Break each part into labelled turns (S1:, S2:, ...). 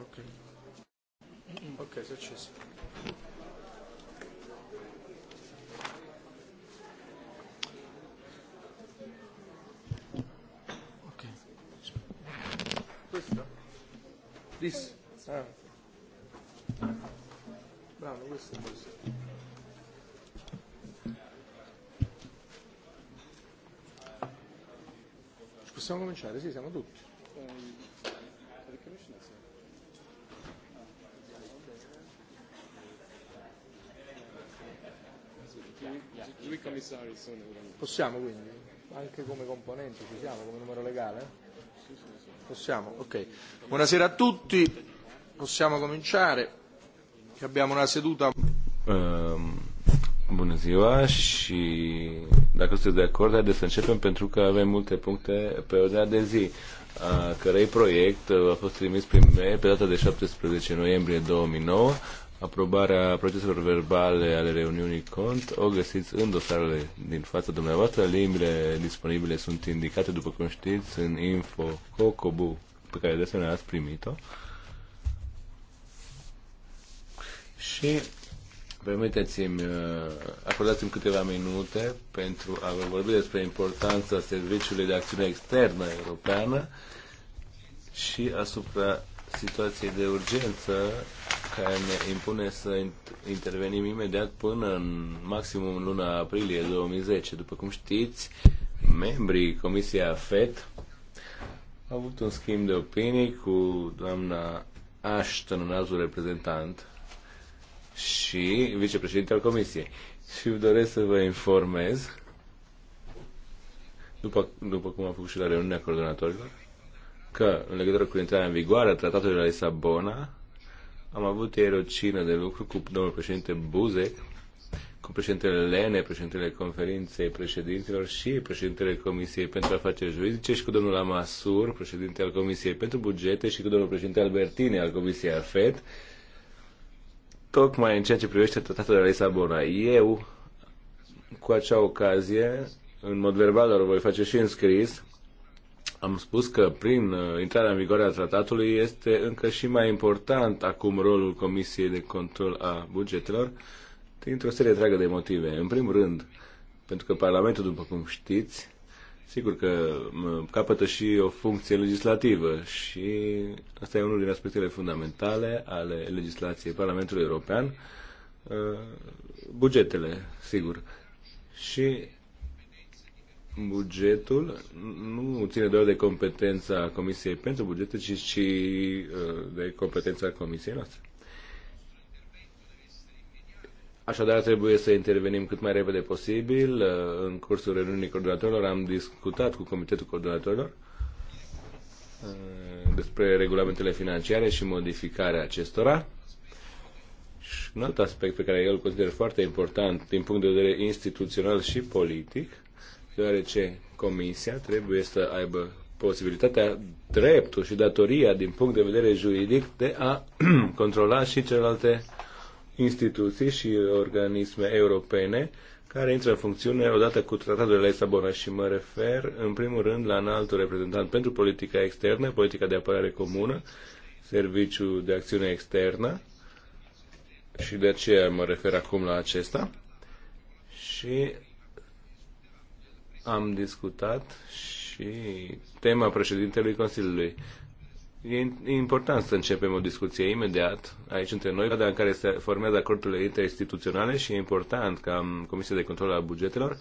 S1: ok. Ok, it's Ok. Questo? This? Ah. Bravo, questo questo. Possiamo cominciare? Sì, siamo tutti.
S2: due commissari
S3: sono
S1: Possiamo quindi, anche come componenti, ci siamo come numero legale?
S3: Possiamo, ok.
S2: Buonasera a tutti, possiamo cominciare.
S4: Che abbiamo una seduta. Um, bună ziua și dacă sunteți de acord, haideți să începem pentru că avem multe puncte pe ordinea de zi a cărei proiect a fost trimis prin mail pe data de 17 noiembrie 2009 aprobarea proceselor verbale ale reuniunii cont o găsiți în dosarele din fața dumneavoastră. Limbile disponibile sunt indicate, după cum știți, în info cocobu pe care de asemenea ați primit-o. Și permiteți-mi, uh, acordați-mi câteva minute pentru a vă vorbi despre importanța Serviciului de Acțiune Externă Europeană și asupra situației de urgență care ne impune să intervenim imediat până în maximum în luna aprilie 2010. După cum știți, membrii Comisiei AFET au avut un schimb de opinii cu doamna Ashton, un altul reprezentant, și vicepreședinte al Comisiei. Și doresc să vă informez, după, după cum am făcut și la reuniunea coordonatorilor, că în legătură cu intrarea în vigoare a tratatului de la Lisabona, am avut ieri o cină de lucru cu domnul președinte Buzek, cu președintele Lene, președintele conferinței președinților și președintele Comisiei pentru Afaceri Juridice și cu domnul Amasur, președinte al Comisiei pentru Bugete și cu domnul președinte Albertini al Comisiei AFET, tocmai în ceea ce privește tratatul de la Lisabona. Eu, cu acea ocazie, în mod verbal, dar o voi face și în scris, am spus că prin uh, intrarea în vigoare a tratatului este încă și mai important acum rolul Comisiei de Control a Bugetelor dintr-o serie întreagă de motive. În primul rând, pentru că Parlamentul, după cum știți, sigur că capătă și o funcție legislativă și asta e unul din aspectele fundamentale ale legislației Parlamentului European, uh, bugetele, sigur. Și bugetul nu ține doar de competența Comisiei pentru bugete, ci și uh, de competența Comisiei noastre. Așadar, trebuie să intervenim cât mai repede posibil. Uh, în cursul reuniunii coordonatorilor am discutat cu Comitetul Coordonatorilor uh, despre regulamentele financiare și modificarea acestora. Și un alt aspect pe care eu îl consider foarte important din punct de vedere instituțional și politic – deoarece Comisia trebuie să aibă posibilitatea, dreptul și datoria din punct de vedere juridic de a controla și celelalte instituții și organisme europene care intră în funcțiune odată cu tratatul de Lisabona și mă refer în primul rând la înaltul reprezentant pentru politica externă, politica de apărare comună, serviciul de acțiune externă și de aceea mă refer acum la acesta și am discutat și tema președintelui Consiliului. E important să începem o discuție imediat aici între noi, în care se formează acordurile interinstituționale și e important ca Comisia de Control al Bugetelor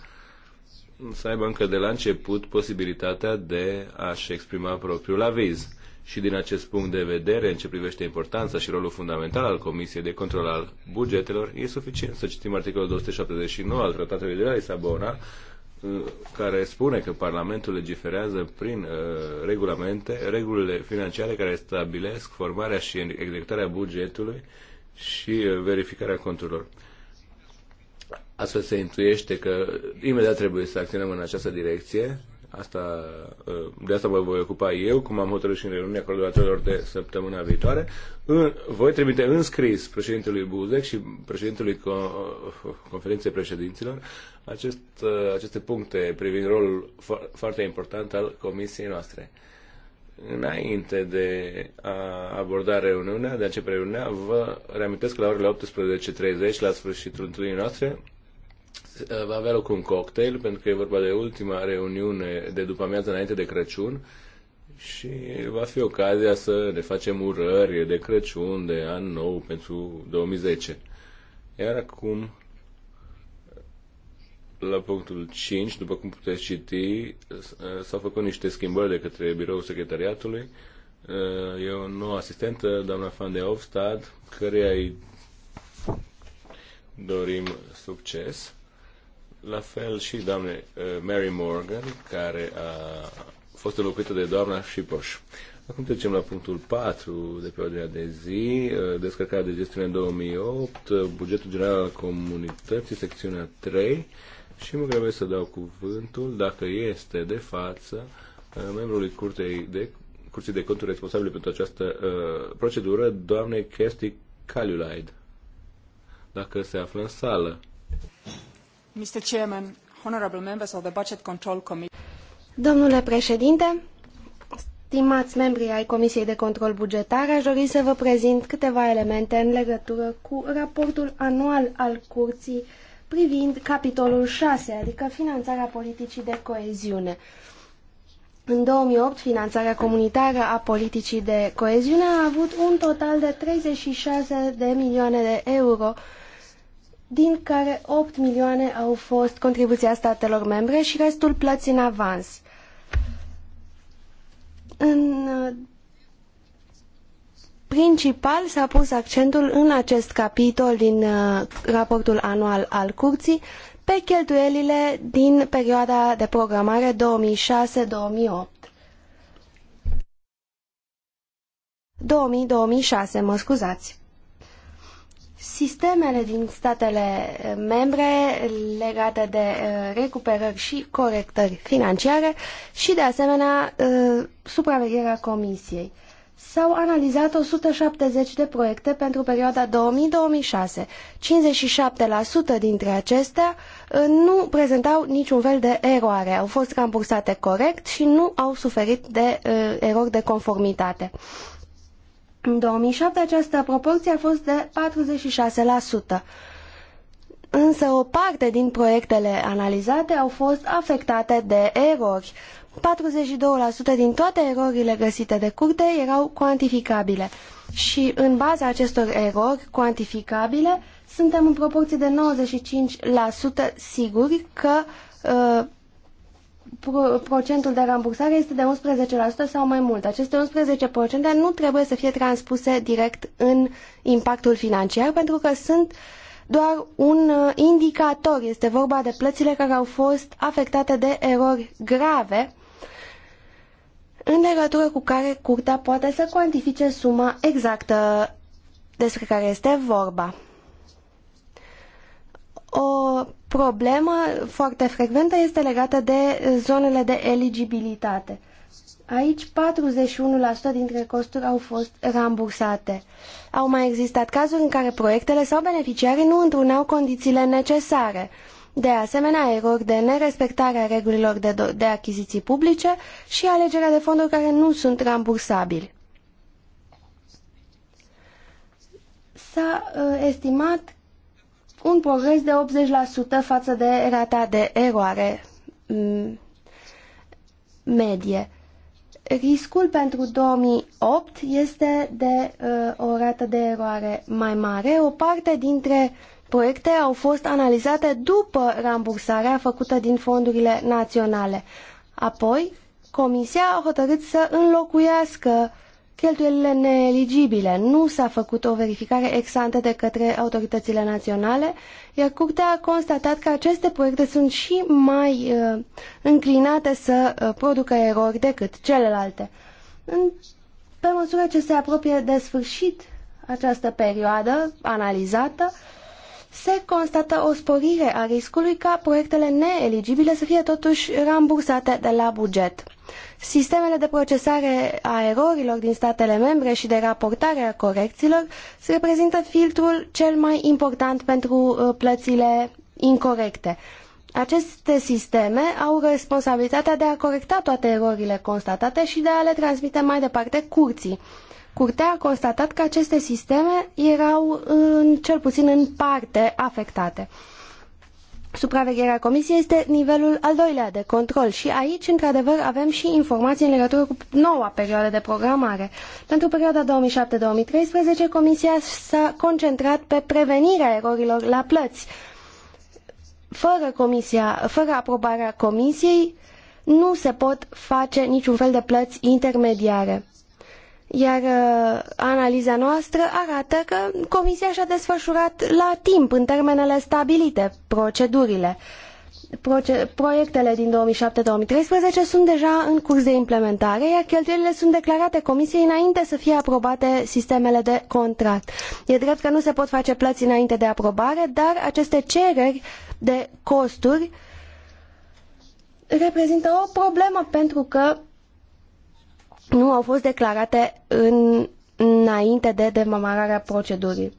S4: să aibă încă de la început posibilitatea de a-și exprima propriul aviz. Și din acest punct de vedere, în ce privește importanța și rolul fundamental al Comisiei de Control al Bugetelor, e suficient să citim articolul 279 al Tratatului de la Lisabona, Uh, care spune că Parlamentul legiferează prin uh, regulamente regulile financiare care stabilesc formarea și executarea bugetului și uh, verificarea conturilor. Astfel se intuiește că imediat trebuie să acționăm în această direcție Asta, ă, de asta vă voi ocupa eu, cum am hotărât și în reuniunea coordonatorilor de săptămâna viitoare. Voi trimite în scris președintelui Buzec și președintelui ă, Conferinței Președinților acest, ă, aceste puncte privind rolul foarte important al comisiei noastre. Înainte de a aborda reuniunea, de a începe reuniunea, vă reamintesc că la orele 18.30, la sfârșitul întâlnirii noastre, va avea loc un cocktail, pentru că e vorba de ultima reuniune de după amiază înainte de Crăciun și va fi ocazia să ne facem urări de Crăciun, de an nou pentru 2010. Iar acum, la punctul 5, după cum puteți citi, s-au făcut niște schimbări de către biroul secretariatului. E o nouă asistentă, doamna Fan de Ofstad, căreia îi dorim succes. La fel și doamne uh, Mary Morgan, care a fost înlocuită de doamna Șipoș. Acum trecem la punctul 4 de pe ordinea de zi, uh, descărcarea de gestiune în 2008, uh, bugetul general al comunității, secțiunea 3 și mă grăbesc să dau cuvântul, dacă este de față, membrului curtei de, Curții de Conturi responsabile pentru această uh, procedură, doamnei Kesti Caliulaid, dacă se află în sală.
S3: Domnule președinte, stimați membri ai Comisiei de Control Bugetar, aș dori să vă prezint câteva elemente în legătură cu raportul anual al Curții privind capitolul 6, adică finanțarea politicii de coeziune. În 2008, finanțarea comunitară a politicii de coeziune a avut un total de 36 de milioane de euro din care 8 milioane au fost contribuția statelor membre și restul plăți în avans. În uh, principal s-a pus accentul în acest capitol din uh, raportul anual al curții pe cheltuielile din perioada de programare 2006-2008. 2006 mă scuzați. Sistemele din statele membre legate de uh, recuperări și corectări financiare și, de asemenea, uh, supravegherea Comisiei. S-au analizat 170 de proiecte pentru perioada 2000-2006. 57% dintre acestea uh, nu prezentau niciun fel de eroare, au fost rambursate corect și nu au suferit de erori de conformitate. În 2007 această proporție a fost de 46%. Însă o parte din proiectele analizate au fost afectate de erori. 42% din toate erorile găsite de curte erau cuantificabile. Și în baza acestor erori cuantificabile, suntem în proporție de 95% siguri că uh, procentul de rambursare este de 11% sau mai mult. Aceste 11% nu trebuie să fie transpuse direct în impactul financiar pentru că sunt doar un uh, indicator. Este vorba de plățile care au fost afectate de erori grave în legătură cu care curtea poate să cuantifice suma exactă despre care este vorba. O problemă foarte frecventă este legată de zonele de eligibilitate. Aici 41% dintre costuri au fost rambursate. Au mai existat cazuri în care proiectele sau beneficiarii nu întruneau condițiile necesare. De asemenea, erori de nerespectare a regulilor de, de achiziții publice și alegerea de fonduri care nu sunt rambursabili. S-a uh, estimat un progres de 80% față de rata de eroare mm, medie. Riscul pentru 2008 este de uh, o rată de eroare mai mare. O parte dintre proiecte au fost analizate după rambursarea făcută din fondurile naționale. Apoi, Comisia a hotărât să înlocuiască uh, cheltuielile neeligibile. Nu s-a făcut o verificare exantă de către autoritățile naționale, iar Curtea a constatat că aceste proiecte sunt și mai uh, înclinate să uh, producă erori decât celelalte. În, pe măsură ce se apropie de sfârșit această perioadă analizată, se constată o sporire a riscului ca proiectele neeligibile să fie totuși rambursate de la buget. Sistemele de procesare a erorilor din statele membre și de raportare a corecțiilor reprezintă filtrul cel mai important pentru uh, plățile incorrecte. Aceste sisteme au responsabilitatea de a corecta toate erorile constatate și de a le transmite mai departe curții. Curtea a constatat că aceste sisteme erau, în, cel puțin în parte, afectate. Supravegherea comisiei este nivelul al doilea de control și aici, într-adevăr, avem și informații în legătură cu noua perioadă de programare. Pentru perioada 2007-2013, comisia s-a concentrat pe prevenirea erorilor la plăți. Fără, comisia, fără aprobarea comisiei, nu se pot face niciun fel de plăți intermediare. Iar uh, analiza noastră arată că Comisia și-a desfășurat la timp, în termenele stabilite, procedurile. Proce proiectele din 2007-2013 sunt deja în curs de implementare, iar cheltuielile sunt declarate Comisiei înainte să fie aprobate sistemele de contract. E drept că nu se pot face plăți înainte de aprobare, dar aceste cereri de costuri reprezintă o problemă pentru că nu au fost declarate în, înainte de demararea procedurii.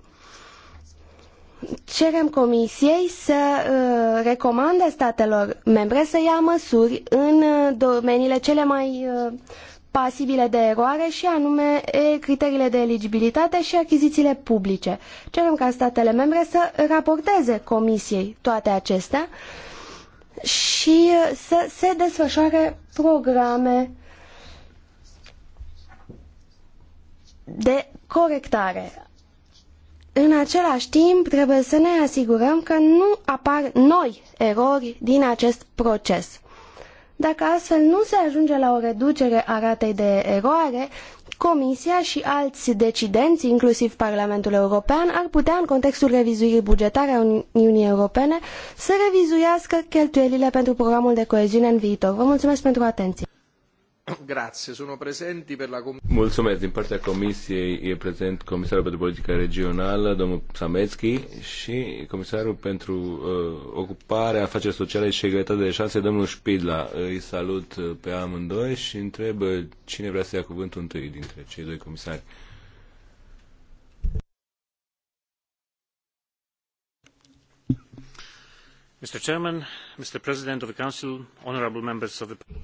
S3: Cerem Comisiei să uh, recomande statelor membre să ia măsuri în uh, domeniile cele mai uh, pasibile de eroare și anume criteriile de eligibilitate și achizițiile publice. Cerem ca statele membre să raporteze Comisiei toate acestea și uh, să se desfășoare programe de corectare. În același timp, trebuie să ne asigurăm că nu apar noi erori din acest proces. Dacă astfel nu se ajunge la o reducere a ratei de eroare, Comisia și alți decidenți, inclusiv Parlamentul European, ar putea, în contextul revizuirii bugetare a Uniunii Europene, să revizuiască cheltuielile pentru programul de coeziune în viitor. Vă mulțumesc pentru atenție. Grazie, sono presenti per la
S4: Mulțumesc. Din partea Comisiei e prezent Comisarul pentru Politica Regională, domnul Samețchi, și Comisarul pentru uh, Ocupare, Afaceri Sociale și Egalitate de Șanse, domnul Spidla. Îi salut uh, pe amândoi și întreb uh, cine vrea să ia cuvântul întâi
S1: dintre cei doi comisari.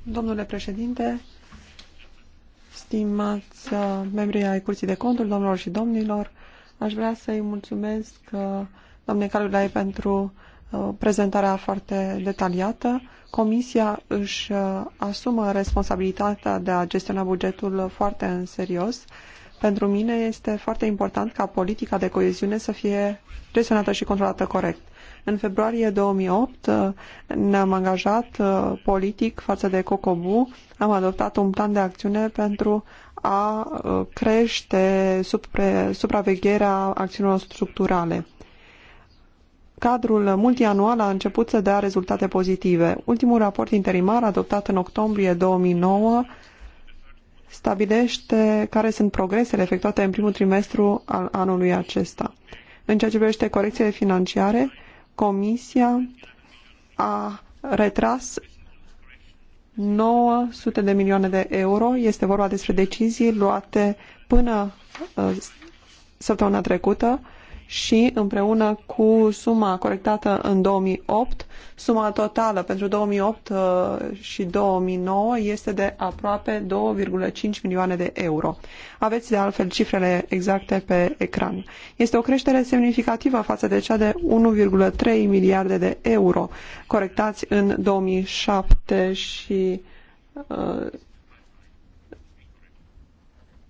S2: Domnule președinte, stimați uh, membri ai Curții de Conturi, domnilor și domnilor, aș vrea să-i mulțumesc uh, doamnei Calulai pentru uh, prezentarea foarte detaliată. Comisia își asumă responsabilitatea de a gestiona bugetul foarte în serios. Pentru mine este foarte important ca politica de coeziune să fie gestionată și controlată corect. În februarie 2008 uh, ne-am angajat uh, politic față de Cocobu, am adoptat un plan de acțiune pentru a uh, crește supravegherea acțiunilor structurale. Cadrul multianual a început să dea rezultate pozitive. Ultimul raport interimar, adoptat în octombrie 2009, stabilește care sunt progresele efectuate în primul trimestru al anului acesta. În ceea ce privește corecțiile financiare, Comisia a retras 900 de milioane de euro. Este vorba despre decizii luate până uh, săptămâna trecută și împreună cu suma corectată în 2008, suma totală pentru 2008 uh, și 2009 este de aproape 2,5 milioane de euro. Aveți de altfel cifrele exacte pe ecran. Este o creștere semnificativă față de cea de 1,3 miliarde de euro corectați în 2007 și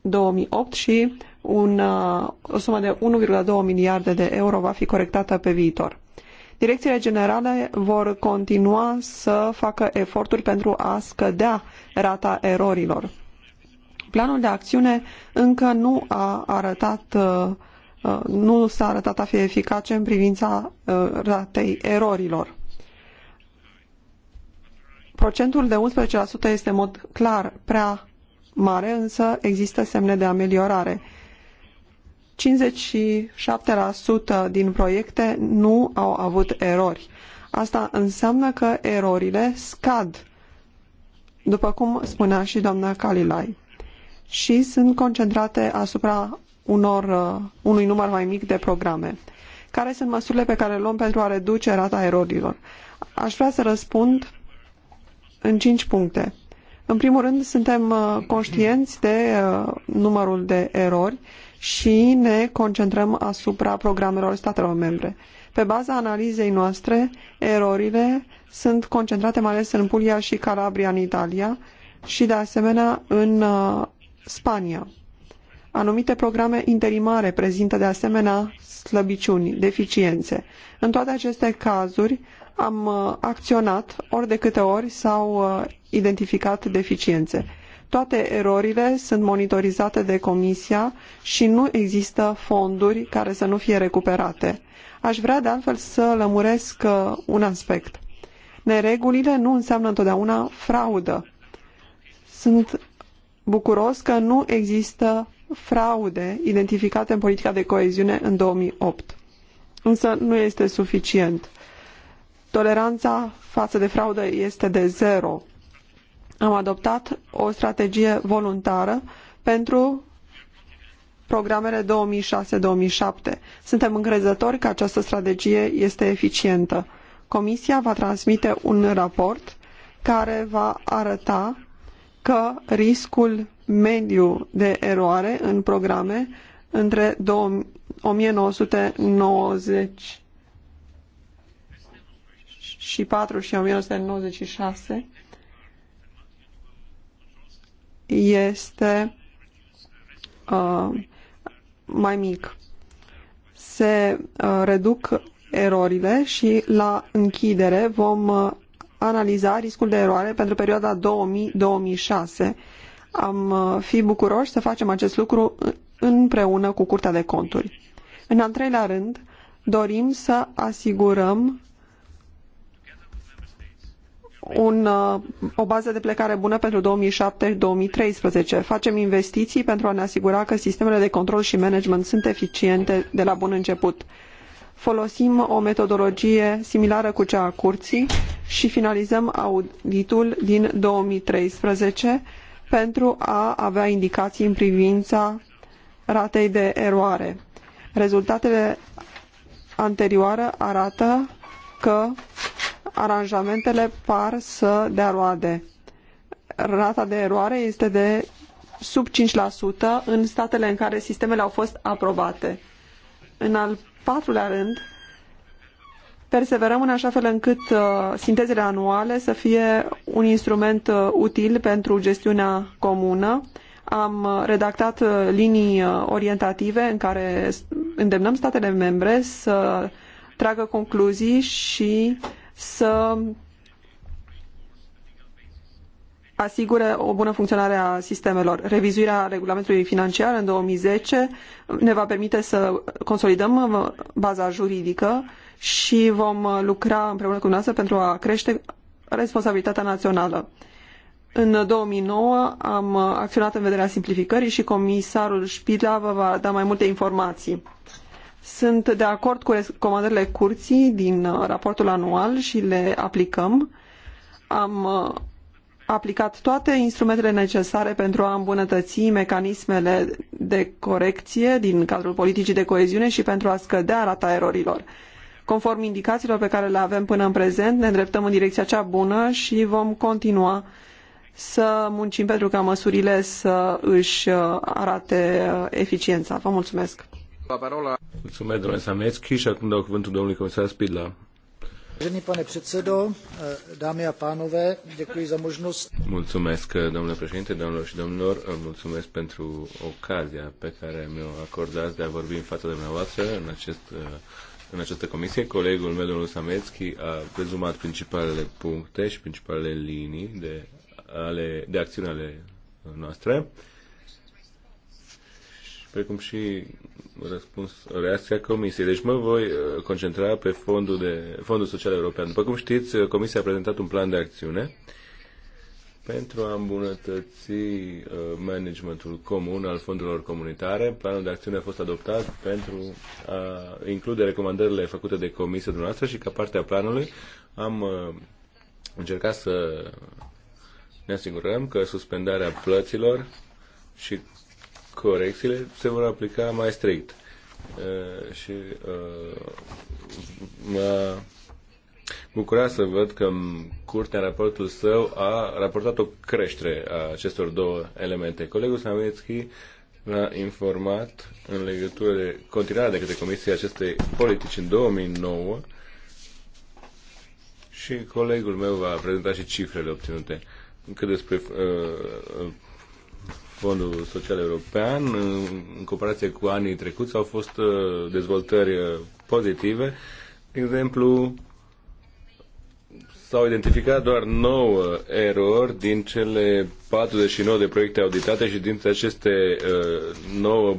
S2: 2008 uh, și un, uh, o sumă de 1,2 miliarde de euro va fi corectată pe viitor. Direcțiile generale vor continua să facă eforturi pentru a scădea rata erorilor. Planul de acțiune încă nu a arătat uh, uh, nu s-a arătat a fi eficace în privința ratei erorilor. Procentul de 11% este în mod clar prea mare, însă există semne de ameliorare. 57% din proiecte nu au avut erori. Asta înseamnă că erorile scad, după cum spunea și doamna Calilai, și sunt concentrate asupra unor, uh, unui număr mai mic de programe. Care sunt măsurile pe care le luăm pentru a reduce rata erorilor? Aș vrea să răspund în cinci puncte. În primul rând, suntem uh, conștienți de uh, numărul de erori și ne concentrăm asupra programelor statelor membre. Pe baza analizei noastre, erorile sunt concentrate mai ales în Puglia și Calabria în Italia și de asemenea în uh, Spania. Anumite programe interimare prezintă de asemenea slăbiciuni, deficiențe. În toate aceste cazuri am uh, acționat ori de câte ori s-au uh, identificat deficiențe. Toate erorile sunt monitorizate de Comisia și nu există fonduri care să nu fie recuperate. Aș vrea de altfel să lămuresc uh, un aspect. Neregulile nu înseamnă întotdeauna fraudă. Sunt bucuros că nu există fraude identificate în politica de coeziune în 2008. Însă nu este suficient. Toleranța față de fraudă este de zero am adoptat o strategie voluntară pentru programele 2006-2007. Suntem încrezători că această strategie este eficientă. Comisia va transmite un raport care va arăta că riscul mediu de eroare în programe între 4 și 1996 este uh, mai mic. Se uh, reduc erorile și la închidere vom uh, analiza riscul de eroare pentru perioada 2000-2006. Am uh, fi bucuroși să facem acest lucru uh, împreună cu Curtea de Conturi. În al treilea rând, dorim să asigurăm un, uh, o bază de plecare bună pentru 2007-2013. Facem investiții pentru a ne asigura că sistemele de control și management sunt eficiente de la bun început. Folosim o metodologie similară cu cea a curții și finalizăm auditul din 2013 pentru a avea indicații în privința ratei de eroare. Rezultatele anterioare arată că aranjamentele par să dea roade. Rata de eroare este de sub 5% în statele în care sistemele au fost aprobate. În al patrulea rând, perseverăm în așa fel încât uh, sintezele anuale să fie un instrument uh, util pentru gestiunea comună. Am uh, redactat uh, linii uh, orientative în care îndemnăm statele membre să tragă concluzii și uh, să asigure o bună funcționare a sistemelor. Revizuirea regulamentului financiar în 2010 ne va permite să consolidăm baza juridică și vom lucra împreună cu noastră pentru a crește responsabilitatea națională. În 2009 am acționat în vederea simplificării și comisarul Spidla vă va da mai multe informații. Sunt de acord cu recomandările curții din uh, raportul anual și le aplicăm. Am uh, aplicat toate instrumentele necesare pentru a îmbunătăți mecanismele de corecție din cadrul politicii de coeziune și pentru a scădea rata erorilor. Conform indicațiilor pe care le avem până în prezent, ne îndreptăm în direcția cea bună și vom continua să muncim pentru ca măsurile să își uh, arate eficiența. Vă mulțumesc!
S4: La parola. Mulțumesc, domnule Sameschi, și acum dau cuvântul domnului comisar Spidla.
S1: Vážený pane předsedo, eh, dámy a pánové, děkuji za možnost.
S4: Mulțumesc, eh, domnule președinte, domnilor și domnilor, eh, mulțumesc pentru ocazia pe care mi-o acordați de a vorbi în fața dumneavoastră în, acest, în această comisie. Colegul meu, domnul Samecki, a rezumat principalele puncte și principalele linii de, ale, de acțiune ale noastre precum și răspuns, reacția Comisiei. Deci mă voi uh, concentra pe fondul, de, fondul Social European. După cum știți, uh, Comisia a prezentat un plan de acțiune pentru a îmbunătăți uh, managementul comun al fondurilor comunitare. Planul de acțiune a fost adoptat pentru a include recomandările făcute de Comisia dumneavoastră și ca parte a planului am încercat să ne asigurăm că suspendarea plăților și corecțiile se vor aplica mai strict. Uh, și uh, mă bucura să văd că Curtea, raportul său, a raportat o creștere a acestor două elemente. Colegul Sametski l-a informat în legătură de continuarea de către Comisia acestei politici în 2009 și colegul meu va prezenta și cifrele obținute. Cât despre uh, Fondul Social European, în comparație cu anii trecuți, au fost uh, dezvoltări uh, pozitive. De exemplu, s-au identificat doar 9 erori din cele 49 de proiecte auditate și dintre aceste 9 uh,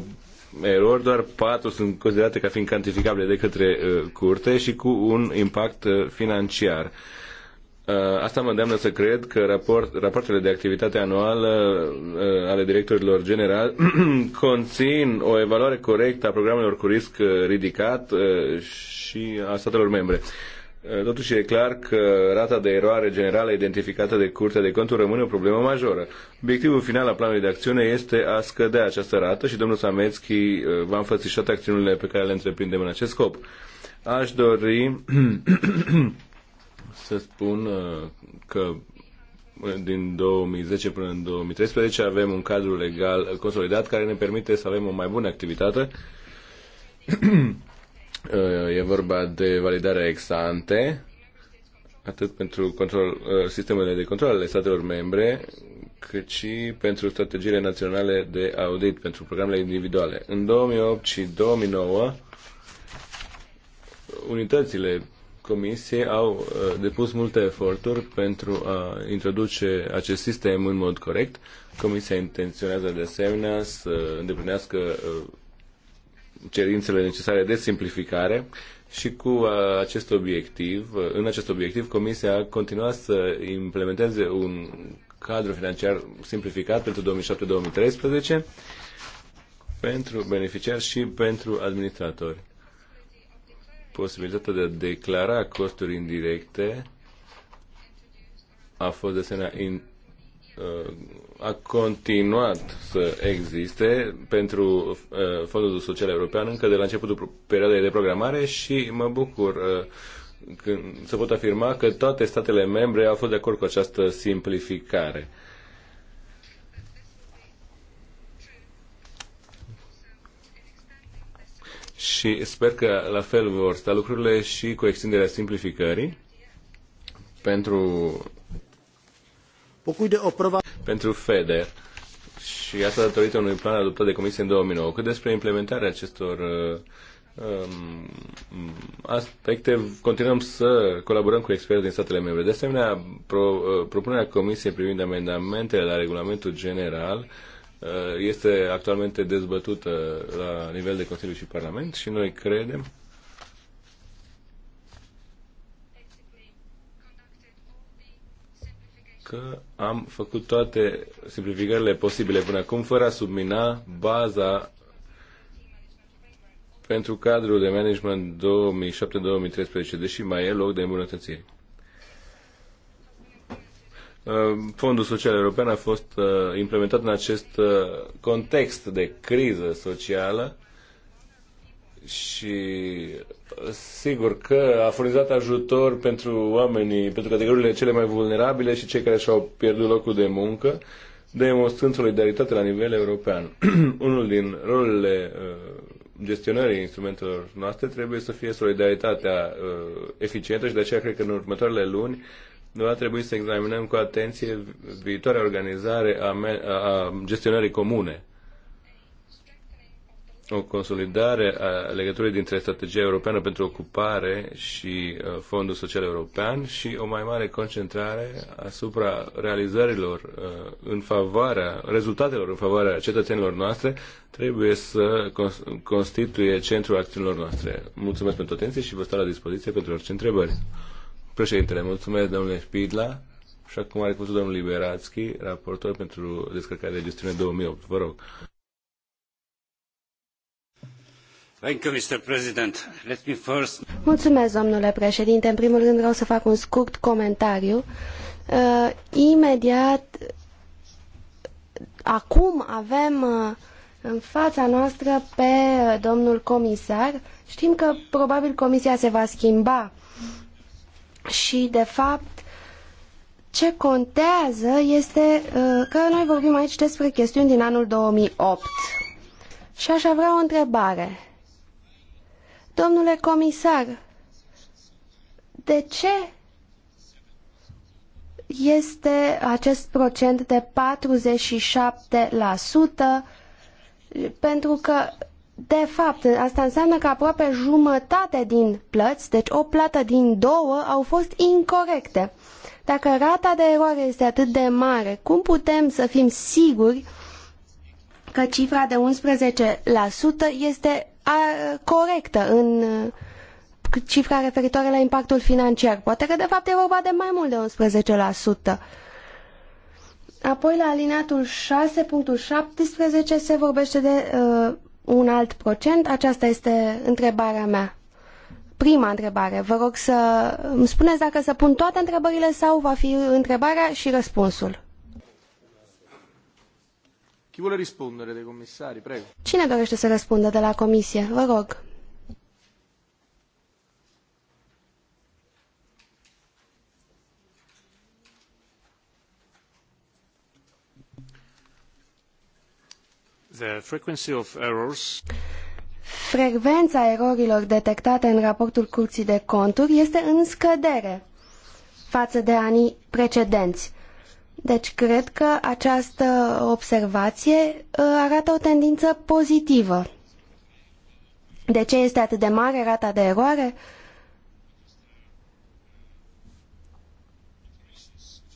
S4: erori, doar 4 sunt considerate ca fiind cantificabile de către curte și cu un impact financiar. Uh, asta mă îndeamnă să cred că raport, raportele de activitate anuală uh, ale directorilor general conțin o evaluare corectă a programelor cu risc uh, ridicat și a statelor membre. Totuși e clar că rata de eroare generală identificată de Curtea de Conturi rămâne o problemă majoră. Obiectivul final al planului de acțiune este a scădea această rată și domnul Samețchi va înfățișa acțiunile pe care le întreprindem în acest scop. Aș dori să spun uh, că uh, din 2010 până în 2013 avem un cadru legal consolidat care ne permite să avem o mai bună activitate. Uh, e vorba de validarea ex ante, atât pentru control, sistemele de control ale statelor membre, cât și pentru strategiile naționale de audit, pentru programele individuale. În 2008 și 2009, unitățile Comisie au uh, depus multe eforturi pentru a introduce acest sistem în mod corect. Comisia intenționează de asemenea să îndeplinească uh, cerințele necesare de simplificare și cu uh, acest obiectiv, în acest obiectiv, Comisia a continuat să implementeze un cadru financiar simplificat pentru 2007-2013 pentru beneficiari și pentru administratori posibilitatea de a declara costuri indirecte a fost de asemenea in, uh, a continuat să existe pentru uh, Fondul Social European încă de la începutul perioadei de programare și mă bucur uh, când, să pot afirma că toate statele membre au fost de acord cu această simplificare. și sper că la fel vor sta lucrurile și cu extinderea simplificării pentru pentru FEDER și asta datorită unui plan adoptat de Comisie în 2009. Cât despre implementarea acestor uh, um, aspecte, continuăm să colaborăm cu experți din statele membre. De asemenea, pro, uh, propunerea Comisiei privind amendamentele la regulamentul general uh, Uh, este actualmente dezbătută la nivel de Consiliu și Parlament și noi credem că am făcut toate simplificările posibile până acum fără a submina baza pentru cadrul de management 2007-2013, deși mai e loc de îmbunătățiri. Uh, Fondul Social European a fost uh, implementat în acest uh, context de criză socială și sigur că a furnizat ajutor pentru oamenii, pentru categoriile cele mai vulnerabile și cei care și-au pierdut locul de muncă, demonstrând solidaritate la nivel european. Unul din rolurile gestionării instrumentelor noastre trebuie să fie solidaritatea eficientă și de aceea cred că în următoarele luni va trebui să examinăm cu atenție viitoarea organizare a, me- a gestionării comune. O consolidare a legăturii dintre strategia europeană pentru ocupare și uh, Fondul Social European și o mai mare concentrare asupra realizărilor uh, în favoarea, rezultatelor în favoarea cetățenilor noastre trebuie să constituie centrul acțiunilor noastre. Mulțumesc pentru atenție și vă stau la dispoziție pentru orice întrebări. Președintele, mulțumesc domnule Spidla și acum are cuvântul domnul Liberațchi, raportor pentru descărcarea de gestiune 2008. Vă rog.
S3: Mulțumesc, domnule președinte. În primul rând vreau să fac un scurt comentariu. Uh, imediat, acum avem uh, în fața noastră pe uh, domnul comisar. Știm că probabil comisia se va schimba uh, și, de fapt, ce contează este uh, că noi vorbim aici despre chestiuni din anul 2008. Și aș avea o întrebare. Domnule comisar, de ce este acest procent de 47% pentru că de fapt, asta înseamnă că aproape jumătate din plăți, deci o plată din două, au fost incorrecte. Dacă rata de eroare este atât de mare, cum putem să fim siguri că cifra de 11% este corectă în uh, cifra referitoare la impactul financiar? Poate că de fapt e vorba de mai mult de 11%. Apoi la alineatul 6.17 se vorbește de uh, un alt procent? Aceasta este întrebarea mea. Prima întrebare. Vă rog să îmi spuneți dacă să pun toate întrebările sau va fi întrebarea și răspunsul.
S1: Chi vuole rispondere dei Prego.
S3: Cine dorește să răspundă de la comisie? Vă rog. Frecvența erorilor detectate în raportul Curții de Conturi este în scădere față de anii precedenți. Deci cred că această observație uh, arată o tendință pozitivă. De ce este atât de mare rata de eroare?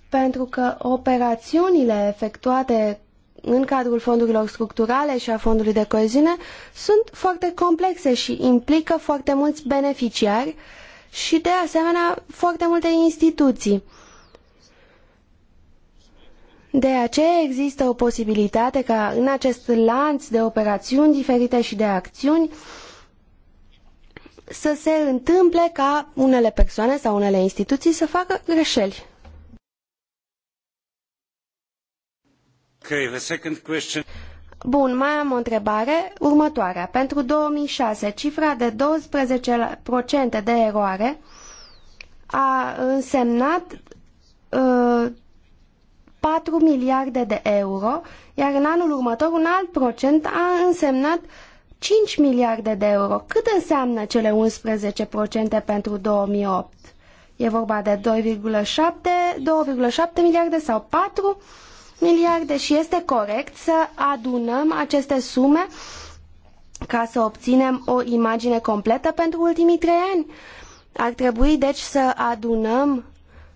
S3: Pentru că operațiunile efectuate în cadrul fondurilor structurale și a fondului de coeziune sunt foarte complexe și implică foarte mulți beneficiari și de asemenea foarte multe instituții. De aceea există o posibilitate ca în acest lanț de operațiuni diferite și de acțiuni să se întâmple ca unele persoane sau unele instituții să facă greșeli. Bun, mai am o întrebare. Următoarea. Pentru 2006, cifra de 12% de eroare a însemnat uh, 4 miliarde de euro, iar în anul următor un alt procent a însemnat 5 miliarde de euro. Cât înseamnă cele 11% pentru 2008? E vorba de 2,7, 2,7 miliarde sau 4? miliarde și este corect să adunăm aceste sume ca să obținem o imagine completă pentru ultimii trei ani. Ar trebui deci să adunăm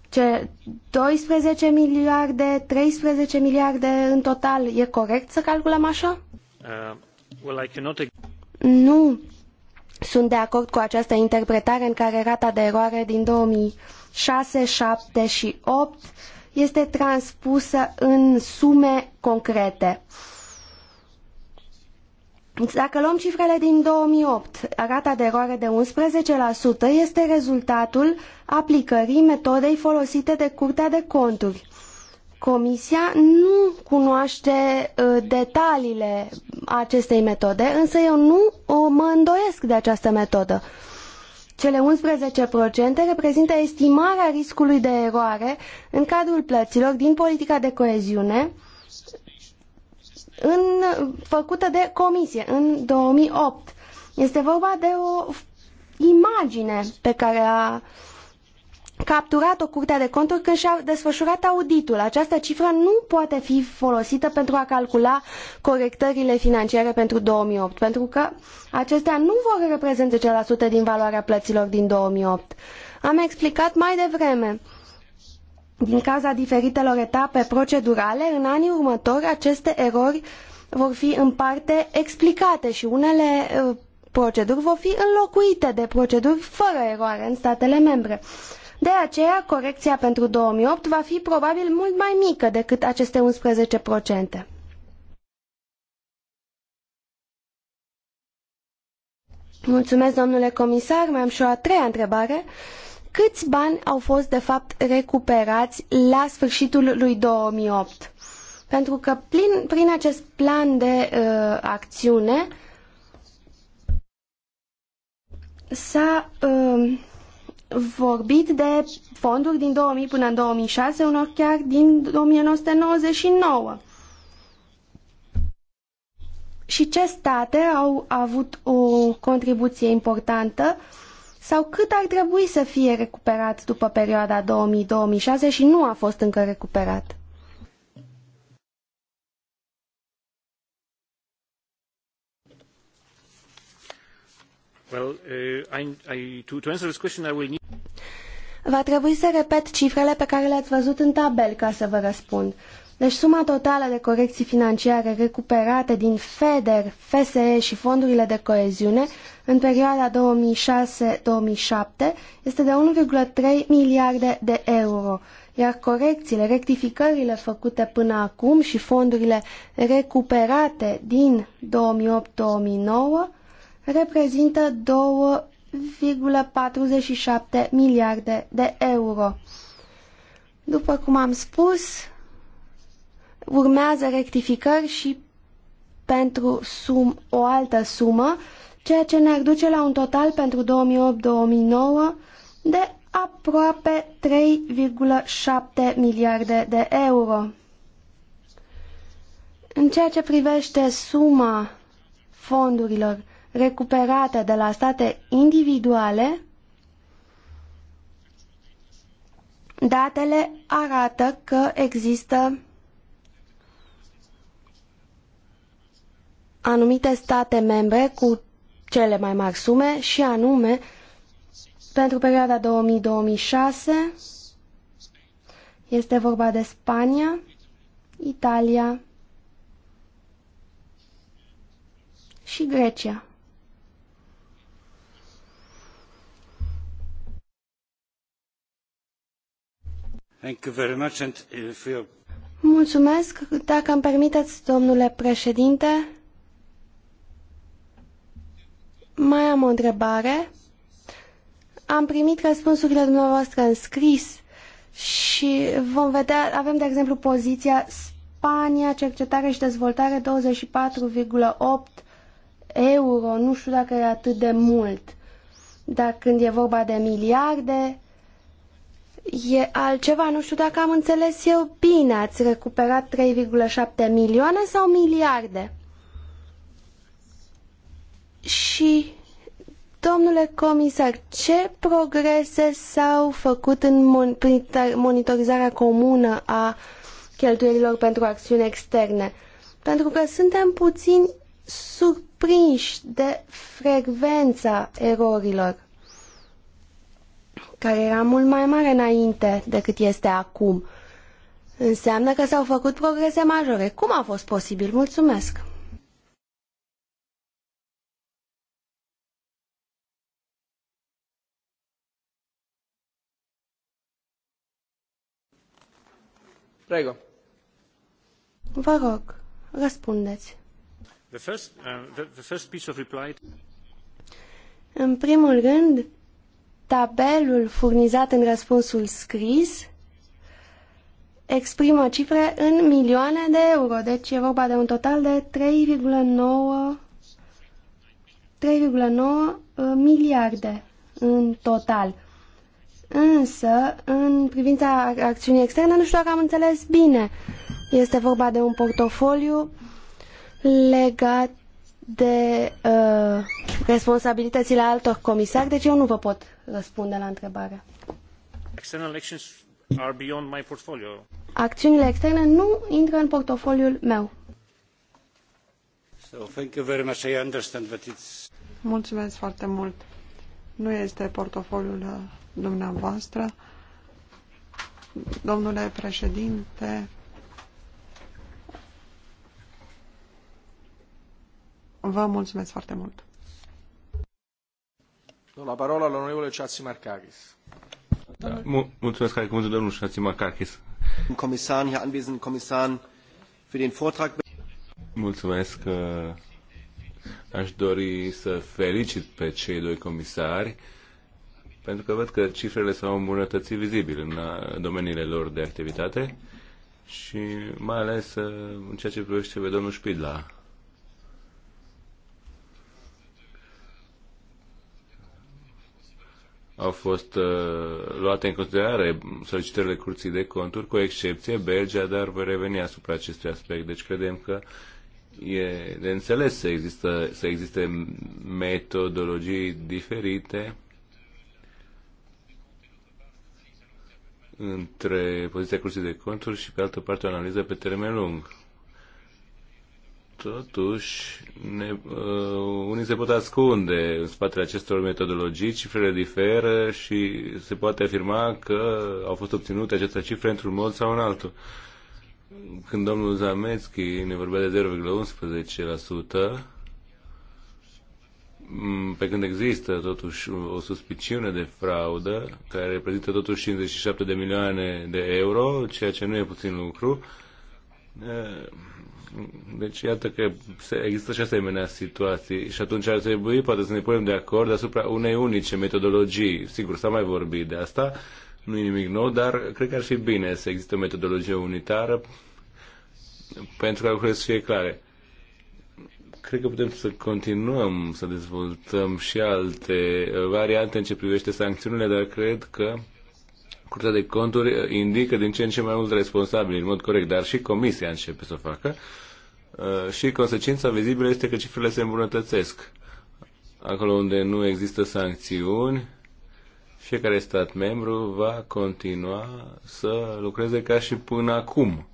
S3: ce 12 miliarde, 13 miliarde în total. E corect să calculăm așa?
S1: Uh, well, cannot...
S3: Nu. Sunt de acord cu această interpretare în care rata de eroare din 2006, 7 și 8 este transpusă în sume concrete. Dacă luăm cifrele din 2008, rata de eroare de 11% este rezultatul aplicării metodei folosite de Curtea de Conturi. Comisia nu cunoaște uh, detaliile acestei metode, însă eu nu uh, mă îndoiesc de această metodă. Cele 11% reprezintă estimarea riscului de eroare în cadrul plăților din politica de coeziune în, făcută de comisie în 2008. Este vorba de o imagine pe care a uh, capturat-o Curtea de Conturi când și-a desfășurat auditul. Această cifră nu poate fi folosită pentru a calcula corectările financiare pentru 2008, pentru că acestea nu vor reprezenta 10% din valoarea plăților din 2008. Am explicat mai devreme. Din cauza diferitelor etape procedurale, în anii următori aceste erori vor fi în parte explicate și unele uh, proceduri vor fi înlocuite de proceduri fără eroare în statele membre. Uh, de aceea, corecția pentru 2008 va fi probabil mult mai mică decât aceste 11%. Mulțumesc, domnule comisar. Mai am și o a treia întrebare. Câți bani au fost, de fapt, recuperați la sfârșitul lui 2008? Pentru că prin, prin acest plan de uh, acțiune s-a uh, vorbit de fonduri din 2000 până în 2006, unor chiar din 1999. Și ce state au avut o contribuție importantă sau cât ar trebui să fie recuperat după perioada 2000-2006 și nu a fost încă recuperat? Va trebui să repet cifrele pe care le-ați văzut în tabel ca să vă răspund. Deci suma totală de corecții financiare recuperate din FEDER, FSE și fondurile de coeziune în perioada 2006-2007 este de 1,3 miliarde de euro, iar corecțiile, rectificările făcute până acum și fondurile recuperate din 2008-2009 reprezintă 2,47 miliarde de euro. După cum am spus, urmează rectificări și pentru sum, o altă sumă, ceea ce ne-ar duce la un total pentru 2008-2009 de aproape 3,7 miliarde de euro. În ceea ce privește suma fondurilor recuperate de la state individuale, datele arată că există anumite state membre cu cele mai mari sume și anume pentru perioada 2000-2006 este vorba de Spania, Italia și Grecia.
S1: Uh,
S3: Mulțumesc. Dacă îmi permiteți, domnule președinte, mai am o întrebare. Am primit răspunsurile dumneavoastră în scris și vom vedea, avem de exemplu poziția Spania, cercetare și dezvoltare 24,8 euro. Nu știu dacă e atât de mult, dar când e vorba de miliarde, e altceva. Nu știu dacă am înțeles eu bine. Ați recuperat 3,7 milioane sau miliarde? Și, domnule comisar, ce progrese s-au făcut în monitorizarea comună a cheltuielilor pentru acțiuni externe? Pentru că suntem puțin surprinși de frecvența erorilor care era mult mai mare înainte decât este acum. Înseamnă că s-au făcut progrese majore. Cum a fost posibil? Mulțumesc! Prego. Vă rog, răspundeți.
S1: The first, uh, the, the first piece of reply...
S3: În primul rând, Tabelul furnizat în răspunsul scris exprimă cifre în milioane de euro, deci e vorba de un total de 3,9 uh, miliarde în total. Însă, în privința acțiunii externe, nu știu dacă am înțeles bine. Este vorba de un portofoliu legat de uh, responsabilitățile altor comisari, deci eu nu vă pot răspunde la întrebare. Acțiunile externe nu intră în portofoliul meu.
S1: So, thank you very much. I understand that it's...
S3: Mulțumesc foarte mult. Nu este portofoliul
S2: uh, dumneavoastră. Domnule președinte, Vă mulțumesc foarte mult.
S1: La parola la onorevole Markakis. Da.
S4: Mulțumesc, care cuvântul domnul Markakis.
S1: Comisar, hier anwesenden Comisar, für den Vortrag.
S4: Mulțumesc. Uh, aș dori să felicit pe cei doi comisari pentru că văd că cifrele s-au îmbunătățit vizibil în uh, domeniile lor de activitate și mai ales uh, în ceea ce privește pe domnul Spidla. au fost uh, luate în considerare solicitările Curții de Conturi, cu excepție Belgia, dar voi reveni asupra acestui aspect. Deci credem că e de înțeles să, există, să existe metodologii diferite între poziția Curții de Conturi și, pe altă parte, o analiză pe termen lung. Totuși, ne, uh, unii se pot ascunde în spatele acestor metodologii, cifrele diferă și se poate afirma că au fost obținute aceste cifre într-un mod sau în altul. Când domnul Zamețchi ne vorbea de 0,11%, pe când există totuși o suspiciune de fraudă, care reprezintă totuși 57 de milioane de euro, ceea ce nu e puțin lucru, uh, deci iată că există și asemenea situații și atunci ar trebui poate să ne punem de acord asupra unei unice metodologii. Sigur, s-a mai vorbit de asta, nu e nimic nou, dar cred că ar fi bine să existe o metodologie unitară pentru că lucrurile să fie clare. Cred că putem să continuăm să dezvoltăm și alte uh, variante în ce privește sancțiunile, dar cred că Curtea de Conturi indică din ce în ce mai mult responsabili în mod corect, dar și Comisia începe să o facă. Uh, și consecința vizibilă este că cifrele se îmbunătățesc. Acolo unde nu există sancțiuni, fiecare stat membru va continua să lucreze ca și până acum.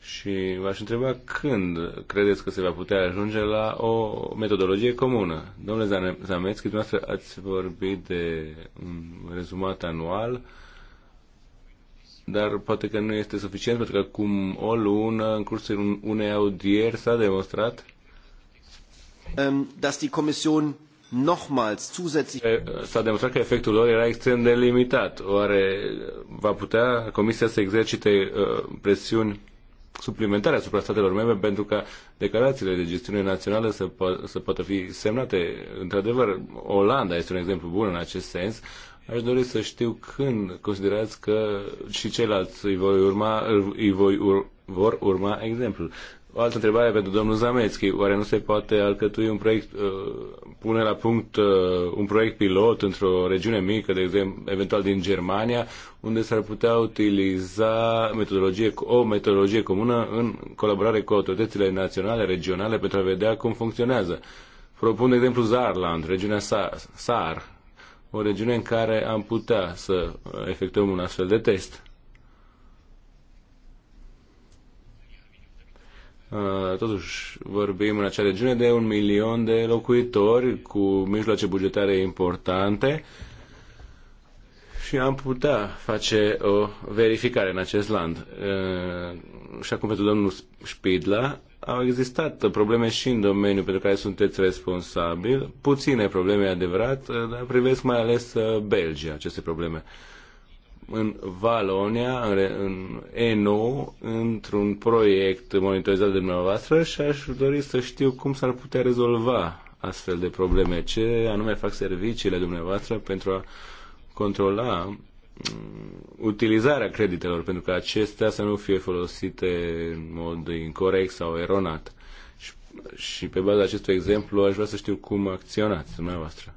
S4: Și v-aș întreba când credeți că se va putea ajunge la o metodologie comună. Domnule Zamețchi, dumneavoastră ați vorbit de un rezumat anual uh, dar poate că nu este suficient, pentru că cum o lună, în cursul unei audieri, s-a demonstrat ehm, dass die Kommission
S1: nochmals
S4: zusätzlich. Uh, s-a demonstrat că efectul lor era extrem de limitat. Oare va putea Comisia să exercite uh, presiuni suplimentare asupra statelor membre pentru ca declarațiile de gestiune națională să, po- să poată fi semnate. Într-adevăr, Olanda este un exemplu bun în acest sens. Aș dori să știu când considerați că și ceilalți îi, voi urma, îi voi ur, vor urma exemplul. O altă întrebare pentru domnul Zamețchi. Oare nu se poate alcătui un proiect, uh, pune la punct uh, un proiect pilot într-o regiune mică, de exemplu, eventual din Germania, unde s-ar putea utiliza metodologie, o metodologie comună în colaborare cu autoritățile naționale, regionale, pentru a vedea cum funcționează? Propun, de exemplu, Zarland, regiunea Sar, Sar o regiune în care am putea să efectuăm un astfel de test. Uh, totuși, vorbim în acea regiune de un milion de locuitori cu mijloace bugetare importante și am putea face o verificare în acest land. Uh, și acum pentru domnul Spidla, au existat probleme și în domeniul pentru care sunteți responsabil. Puține probleme, adevărat, dar privesc mai ales uh, Belgia aceste probleme. În Valonia, în ENO, într-un proiect monitorizat de dumneavoastră și aș dori să știu cum s-ar putea rezolva astfel de probleme. Ce anume fac serviciile dumneavoastră pentru a controla Mm, utilizarea creditelor, pentru că acestea să nu fie folosite în mod incorrect sau eronat. Și, și pe baza acestui exemplu aș vrea să știu cum acționați dumneavoastră.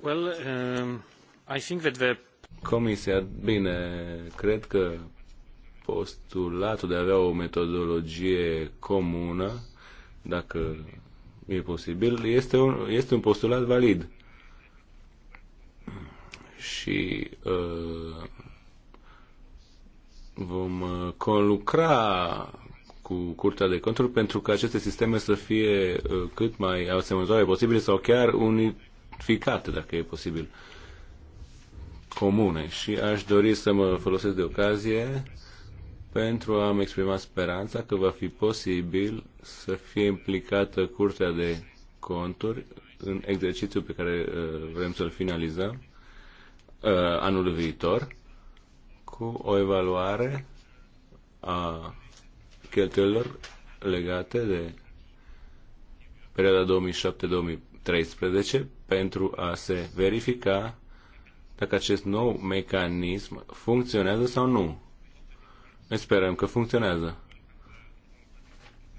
S1: Well, um, I think that the...
S4: Comisia, bine, cred că postulatul de a avea o metodologie comună, dacă e posibil, este un, este un postulat valid. Și uh, vom uh, conlucra cu Curtea de Conturi pentru că aceste sisteme să fie uh, cât mai asemănătoare posibile sau chiar unificate, dacă e posibil, comune. Și aș dori să mă folosesc de ocazie pentru a-mi exprima speranța că va fi posibil să fie implicată Curtea de Conturi în exercițiul pe care uh, vrem să-l finalizăm uh, anul viitor cu o evaluare a cheltuielor legate de perioada 2007-2013 pentru a se verifica dacă acest nou mecanism funcționează sau nu ne sperăm că funcționează.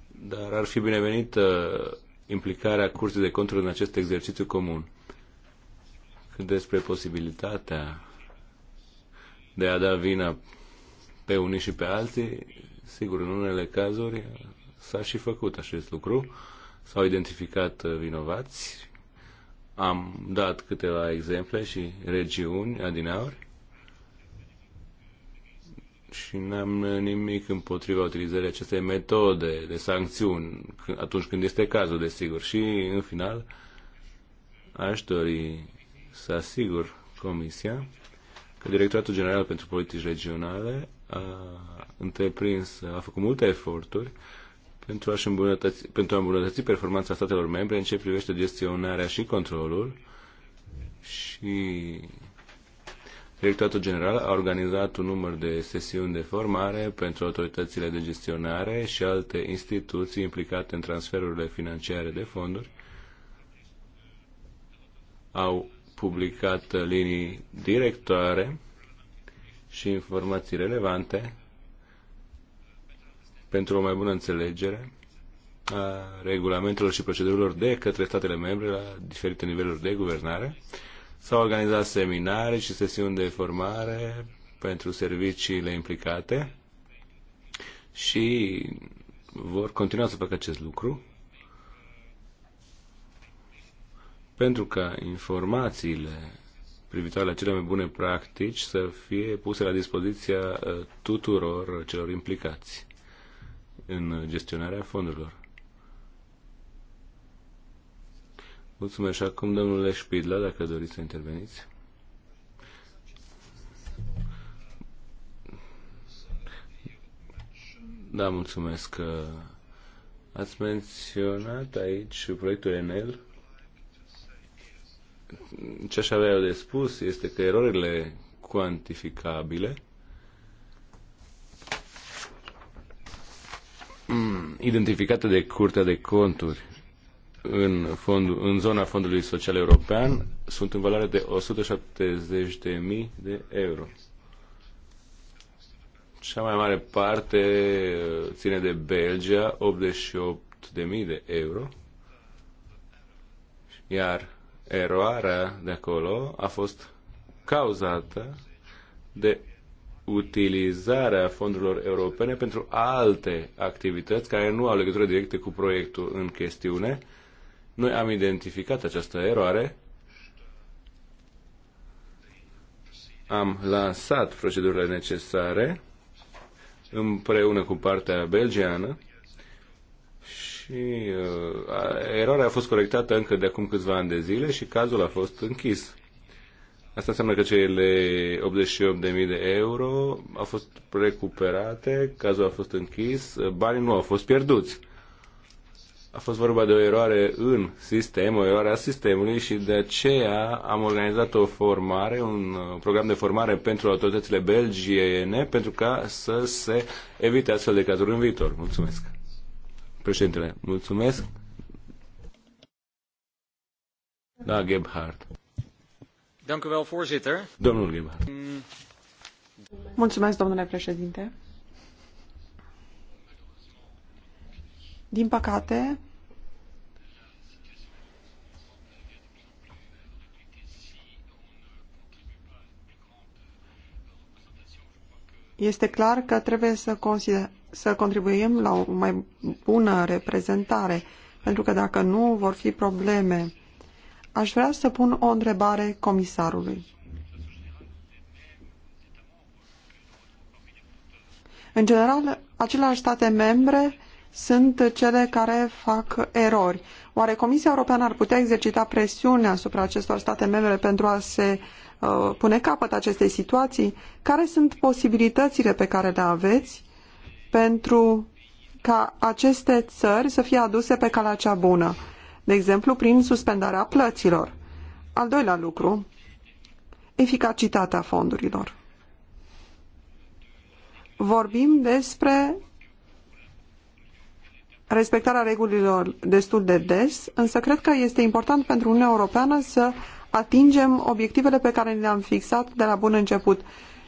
S4: Dar ar fi binevenită uh, implicarea Curții de Conturi în acest exercițiu comun. Cât despre posibilitatea de a da vina pe unii și pe alții, sigur, în unele cazuri uh, s-a și făcut acest lucru, s-au identificat uh, vinovați, am dat câteva exemple și regiuni adinauri și n-am nimic împotriva utilizării acestei metode de sancțiuni atunci când este cazul, desigur. Și, în final, aș dori să asigur Comisia că Directoratul General pentru Politici Regionale a întreprins, a făcut multe eforturi pentru, a-și îmbunătăți, pentru a îmbunătăți performanța statelor membre în ce privește gestionarea și controlul și Directoratul General a organizat un număr de sesiuni de formare pentru autoritățile de gestionare și alte instituții implicate în transferurile financiare de fonduri. Au publicat linii directoare și informații relevante pentru o mai bună înțelegere a regulamentelor și procedurilor de către statele membre la diferite niveluri de guvernare S-au organizat seminare și sesiuni de formare pentru serviciile implicate și vor continua să facă acest lucru pentru ca informațiile privitoare la cele mai bune practici să fie puse la dispoziția uh, tuturor celor implicați în gestionarea fondurilor. Mulțumesc. acum, domnule Spidla, dacă doriți să interveniți. Da, mulțumesc. Ați menționat aici proiectul Enel. Ce aș avea eu de spus este că erorile cuantificabile mm, identificate de Curtea de Conturi în, fond, în zona Fondului Social European sunt în valoare de 170.000 de euro. Cea mai mare parte uh, ține de Belgia, 88.000 de euro, iar eroarea de acolo a fost cauzată de utilizarea fondurilor europene pentru alte activități care nu au legătură directă cu proiectul în chestiune noi am identificat această eroare, am lansat procedurile necesare împreună cu partea belgiană și uh, eroarea a fost corectată încă de acum câțiva ani de zile și cazul a fost închis. Asta înseamnă că cele 88.000 de euro au fost recuperate, cazul a fost închis, banii nu au fost pierduți a fost vorba de o eroare în sistem, o eroare a sistemului și de aceea am organizat o formare, un uh, program de formare pentru autoritățile belgiene pentru ca să se evite astfel de cazuri în viitor. Mulțumesc. Președintele, mulțumesc. Da, Gebhardt.
S1: Dank u wel, voorzitter. Domnul Gebhardt. Mm.
S2: Mulțumesc, domnule președinte. Din păcate, Este clar că trebuie să, consider, să contribuim la o mai bună reprezentare, pentru că dacă nu vor fi probleme. Aș vrea să pun o întrebare comisarului. În general, aceleași state membre sunt cele care fac erori. Oare Comisia Europeană ar putea exercita presiune asupra acestor state membre pentru a se uh, Uh, pune capăt acestei situații? Care sunt posibilitățile pe care le aveți pentru ca aceste țări să fie aduse pe calea cea bună? De exemplu, prin suspendarea plăților. Al doilea lucru, eficacitatea fondurilor. Vorbim despre respectarea regulilor destul de des, însă cred că este important pentru Uniunea Europeană să atingem obiectivele pe care le-am fixat de la bun început.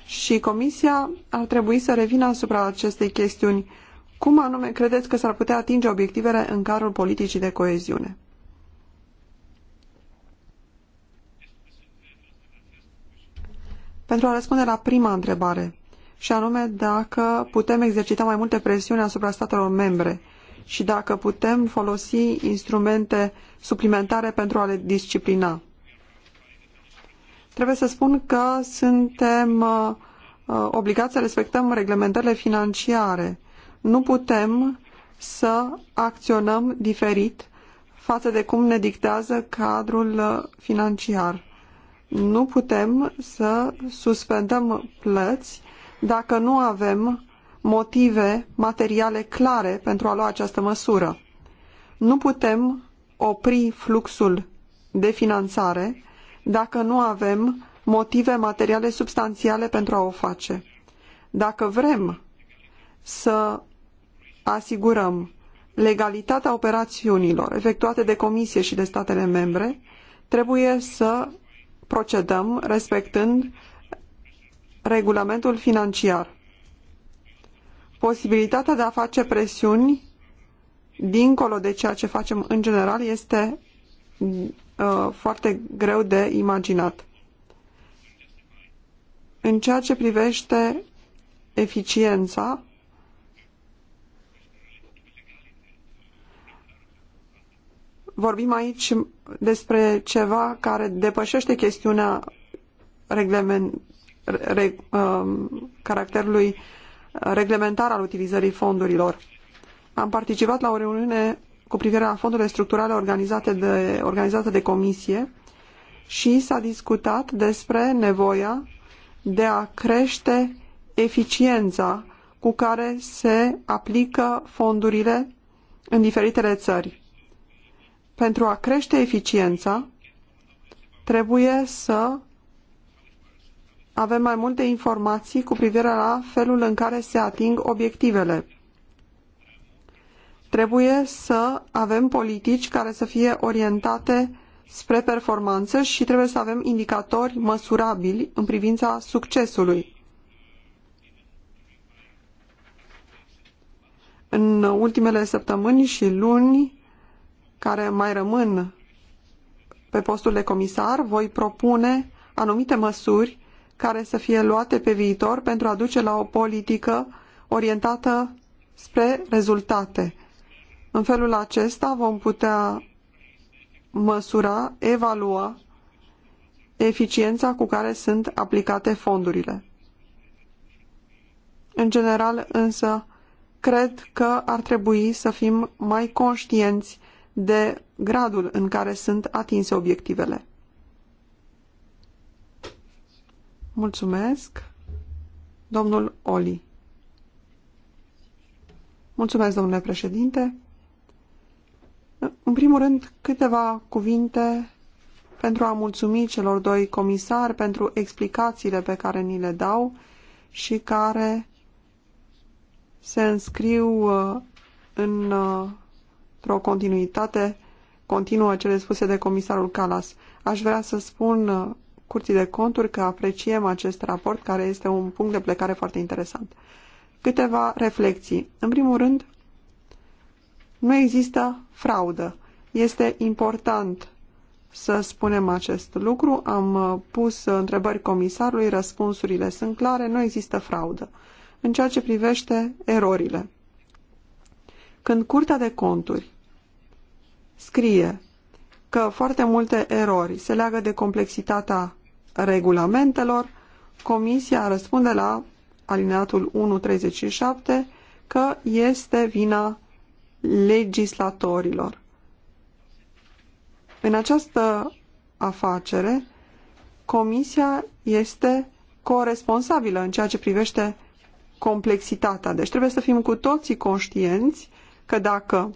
S2: Și Comisia ar trebui să revină asupra acestei chestiuni. Cum anume credeți că s-ar putea atinge obiectivele în carul politicii de coeziune? Pentru a răspunde la prima întrebare, și anume dacă putem exercita mai multe presiuni asupra statelor membre și dacă putem folosi instrumente suplimentare pentru a le disciplina. Trebuie să spun că suntem uh, uh, obligați să respectăm reglementările financiare. Nu putem să acționăm diferit față de cum ne dictează cadrul uh, financiar. Nu putem să suspendăm plăți dacă nu avem motive materiale clare pentru a lua această măsură. Nu putem opri fluxul de finanțare dacă nu avem motive materiale substanțiale pentru a o face. Dacă vrem să asigurăm legalitatea operațiunilor efectuate de Comisie și de statele membre, trebuie să procedăm respectând regulamentul financiar. Posibilitatea de a face presiuni dincolo de ceea ce facem în general este Uh, foarte greu de imaginat. În ceea ce privește eficiența, vorbim aici despre ceva care depășește chestiunea reglement, re, um, caracterului reglementar al utilizării fondurilor. Am participat la o reuniune cu privire la fondurile structurale organizate de, organizate de comisie și s-a discutat despre nevoia de a crește eficiența cu care se aplică fondurile în diferitele țări. Pentru a crește eficiența, trebuie să avem mai multe informații cu privire la felul în care se ating obiectivele. Trebuie să avem politici care să fie orientate spre performanță și trebuie să avem indicatori măsurabili în privința succesului. În ultimele săptămâni și luni care mai rămân pe postul de comisar, voi propune anumite măsuri care să fie luate pe viitor pentru a duce la o politică orientată spre rezultate. În felul acesta vom putea măsura, evalua eficiența cu care sunt aplicate fondurile. În general, însă, cred că ar trebui să fim mai conștienți de gradul în care sunt atinse obiectivele. Mulțumesc, domnul Oli. Mulțumesc, domnule președinte. În primul rând, câteva cuvinte pentru a mulțumi celor doi comisari pentru explicațiile pe care ni le dau și care se înscriu uh, în, uh, într-o continuitate continuă cele spuse de comisarul Calas. Aș vrea să spun uh, curții de conturi că apreciem acest raport, care este un punct de plecare foarte interesant. Câteva reflexii. În primul rând, nu există fraudă. Este important să spunem acest lucru. Am uh, pus întrebări comisarului, răspunsurile sunt clare, nu există fraudă. În ceea ce privește erorile. Când Curtea de Conturi scrie că foarte multe erori se leagă de complexitatea regulamentelor, Comisia răspunde la alineatul 1.37 că este vina legislatorilor. În această afacere, Comisia este coresponsabilă în ceea ce privește complexitatea. Deci trebuie să fim cu toții conștienți că dacă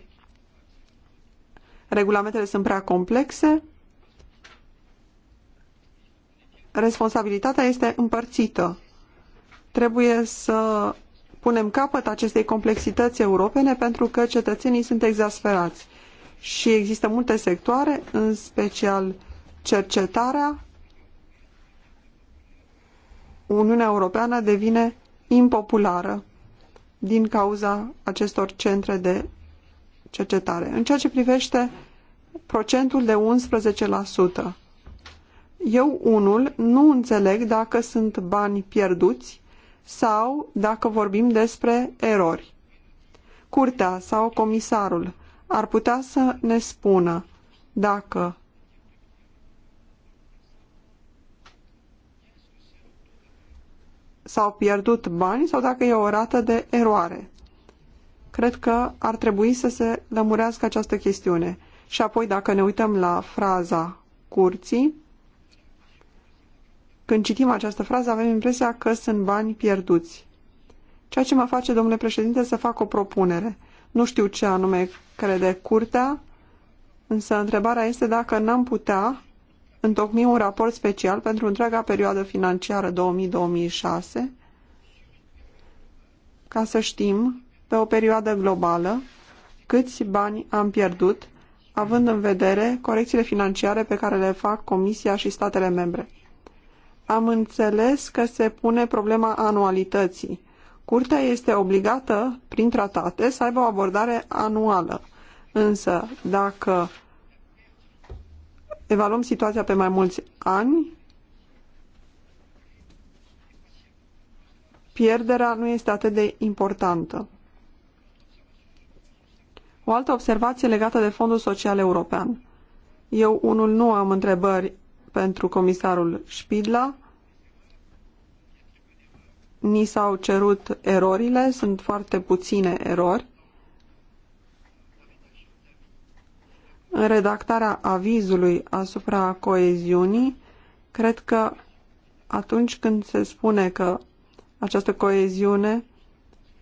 S2: regulamentele sunt prea complexe, responsabilitatea este împărțită. Trebuie să punem capăt acestei complexități europene pentru că cetățenii sunt exasperați. Și există multe sectoare, în special cercetarea. Uniunea Europeană devine impopulară din cauza acestor centre de cercetare. În ceea ce privește procentul de 11%, eu unul nu înțeleg dacă sunt bani pierduți sau dacă vorbim despre erori. Curtea sau comisarul ar putea să ne spună dacă s-au pierdut bani sau dacă e o rată de eroare. Cred că ar trebui să se lămurească această chestiune. Și apoi, dacă ne uităm la fraza curții, când citim această frază, avem impresia că sunt bani pierduți. Ceea ce mă face, domnule președinte, să fac o propunere. Nu știu ce anume crede curtea, însă întrebarea este dacă n-am putea întocmi un raport special pentru întreaga perioadă financiară 2000-2006 ca să știm, pe o perioadă globală, câți bani am pierdut, având în vedere corecțiile financiare pe care le fac Comisia și statele membre. Am înțeles că se pune problema anualității. Curtea este obligată, prin tratate, să aibă o abordare anuală. Însă, dacă evaluăm situația pe mai mulți ani, pierderea nu este atât de importantă. O altă observație legată de Fondul Social European. Eu unul nu am întrebări pentru comisarul Spidla. Ni s-au cerut erorile, sunt foarte puține erori. În redactarea avizului asupra coeziunii, cred că atunci când se spune că această coeziune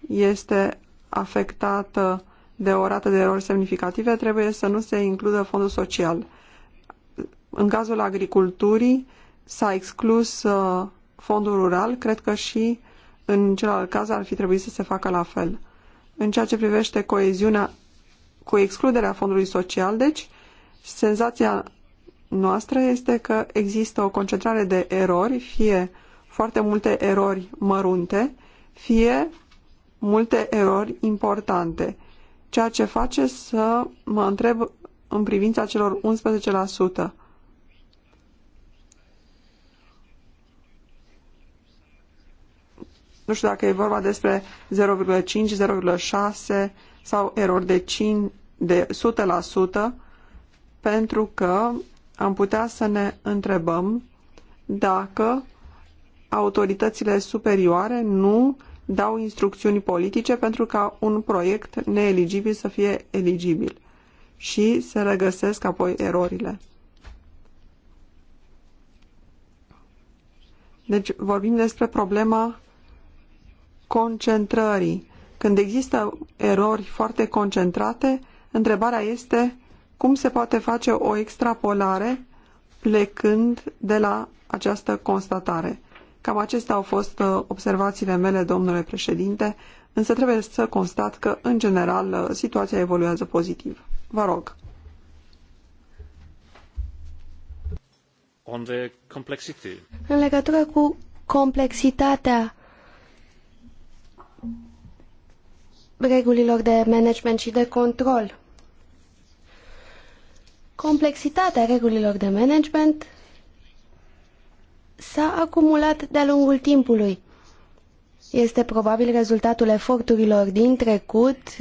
S2: este afectată de o rată de erori semnificative, trebuie să nu se includă fondul social. În cazul agriculturii s-a exclus uh, fondul rural, cred că și în celălalt caz ar fi trebuit să se facă la fel. În ceea ce privește coeziunea cu excluderea fondului social, deci, senzația noastră este că există o concentrare de erori, fie foarte multe erori mărunte, fie multe erori importante, ceea ce face să mă întreb în privința celor 11%. nu știu dacă e vorba despre 0,5, 0,6 sau erori de 5, de 100%, pentru că am putea să ne întrebăm dacă autoritățile superioare nu dau instrucțiuni politice pentru ca un proiect neeligibil să fie eligibil și se regăsesc apoi erorile. Deci vorbim despre problema concentrării. Când există erori foarte concentrate, întrebarea este cum se poate face o extrapolare plecând de la această constatare. Cam acestea au fost uh, observațiile mele, domnule președinte, însă trebuie să constat că, în general, uh, situația evoluează pozitiv.
S3: Vă rog. În legătură cu complexitatea regulilor de management și de control. Complexitatea regulilor de management s-a acumulat de-a lungul timpului. Este probabil rezultatul eforturilor din trecut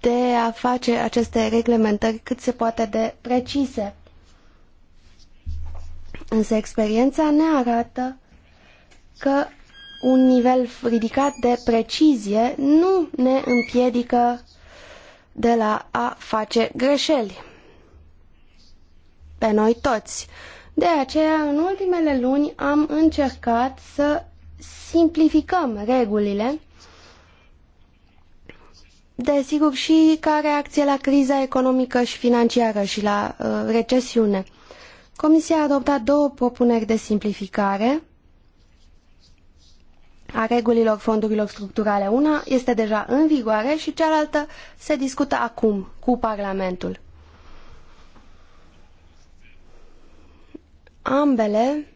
S3: de a face aceste reglementări cât se poate de precise. Însă experiența ne arată că un nivel ridicat de precizie nu ne împiedică de la a face greșeli pe noi toți. De aceea, în ultimele luni am încercat să simplificăm regulile, desigur și ca reacție la criza economică și financiară și la uh, recesiune. Comisia a adoptat două propuneri de simplificare, a regulilor fondurilor structurale. Una este deja în vigoare și cealaltă se discută acum cu Parlamentul. Ambele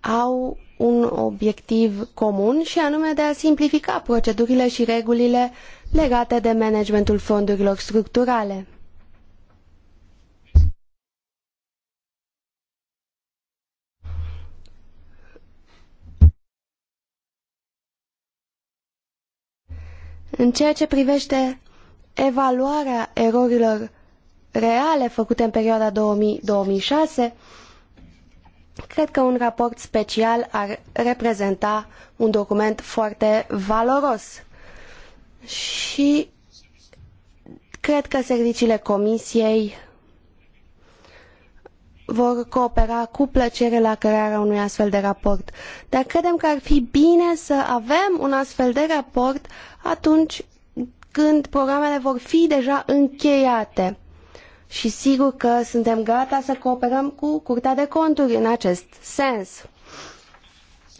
S3: au un obiectiv comun și anume de a simplifica procedurile și regulile legate de managementul fondurilor structurale. În ceea ce privește evaluarea erorilor reale făcute în perioada 2000-2006, cred că un raport special ar reprezenta un document foarte valoros. Și cred că serviciile comisiei vor coopera cu plăcere la crearea unui astfel de raport. Dar credem că ar fi bine să avem un astfel de raport atunci când programele vor fi deja încheiate. Și sigur că suntem gata să cooperăm cu Curtea de Conturi în acest sens.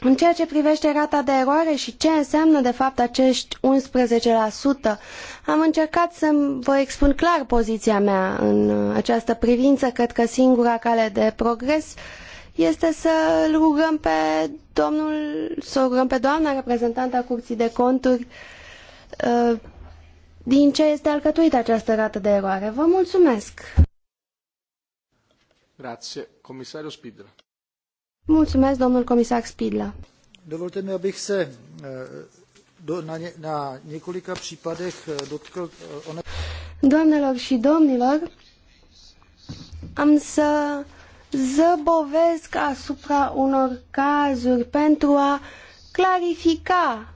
S3: În ceea ce privește rata de eroare și ce înseamnă de fapt acești 11%, am încercat să vă expun clar poziția mea în această privință. Cred că singura cale de progres este să îl rugăm pe domnul, să rugăm pe doamna reprezentanta Curții de Conturi uh, din ce este alcătuită această rată de eroare. Vă mulțumesc!
S1: Grazie. Comisarul Spidra.
S3: Mulțumesc, domnul comisar Spidla.
S1: Dovolte mi, abych se eh, na, na několika případech eh, dotkl... Eh, one...
S3: Doamnelor și domnilor, am să zăbovesc asupra unor cazuri pentru a clarifica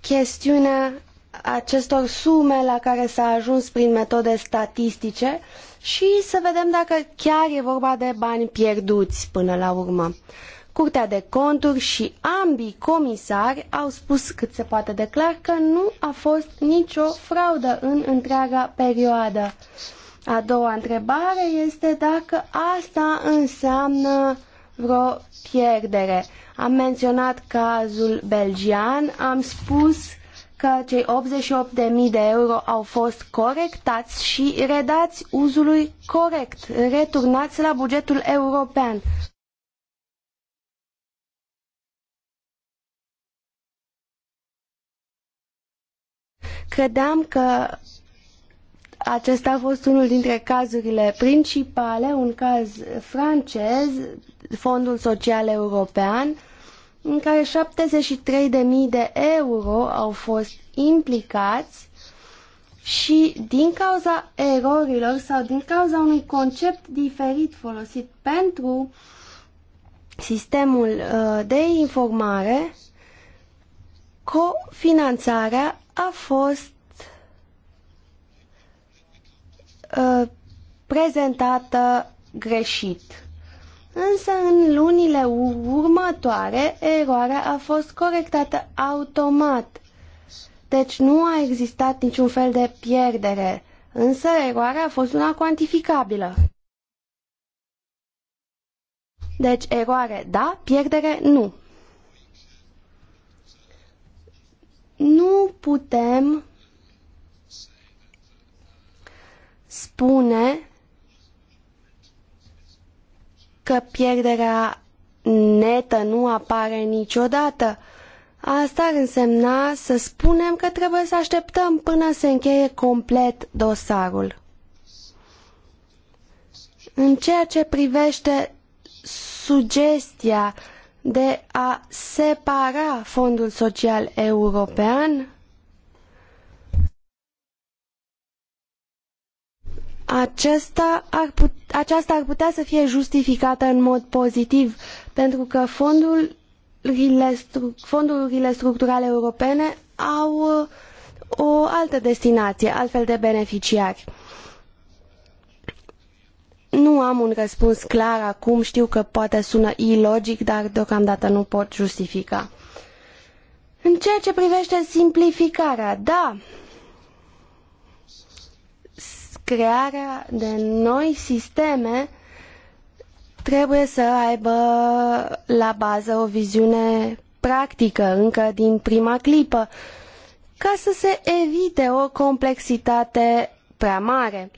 S3: chestiunea acestor sume la care s-a ajuns prin metode statistice și să vedem dacă chiar e vorba de bani pierduți până la urmă. Curtea de conturi și ambii comisari au spus cât se poate de clar că nu a fost nicio fraudă în întreaga perioadă. A doua întrebare este dacă asta înseamnă vreo pierdere. Am menționat cazul belgian, am spus că cei 88.000 de euro au fost corectați și redați uzului corect, returnați la bugetul european. Credeam că acesta a fost unul dintre cazurile principale, un caz francez, Fondul Social European, uh, în care 73.000 de euro au fost implicați și din cauza erorilor sau din cauza unui concept diferit folosit pentru sistemul uh, de informare, cofinanțarea a fost uh, prezentată greșit. Însă în lunile următoare, eroarea a fost corectată automat. Deci nu a existat niciun fel de pierdere, însă eroarea a fost una cuantificabilă. Deci eroare da, pierdere nu. Nu putem spune că pierderea netă nu apare niciodată. Asta ar însemna să spunem că trebuie să așteptăm până se încheie complet dosarul. În ceea ce privește sugestia de a separa Fondul Social European aceasta ar put, aceasta ar putea să fie justificată în mod pozitiv, pentru că fondurile, fondurile structurale europene au uh, o altă destinație, altfel de beneficiari. Nu am un răspuns clar acum, știu că poate sună ilogic, dar deocamdată nu pot justifica. În ceea ce privește simplificarea, da, crearea de noi sisteme trebuie să aibă la bază o viziune practică încă din prima clipă, ca să se evite o complexitate prea mare.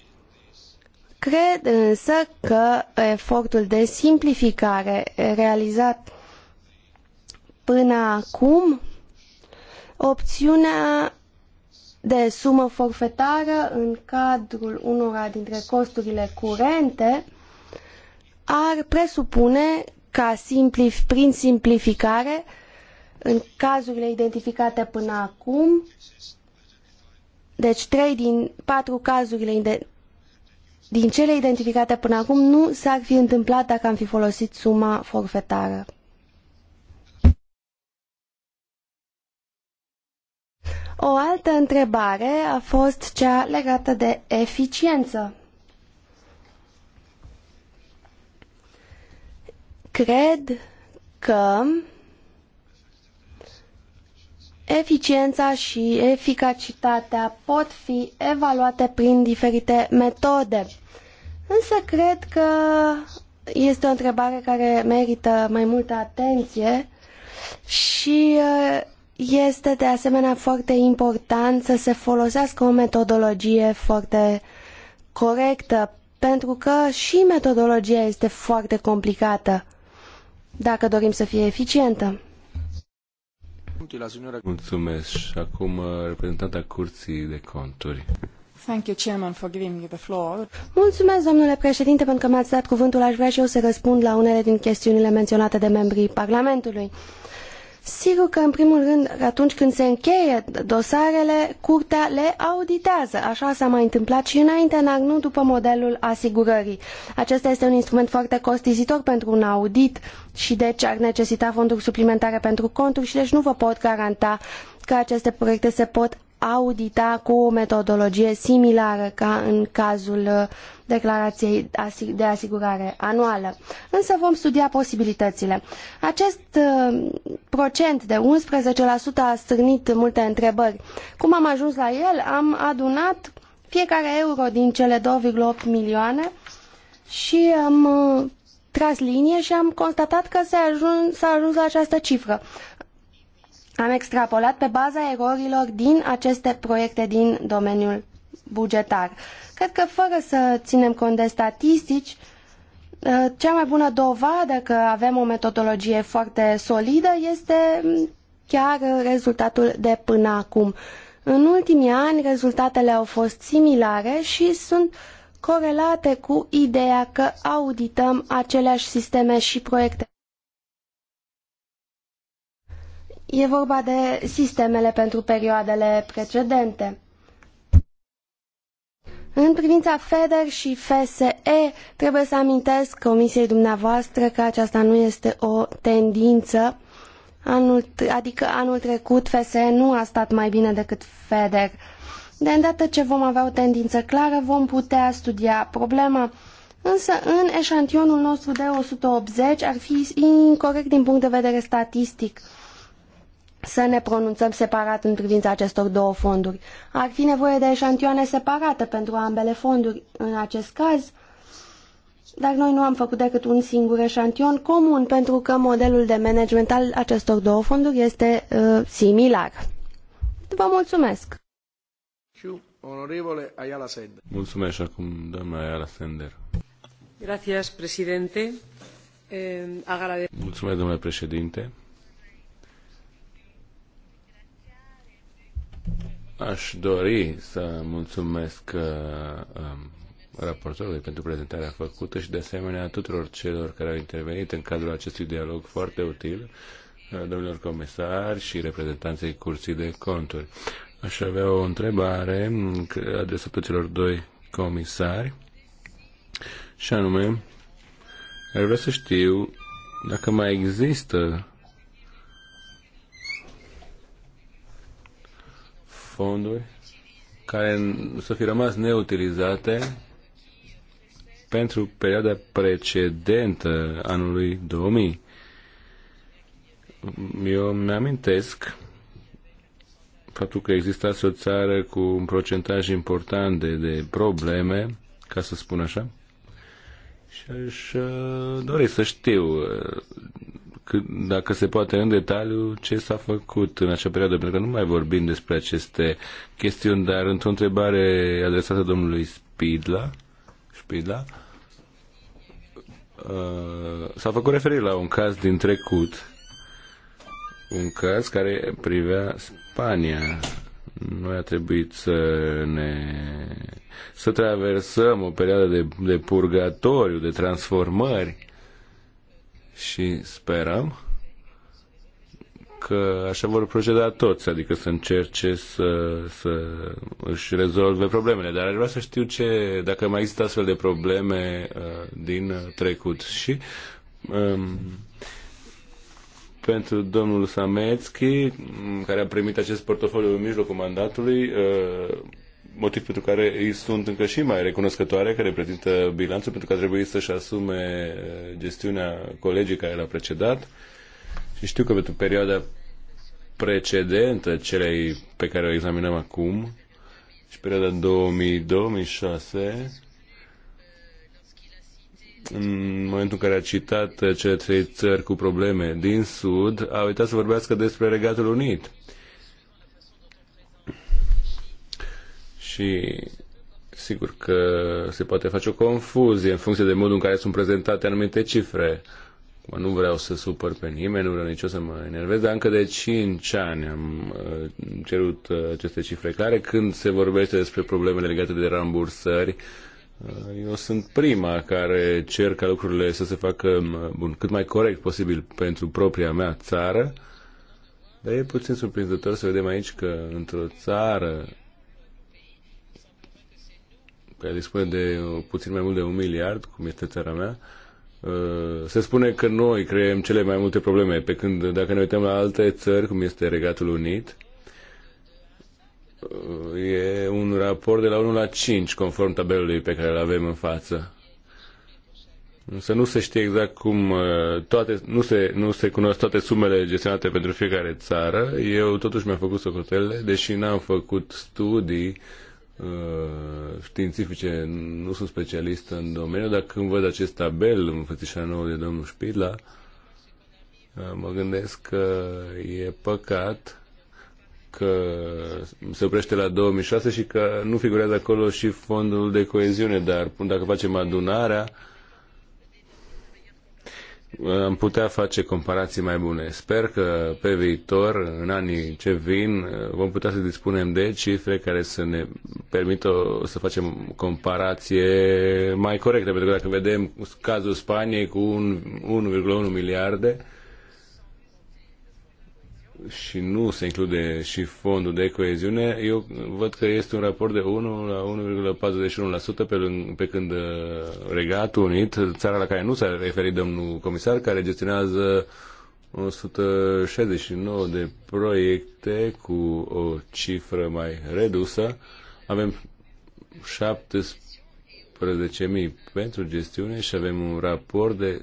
S3: Cred însă că efortul de simplificare realizat până acum, opțiunea de sumă forfetară în cadrul unora dintre costurile curente ar presupune ca simplif, prin simplificare în cazurile identificate până acum deci trei din patru cazurile din cele identificate până acum nu s-ar fi întâmplat dacă am fi folosit suma forfetară. O altă întrebare a fost cea legată de eficiență. Cred că eficiența și eficacitatea pot fi evaluate prin diferite metode. Însă cred că este o întrebare care merită mai multă atenție și este de asemenea foarte important să se folosească o metodologie foarte corectă, pentru că și metodologia este foarte complicată, dacă dorim să fie eficientă.
S4: Mulțumesc. acum uh, reprezentanta Curții de Conturi.
S3: Thank you, Chairman, for giving me the floor. Mulțumesc, domnule președinte, pentru că mi-ați dat cuvântul. Aș vrea și eu să răspund la unele din chestiunile menționate de membrii Parlamentului. Sigur că, în primul rând, atunci când se încheie dosarele, curtea le auditează. Așa s-a mai întâmplat și înainte, dar nu după modelul asigurării. Acesta este un instrument foarte costisitor pentru un audit și deci ar necesita fonduri suplimentare pentru conturi și deci nu vă pot garanta că aceste proiecte se pot audita cu o metodologie similară ca în cazul uh, declarației de asigurare anuală. Însă vom studia posibilitățile. Acest uh, procent de 11% a strânit multe întrebări. Cum am ajuns la el? Am adunat fiecare euro din cele 2,8 milioane și am uh, tras linie și am constatat că s-a ajuns, ajuns la această cifră. Am extrapolat pe baza erorilor din aceste proiecte din domeniul bugetar. Cred că fără să ținem cont de statistici, uh, cea mai bună dovadă că avem o metodologie foarte solidă este mm, chiar rezultatul de până acum. În ultimii ani, rezultatele au fost similare și sunt corelate cu ideea că audităm aceleași sisteme și proiecte. E vorba de sistemele pentru perioadele precedente. În privința FEDER și FSE, trebuie să amintesc Comisiei dumneavoastră că aceasta nu este o tendință. Anul, adică anul trecut FSE nu a stat mai bine decât FEDER. De îndată ce vom avea o tendință clară, vom putea studia problema. Însă, în eșantionul nostru de 180 ar fi incorrect din punct de vedere statistic să ne pronunțăm separat în privința acestor două fonduri. Ar fi nevoie de eșantioane separate pentru ambele fonduri în acest caz, dar noi nu am făcut decât un singur eșantion comun pentru că modelul de management al acestor două fonduri este uh, similar. Vă mulțumesc!
S4: Mulțumesc acum, doamna Ayala Sender.
S2: Gracias, presidente. Eh,
S4: Mulțumesc, domnule președinte. Aș dori să mulțumesc uh, um, raportorului pentru prezentarea făcută și de asemenea tuturor celor care au intervenit în cadrul acestui dialog foarte util, uh, domnilor comisari și reprezentanței Curții de Conturi. Aș avea o întrebare adresată celor doi comisari și anume, ar vrea să știu dacă mai există fonduri care să fi rămas neutilizate pentru perioada precedentă anului 2000. Eu îmi amintesc faptul că exista o țară cu un procentaj important de, de probleme, ca să spun așa, și aș uh, dori să știu uh, dacă se poate în detaliu ce s-a făcut în acea perioadă, pentru că nu mai vorbim despre aceste chestiuni, dar într-o întrebare adresată domnului Spidla, Spidla uh, s-a făcut referire la un caz din trecut, un caz care privea Spania. Noi a trebuit să ne să traversăm o perioadă de, de purgatoriu, de transformări și sperăm că așa vor proceda toți, adică să încerce să, să își rezolve problemele. Dar aș vrea să știu ce, dacă mai există astfel de probleme uh, din trecut. Și um, pentru domnul Samețchi, care a primit acest portofoliu în mijlocul mandatului, uh, motiv pentru care ei sunt încă și mai recunoscătoare care reprezintă bilanțul, pentru că a trebuit să-și asume uh, gestiunea colegii care l-a precedat. Și știu că pentru perioada precedentă, celei pe care o examinăm acum, și perioada 2000-2006, în momentul în care a citat uh, cele trei țări cu probleme din Sud, a uitat să vorbească despre Regatul Unit și sigur că se poate face o confuzie în funcție de modul în care sunt prezentate anumite cifre. Nu vreau să supăr pe nimeni, nu vreau nici să mă enervez, dar încă de 5 ani am uh, cerut uh, aceste cifre clare. Când se vorbește despre problemele legate de rambursări, uh, eu sunt prima care cer ca lucrurile să se facă bun, cât mai corect posibil pentru propria mea țară, dar e puțin surprinzător să vedem aici că într-o țară care dispune de puțin mai mult de un miliard, cum este țara mea, uh, se spune că noi creăm cele mai multe probleme, pe când dacă ne uităm la alte țări, cum este Regatul Unit, uh, e un raport de la 1 la 5, conform tabelului pe care îl avem în față. Însă nu se știe exact cum uh, toate, nu se, nu se cunosc toate sumele gestionate pentru fiecare țară. Eu totuși mi-am făcut socotele, deși n-am făcut studii uh, Uh, științifice, nu sunt specialist în domeniu, dar când văd acest tabel în fățișa nouă de domnul Spidla, uh, mă gândesc că e păcat că se oprește la 2006 și că nu figurează acolo și fondul de coeziune, dar dacă facem adunarea, am putea face comparații mai bune. Sper că pe viitor, în anii ce vin, vom putea să dispunem de cifre care să ne permită să facem comparație mai corectă, pentru că dacă vedem cazul Spaniei cu 1,1 miliarde, și nu se include și fondul de coeziune, eu văd că este un raport de 1 la 1,41% pe, pe când uh, Regatul Unit, țara la care nu s-a referit domnul comisar, care gestionează 169 de proiecte cu o cifră mai redusă, avem 17.000 pentru gestiune și avem un raport de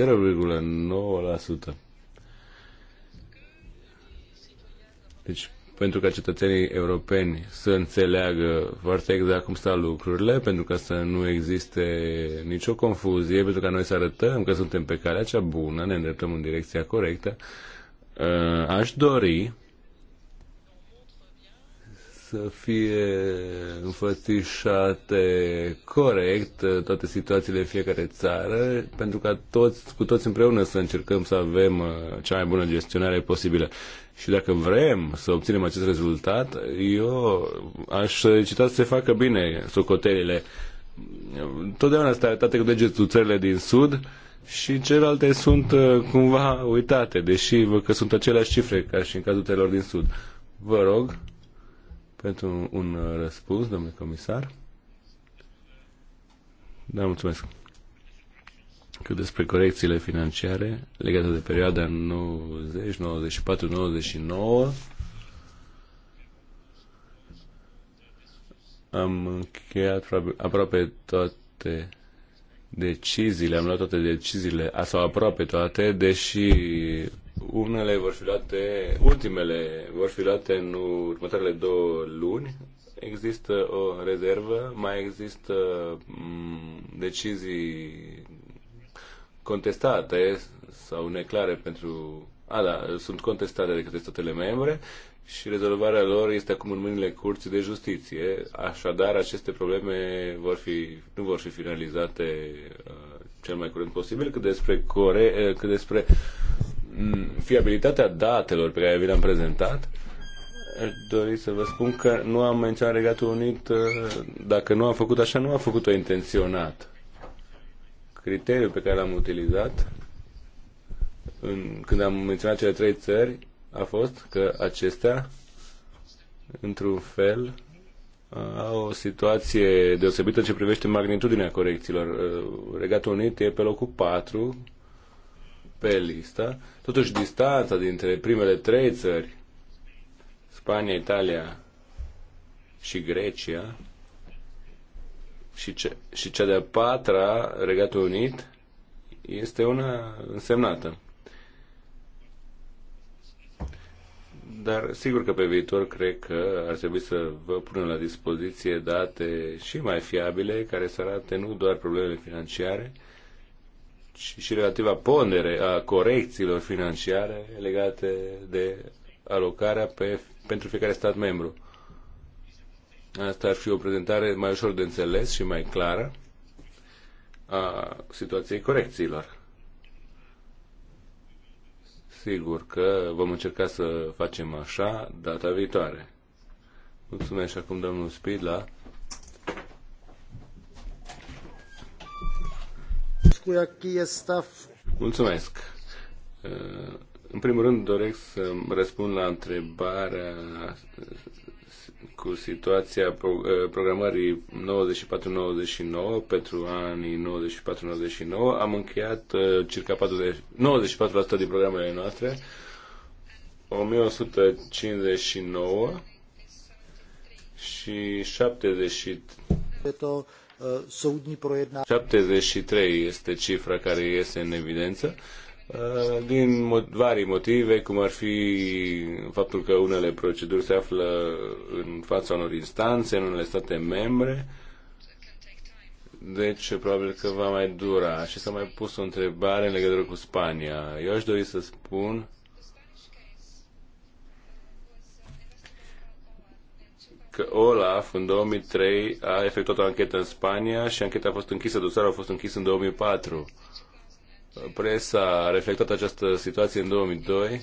S4: 0,9%. Deci, pentru ca cetățenii europeni să înțeleagă foarte exact cum stau lucrurile, pentru ca să nu existe nicio confuzie, pentru ca noi să arătăm că suntem pe calea cea bună, ne îndreptăm în direcția corectă, uh, aș dori să fie înfățișate corect uh, toate situațiile în fiecare țară, pentru ca toți, cu toți împreună să încercăm să avem uh, cea mai bună gestionare posibilă. Și dacă vrem să obținem acest rezultat, eu aș solicita să se facă bine socotelile. Totdeauna asta, arătate cu degetul țările din Sud și celelalte sunt uh, cumva uitate, deși văd că sunt aceleași cifre ca și în cazul țărilor din Sud. Vă rog pentru un răspuns, domnule comisar. Da, mulțumesc. Că despre corecțiile financiare legate de perioada 90, 94, 99, am încheiat aproape toate deciziile, am luat toate deciziile, sau aproape toate, deși unele vor fi luate, ultimele vor fi luate în următoarele două luni. Există o rezervă, mai există mm, decizii contestate sau neclare pentru... A, da, sunt contestate de către statele membre și rezolvarea lor este acum în mâinile Curții de Justiție. Așadar, aceste probleme vor fi, nu vor fi finalizate uh, cel mai curând posibil, cât despre, core, uh, cât despre um, fiabilitatea datelor pe care vi le-am prezentat. Aș dori să vă spun că nu am menționat Regatul Unit, uh, dacă nu am făcut așa, nu am făcut-o intenționat. Criteriul pe care l-am utilizat în, când am menționat cele trei țări a fost că acestea, într-un fel, au o situație deosebită ce privește magnitudinea corecțiilor. Uh, Regatul Unit e pe locul 4 pe lista. Totuși, distanța dintre primele trei țări, Spania, Italia și Grecia, și, ce, și cea de-a patra, Regatul Unit, este una însemnată. Dar sigur că pe viitor cred că ar trebui să vă punem la dispoziție date și mai fiabile care să arate nu doar problemele financiare, ci și relativa pondere a corecțiilor financiare legate de alocarea pe, pentru fiecare stat membru. Asta ar fi o prezentare mai ușor de înțeles și mai clară a situației corecțiilor. Sigur că vom încerca să facem așa data viitoare. Mulțumesc și acum domnul Spidla. Mulțumesc. În primul rând doresc să răspund la întrebarea cu situația pro, eh, programării 94-99 pentru anii 94-99. Am încheiat eh, circa 40, 94% din programele noastre, 1159 și 73. 73 eh, este cifra care iese în evidență Uh, din vari motive, cum ar fi faptul că unele proceduri se află în fața unor instanțe, în unele state membre, deci probabil că va mai dura. Și s-a mai pus o întrebare în legătură cu Spania. Eu aș dori să spun că Olaf în 2003 a efectuat o anchetă în Spania și ancheta a fost închisă, dosarul a fost închis în 2004 Presa a reflectat această situație în 2002,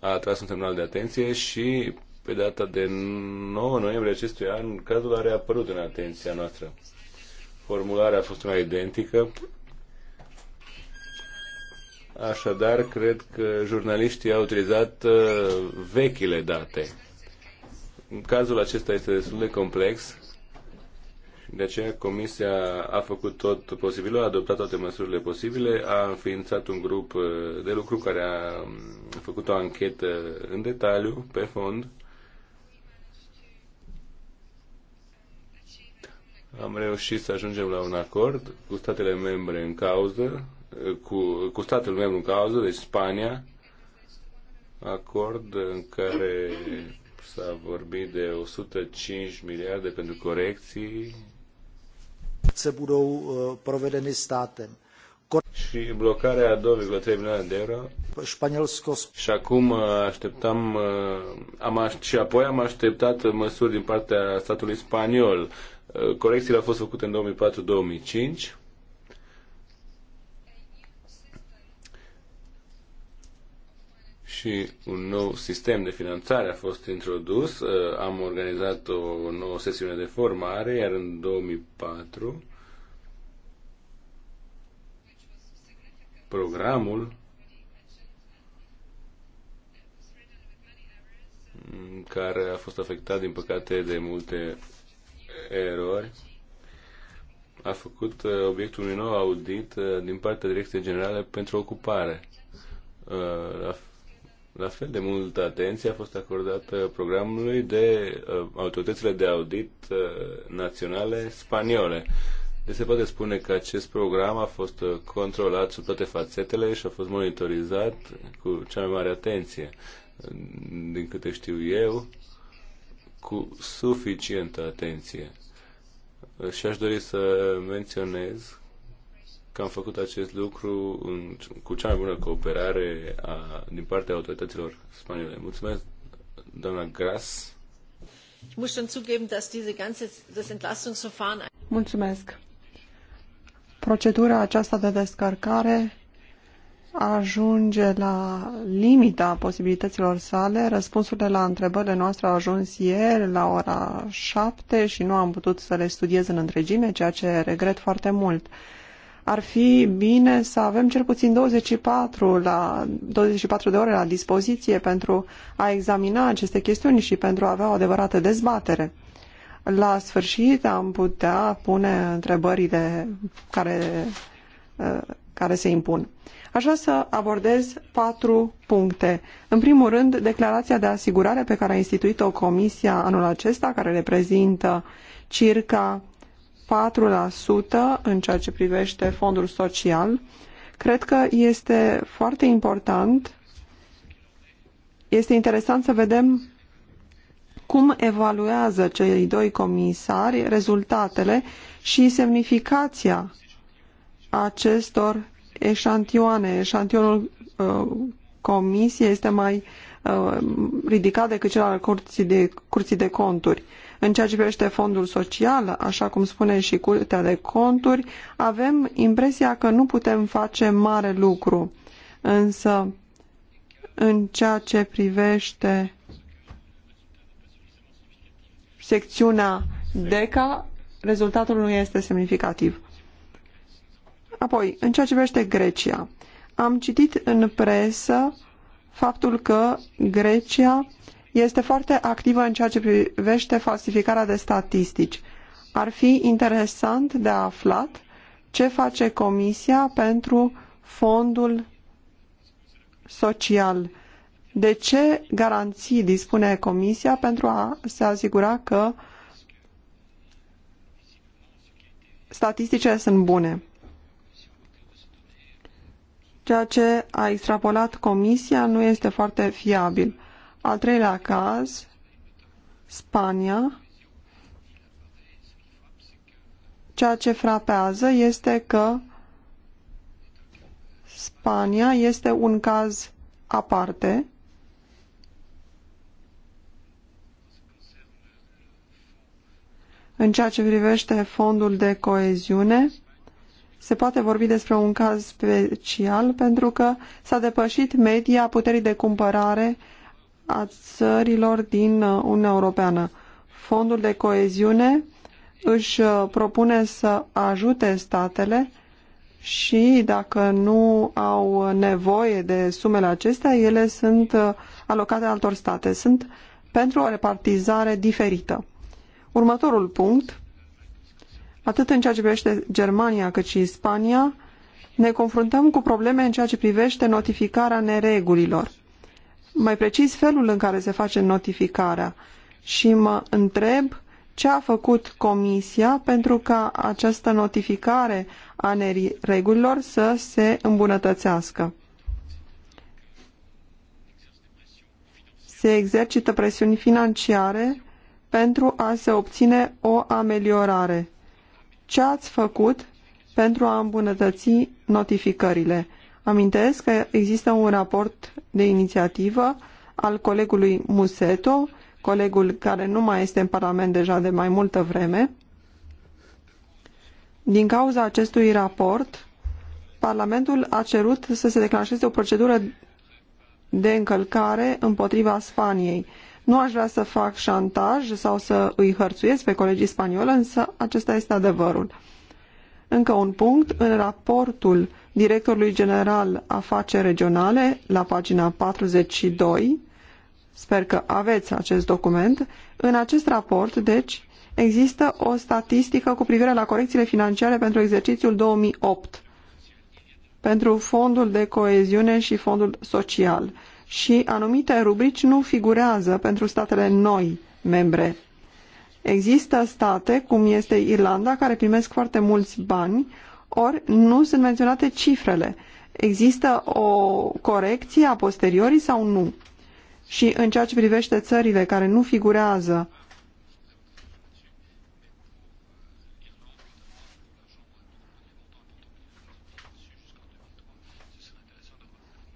S4: a atras un semnal de atenție și pe data de 9 noiembrie acestui an, cazul a reapărut în atenția noastră. Formularea a fost una identică. Așadar, cred că jurnaliștii au utilizat uh, vechile date. Cazul acesta este destul de complex de aceea Comisia a făcut tot posibilul, a adoptat toate măsurile posibile, a înființat un grup uh, de lucru care a um, făcut o anchetă în detaliu, pe fond. Am reușit să ajungem la un acord cu statele membre în cauză, uh, cu, cu statul membru în cauză, deci Spania, acord în care s-a vorbit de 105 miliarde pentru corecții
S1: se budou eh, provedeny státem. Și blocarea 2,3 milioane de euro.
S4: Șpanielsko. Și acum eh, așteptam, eh, am, și apoi am așteptat măsuri din partea statului spaniol. Corecțiile au fost făcute în 2004-2005 și un nou sistem de finanțare a fost introdus. Uh, am organizat o nouă sesiune de formare, iar în 2004 programul care a fost afectat, din păcate, de multe erori, a făcut uh, obiectul unui nou audit uh, din partea Direcției Generale pentru Ocupare. La la fel de multă atenție a fost acordată programului de uh, autoritățile de audit uh, naționale spaniole. Deci se poate spune că acest program a fost uh, controlat sub toate fațetele și a fost monitorizat cu cea mai mare atenție. Din câte știu eu, cu suficientă atenție. Și aș dori să menționez că am făcut acest lucru în, cu cea mai bună cooperare a, din partea autorităților spaniole. Mulțumesc, doamna Gras.
S2: Mulțumesc. Procedura aceasta de descărcare ajunge la limita posibilităților sale. Răspunsurile la întrebările noastre au ajuns ieri la ora 7 și nu am putut să le studiez în întregime, ceea ce regret foarte mult ar fi bine să avem cel puțin 24, la, 24 de ore la dispoziție pentru a examina aceste chestiuni și pentru a avea o adevărată dezbatere. La sfârșit am putea pune întrebările care, eh, care se impun. Aș vrea să abordez patru puncte. În primul rând, declarația de asigurare pe care a instituit-o Comisia anul acesta, care reprezintă circa 4% în ceea ce privește fondul social, cred că este foarte important, este interesant să vedem cum evaluează cei doi comisari rezultatele și semnificația acestor eșantioane. Eșantionul uh, comisiei este mai uh, ridicat decât cel al curții de, curții de conturi. Uh, în ceea ce privește fondul social, așa cum spune și Curtea de Conturi, avem impresia că nu putem face mare lucru. Însă, în ceea ce privește secțiunea DECA, rezultatul nu este semnificativ. Apoi, în ceea ce privește Grecia, am citit în presă faptul că Grecia este foarte activă în ceea ce privește falsificarea de statistici. Ar fi interesant de aflat ce face Comisia pentru fondul social. De ce garanții dispune Comisia pentru a se asigura că statisticile sunt bune? Ceea ce a extrapolat Comisia nu este foarte fiabil. Al treilea caz, Spania. Ceea ce frapează este că Spania este un caz aparte În ceea ce privește fondul de coeziune, se poate vorbi despre un caz special pentru că s-a depășit media puterii de cumpărare a țărilor din uh, Uniunea Europeană. Fondul de coeziune își uh, propune să ajute statele și dacă nu au nevoie de sumele acestea, ele sunt uh, alocate altor state. Sunt pentru o repartizare diferită. Următorul punct, atât în ceea ce privește Germania cât și Spania, ne confruntăm cu probleme în ceea ce privește notificarea neregulilor mai precis felul în care se face notificarea și mă întreb ce a făcut Comisia pentru ca această notificare a regulilor să se îmbunătățească. Se exercită presiuni financiare pentru a se obține o ameliorare. Ce ați făcut pentru a îmbunătăți notificările? Amintesc că există un raport de inițiativă al colegului Museto, colegul care nu mai este în Parlament deja de mai multă vreme. Din cauza acestui raport, Parlamentul a cerut să se declanșeze o procedură de încălcare împotriva Spaniei. Nu aș vrea să fac șantaj sau să îi hărțuiesc pe colegii spanioli, însă acesta este adevărul. Încă un punct, în raportul directorului general afaceri regionale la pagina 42. Sper că aveți acest document. În acest raport, deci, există o statistică cu privire la corecțiile financiare pentru exercițiul 2008 pentru fondul de coeziune și fondul social și anumite rubrici nu figurează pentru statele noi membre. Există state, cum este Irlanda, care primesc foarte mulți bani ori nu sunt menționate cifrele. Există o corecție a posteriorii sau nu? Și în ceea ce privește țările care nu figurează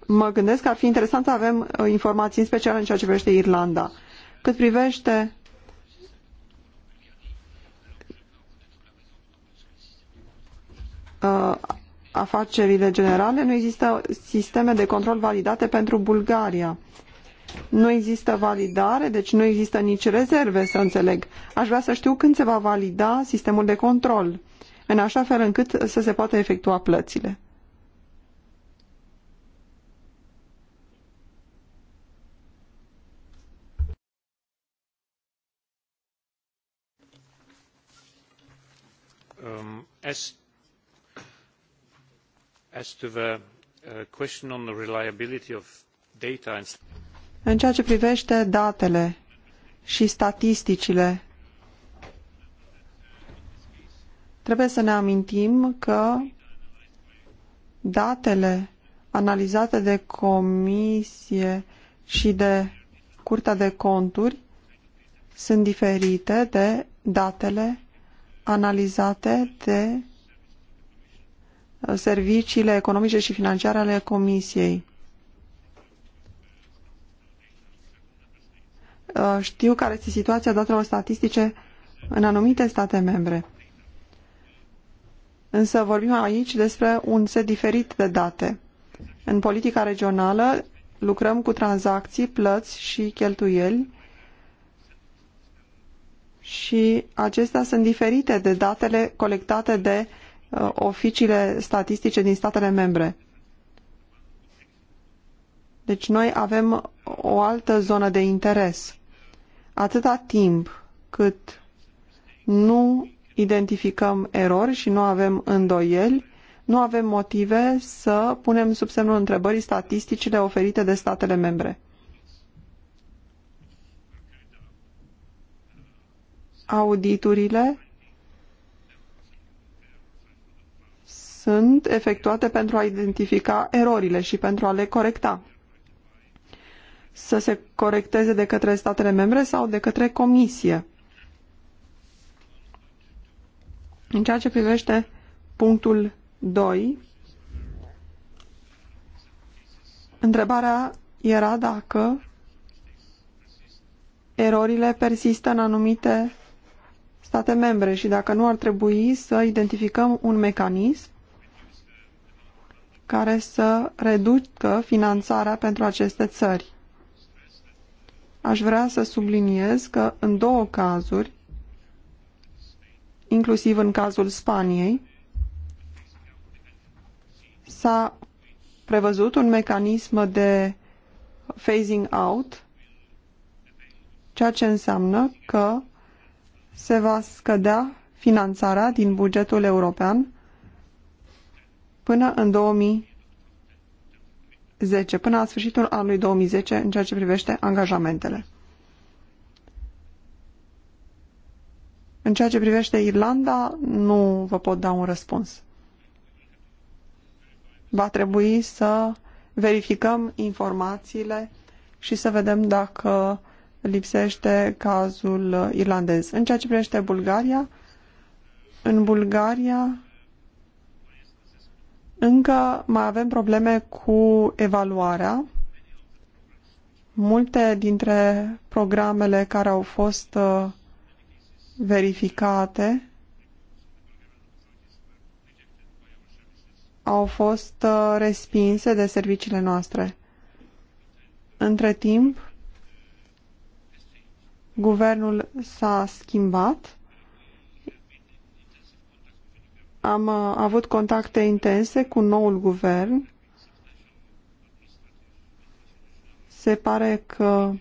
S2: mă gândesc că ar fi interesant să avem uh, informații în special în ceea ce privește Irlanda. Cât privește uh, afacerile generale, nu există sisteme de control validate pentru Bulgaria. Nu există validare, deci nu există nici rezerve, să înțeleg. Aș vrea să știu când se va valida sistemul de control, în așa fel încât să se poată efectua plățile.
S1: Um, as
S2: în ceea ce privește datele și statisticile, trebuie să ne amintim că datele analizate de comisie și de Curtea de Conturi sunt diferite de datele analizate de serviciile economice și financiare ale Comisiei. Uh, știu care este situația datelor statistice în anumite state membre. Însă vorbim aici despre un set diferit de date. În politica regională lucrăm cu tranzacții, plăți și cheltuieli și acestea sunt diferite de datele colectate de Uh, oficiile statistice din statele membre. Deci noi avem o altă zonă de interes. Atâta timp cât nu identificăm erori și nu avem îndoieli, nu avem motive să punem sub semnul întrebării statisticile oferite de statele membre. Auditurile sunt efectuate pentru a identifica erorile și pentru a le corecta. Să se corecteze de către statele membre sau de către comisie. În ceea ce privește punctul 2, întrebarea era dacă erorile persistă în anumite state membre și dacă nu ar trebui să identificăm un mecanism care să reducă finanțarea pentru aceste țări. Aș vrea să subliniez că în două cazuri, inclusiv în cazul Spaniei, s-a prevăzut un mecanism de phasing out, ceea ce înseamnă că se va scădea finanțarea din bugetul european până în 2010, până la sfârșitul anului 2010 în ceea ce privește angajamentele. În ceea ce privește Irlanda, nu vă pot da un răspuns. Va trebui să verificăm informațiile și să vedem dacă lipsește cazul irlandez. În ceea ce privește Bulgaria, în Bulgaria încă mai avem probleme cu evaluarea. Multe dintre programele care au fost uh, verificate au fost uh, respinse de serviciile noastre. Între timp, guvernul s-a schimbat am uh, avut contacte intense cu noul guvern. Se pare că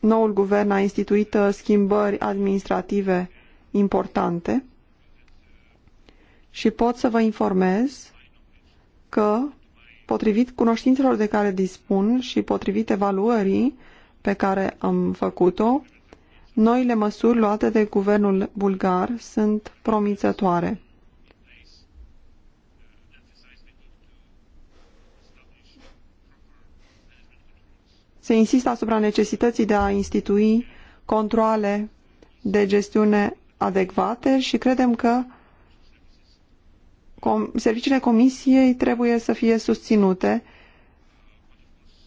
S2: noul guvern a instituit uh, schimbări administrative importante și pot să vă informez că, potrivit cunoștințelor de care dispun și potrivit evaluării pe care am făcut-o, Noile măsuri luate de guvernul bulgar sunt promițătoare. Se insistă asupra necesității de a institui controle de gestiune adecvate și credem că com serviciile comisiei trebuie să fie susținute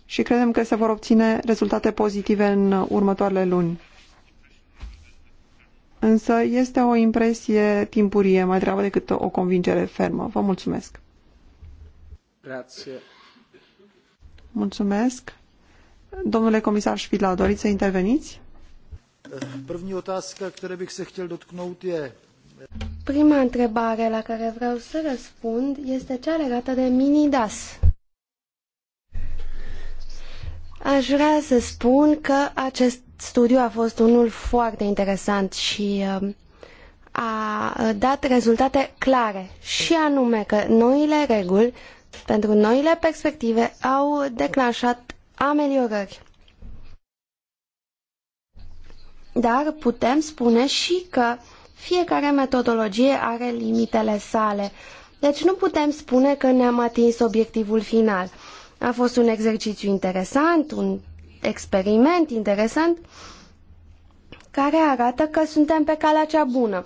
S2: și credem că se vor obține rezultate pozitive în următoarele luni. Însă este o impresie timpurie mai degrabă decât o convingere fermă. Vă mulțumesc. Grazie. Mulțumesc. Domnule comisar Șpidla, doriți să interveniți?
S3: Prima întrebare la care vreau să răspund este cea legată de mini-DAS. Aș vrea să spun că acest studiu a fost unul foarte interesant și um, a dat rezultate clare și anume că noile reguli pentru noile perspective au declanșat ameliorări. Dar putem spune și că fiecare metodologie are limitele sale, deci nu putem spune că ne-am atins obiectivul final. A fost un exercițiu interesant, un experiment interesant care arată că suntem pe calea cea bună.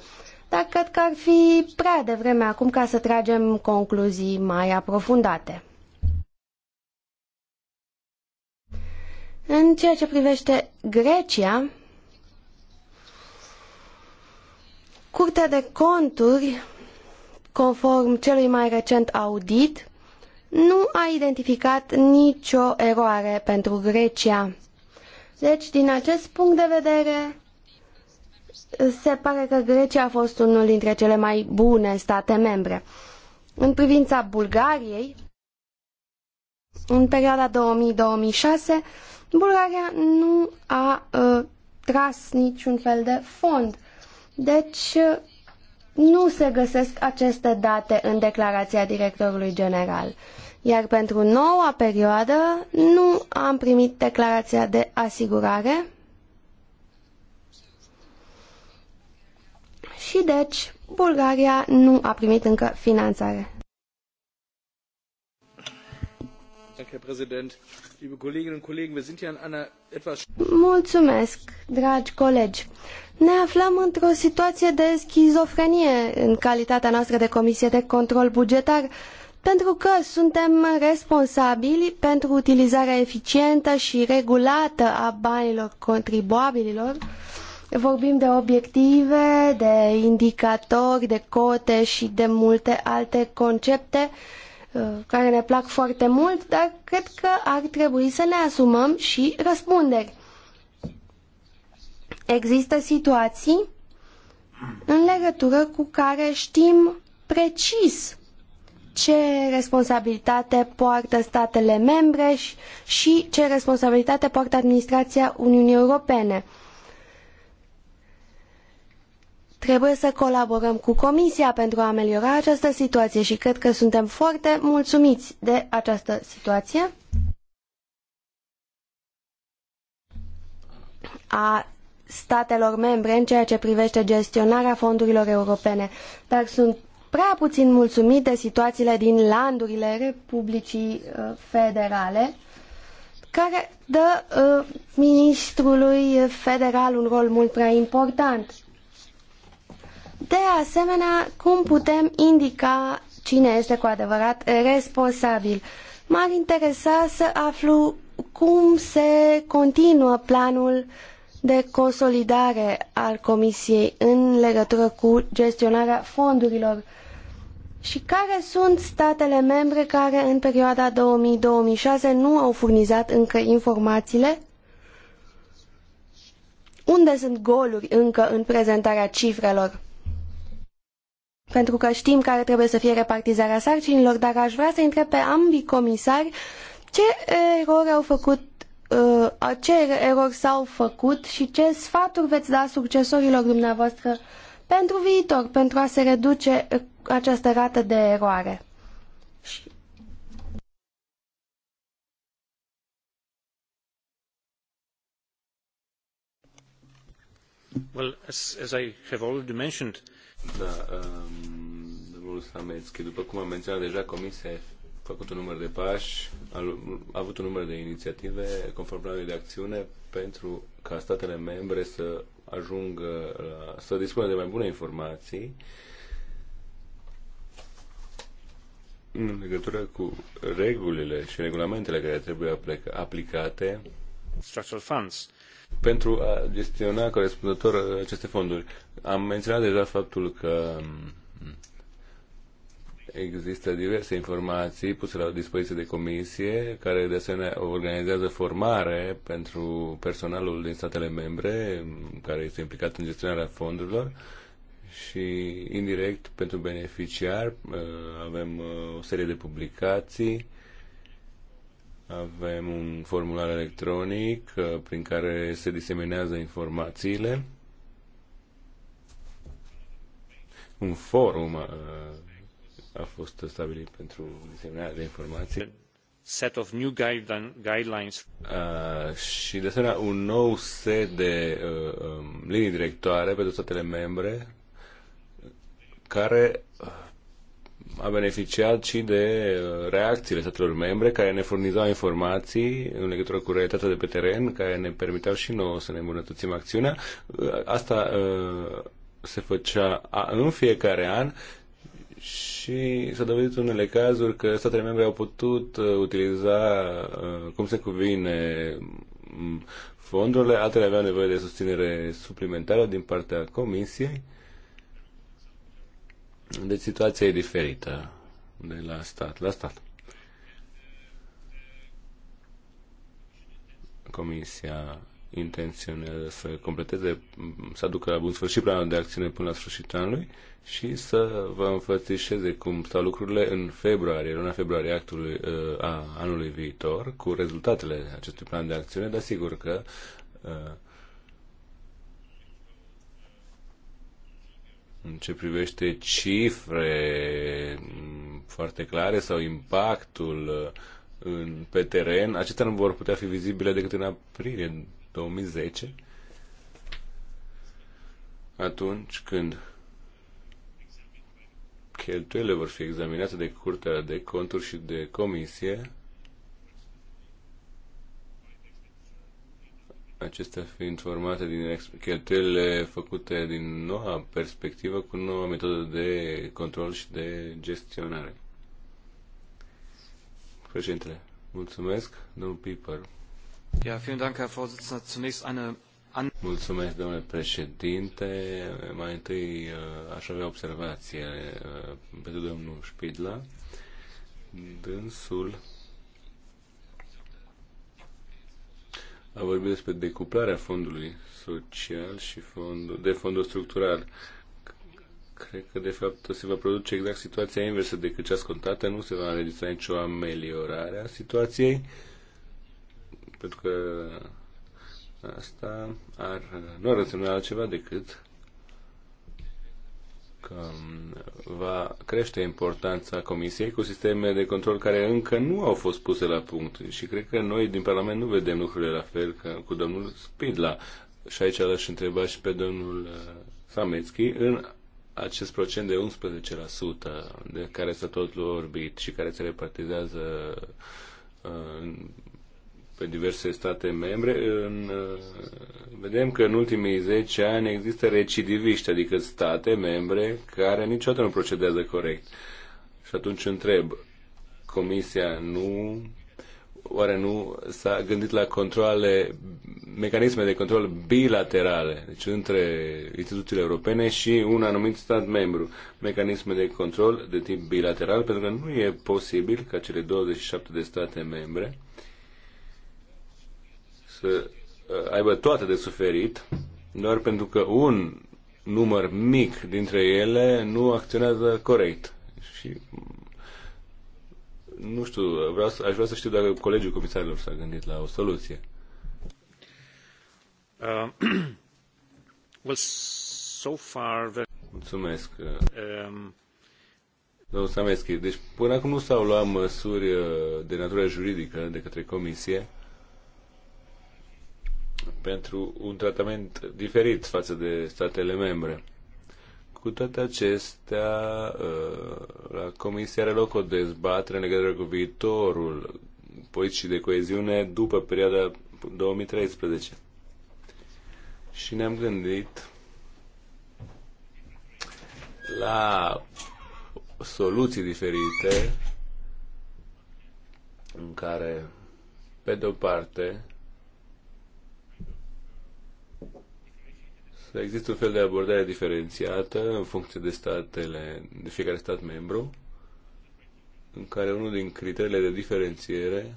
S3: Dar cred că ar fi prea devreme acum ca să tragem concluzii mai aprofundate. În ceea ce privește Grecia, Curtea de Conturi, conform celui mai recent audit, nu a identificat nicio eroare pentru Grecia. Deci, din acest punct de vedere, se pare că Grecia a fost unul dintre cele mai bune state membre. În privința Bulgariei, în perioada 2000-2006, Bulgaria nu a uh, tras niciun fel de fond. Deci, uh, nu se găsesc aceste date în declarația directorului general. Iar pentru noua perioadă nu am primit declarația de asigurare și deci Bulgaria nu a primit încă finanțare. Mulțumesc, dragi colegi. Ne aflăm într-o situație de schizofrenie în calitatea noastră de Comisie de Control Bugetar, pentru că suntem responsabili pentru utilizarea eficientă și regulată a banilor contribuabililor. Vorbim de obiective, de indicatori, de cote și de multe alte concepte Uh, care ne plac foarte mult, dar cred că ar trebui să ne asumăm și răspunderi. Există situații în legătură cu care știm precis ce responsabilitate poartă statele membre și ce responsabilitate poartă administrația Uniunii Europene. Trebuie să colaborăm cu Comisia pentru a ameliora această situație și cred că suntem foarte mulțumiți de această situație. a statelor membre în ceea ce privește gestionarea fondurilor europene, dar sunt prea puțin mulțumit de situațiile din landurile Republicii uh, Federale, care dă uh, ministrului federal un rol mult prea important. De asemenea, cum putem indica cine este cu adevărat responsabil? M-ar interesa să aflu cum se continuă planul de consolidare al Comisiei în legătură cu gestionarea fondurilor și care sunt statele membre care în perioada 2000-2006 nu au furnizat încă informațiile? Unde sunt goluri încă în prezentarea cifrelor? pentru că știm care trebuie să fie repartizarea sarcinilor, dar aș vrea să întreb pe ambii comisari ce erori au făcut uh, ce erori s-au făcut și ce sfaturi veți da succesorilor dumneavoastră pentru viitor, pentru a se reduce uh, această rată de eroare.
S1: Well, as, as I have already mentioned, da,
S4: um, Samețchi, după cum am menționat deja, Comisia a făcut un număr de pași, a, a avut un număr de inițiative conform planului de acțiune pentru ca statele membre să ajungă la, să dispună de mai bune informații în legătură cu regulile și regulamentele care trebuie aplicate structural funds pentru a gestiona corespunzător aceste fonduri. Am menționat deja faptul că um, există diverse informații puse la dispoziție de comisie, care de asemenea organizează formare pentru personalul din statele membre um, care este implicat în gestionarea fondurilor și indirect pentru beneficiar uh, avem uh, o serie de publicații avem un formular electronic uh, prin care se diseminează informațiile. Un forum uh, a fost stabilit pentru diseminarea de informații
S1: set of new guidelines.
S4: Uh, și de asemenea un nou set de uh, um, linii directoare pentru statele membre care a beneficiat și de uh, reacțiile statelor membre care ne furnizau informații în legătură cu realitatea de pe teren, care ne permiteau și nouă să ne îmbunătățim acțiunea. Uh, asta uh, se făcea în fiecare an și s-a dovedit în unele cazuri că statele membre au putut utiliza cum se cuvine fondurile, altele aveau nevoie de susținere suplimentară din partea Comisiei. Uh, deci situația e diferită de la stat la stat. Comisia intenționează să completeze, să aducă la bun sfârșit planul de acțiune până la sfârșitul anului și să vă înfățișeze cum stau lucrurile în februarie, luna februarie actului, uh, a anului viitor, cu rezultatele acestui plan de acțiune, dar sigur că uh, în ce privește cifre mm, foarte clare sau impactul uh, în, pe teren, acestea nu vor putea fi vizibile decât în aprilie 2010, atunci când cheltuielile vor fi examinate de Curtea de Conturi și de Comisie acestea fiind formate din cheltuielile făcute din noua perspectivă cu noua metodă de control și de gestionare. Președintele, mulțumesc. Domnul Piper.
S1: Ja, vielen Dank, Herr Vorsitzender. Zunächst eine
S4: Mulțumesc, domnule președinte. Mai întâi uh, aș avea observație uh, pentru domnul Spidla. Dânsul a vorbit despre decuplarea fondului social și fondul, de fondul structural. Cred că, de fapt, se va produce exact situația inversă decât cea scontată. Nu se va înregistra nicio ameliorare a situației, pentru că asta ar, nu ar însemna altceva decât că va crește importanța Comisiei cu sisteme de control care încă nu au fost puse la punct și cred că noi din Parlament nu vedem lucrurile la fel ca cu domnul Spidla. Și aici l-aș întreba și pe domnul uh, Samețchi în acest procent de 11% de care s-a tot vorbit și care se repartizează uh, pe diverse state membre, în, uh, vedem că în ultimii 10 ani există recidiviști, adică state membre care niciodată nu procedează corect. Și atunci întreb, Comisia nu oare nu s-a gândit la controle, mecanisme de control bilaterale, deci între instituțiile europene și un anumit stat membru, mecanisme de control de tip bilateral, pentru că nu e posibil ca cele 27 de state membre să uh, aibă toate de suferit, doar pentru că un număr mic dintre ele nu acționează corect. Și mm, nu știu, vreau să, aș vrea să știu dacă colegiul comisarilor s-a gândit la o soluție. Uh,
S1: well, so far the...
S4: Mulțumesc. Um... Domnul Sameschi, deci până acum nu s-au luat măsuri uh, de natură juridică de către comisie pentru un tratament diferit față de statele membre. Cu toate acestea, uh, la Comisia are loc o dezbatere în legătură cu viitorul politicii de coeziune după perioada 2013. Și ne-am gândit la soluții diferite în care, pe de-o parte, să există un fel de abordare diferențiată în funcție de statele, de fiecare stat membru, în care unul din criteriile de diferențiere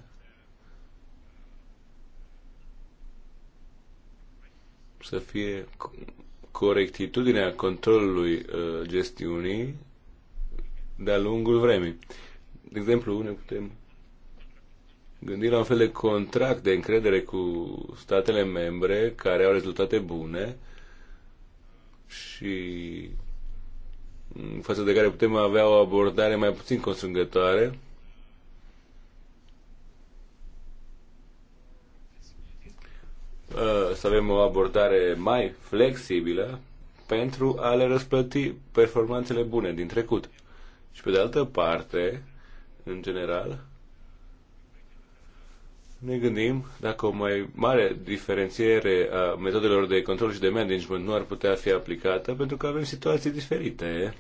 S4: să fie corectitudinea controlului uh, gestiunii de-a lungul vremii. De exemplu, ne putem gândi la un fel de contract de încredere cu statele membre care au rezultate bune și față de care putem avea o abordare mai puțin constrângătoare. Uh, să avem o abordare mai flexibilă pentru a le răsplăti performanțele bune din trecut. Și pe de altă parte, în general, ne gândim dacă o mai mare diferențiere a metodelor de control și de management nu ar putea fi aplicată, pentru că avem situații diferite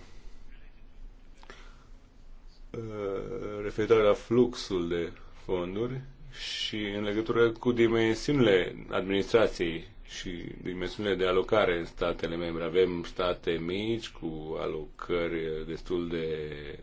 S4: uh, referitoare la fluxul de fonduri și în legătură cu dimensiunile administrației și dimensiunile de alocare în statele membre. Avem state mici cu alocări destul de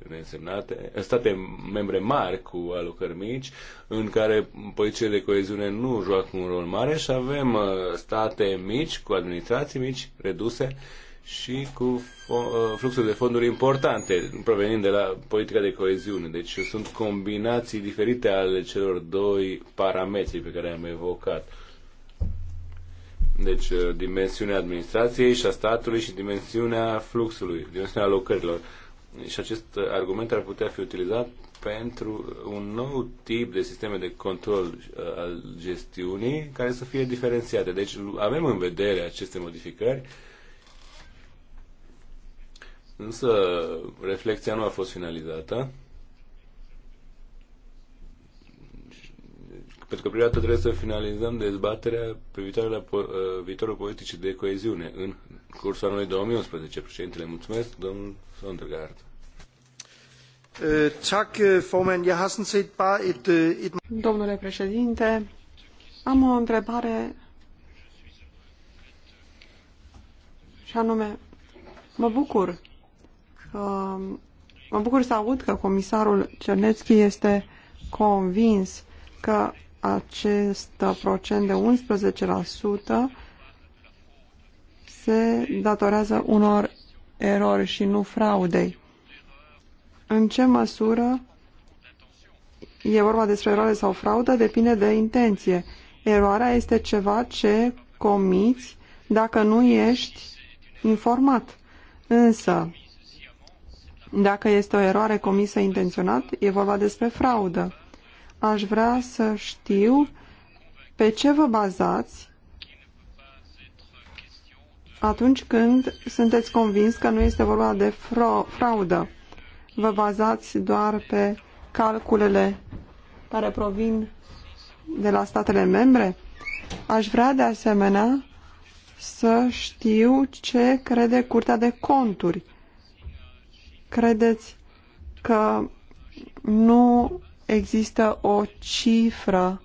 S4: neînsemnate, state membre mari cu alocări mici, în care politicile de coeziune nu joacă un rol mare și avem uh, state mici cu administrații mici reduse și cu uh, fluxuri de fonduri importante provenind de la politica de coeziune. Deci sunt combinații diferite ale celor doi parametri pe care am evocat. Deci uh, dimensiunea administrației și a statului și dimensiunea fluxului, dimensiunea locărilor. Și acest uh, argument ar putea fi utilizat pentru un nou tip de sisteme de control uh, al gestiunii care să fie diferențiate. Deci avem în vedere aceste modificări, însă reflexia nu a fost finalizată Pentru că prima dată trebuie să finalizăm dezbaterea privitoare la po- uh, viitorul politicii de coeziune în cursul anului 2011. Președintele, mulțumesc, domnul Sondergaard.
S1: Eh, eh, eh,
S2: Domnule președinte, am o întrebare și anume, mă bucur că, um, mă bucur să aud că comisarul Cernetski este convins că acest procent de 11% se datorează unor erori și nu fraudei. În ce măsură e vorba despre eroare sau fraudă depinde de intenție. Eroarea este ceva ce comiți dacă nu ești informat. Însă, dacă este o eroare comisă intenționat, e vorba despre fraudă aș vrea să știu pe ce vă bazați atunci când sunteți convins că nu este vorba de fraudă. Vă bazați doar pe calculele care provin de la statele membre? Aș vrea de asemenea să știu ce crede Curtea de Conturi. Credeți că nu există o cifră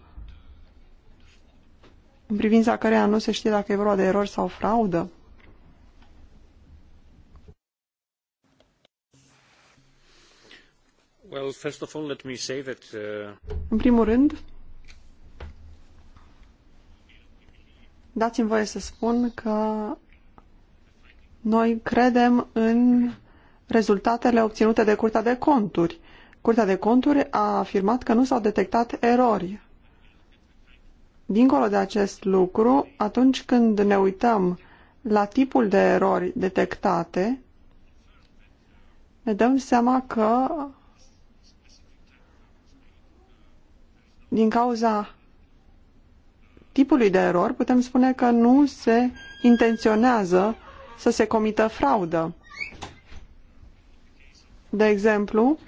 S2: în privința căreia nu se știe dacă e vorba de erori sau fraudă?
S1: Well, first of all, let me say that, uh...
S2: În primul rând, dați-mi voie să spun că noi credem în rezultatele obținute de Curtea de Conturi Curtea de Conturi a afirmat că nu s-au detectat erori. Dincolo de acest lucru, atunci când ne uităm la tipul de erori detectate, ne dăm seama că din cauza tipului de erori putem spune că nu se intenționează să se comită fraudă. De exemplu,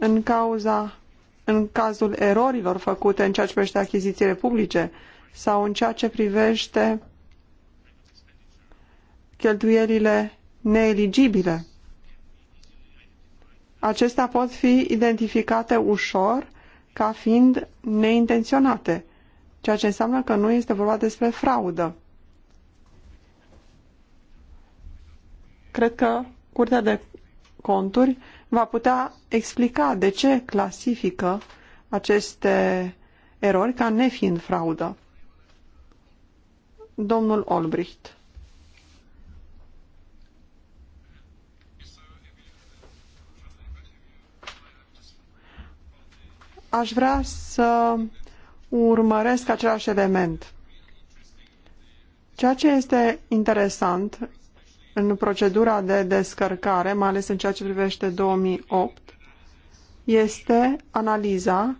S2: în cauza în cazul erorilor făcute în ceea ce privește achizițiile publice sau în ceea ce privește cheltuielile neeligibile. Acestea pot fi identificate ușor ca fiind neintenționate, ceea ce înseamnă că nu este vorba despre fraudă. Cred că Curtea de Conturi va putea explica de ce clasifică aceste erori ca nefiind fraudă. Domnul Olbricht. Aș vrea să urmăresc același element. Ceea ce este interesant în procedura de descărcare, mai ales în ceea ce privește 2008, este analiza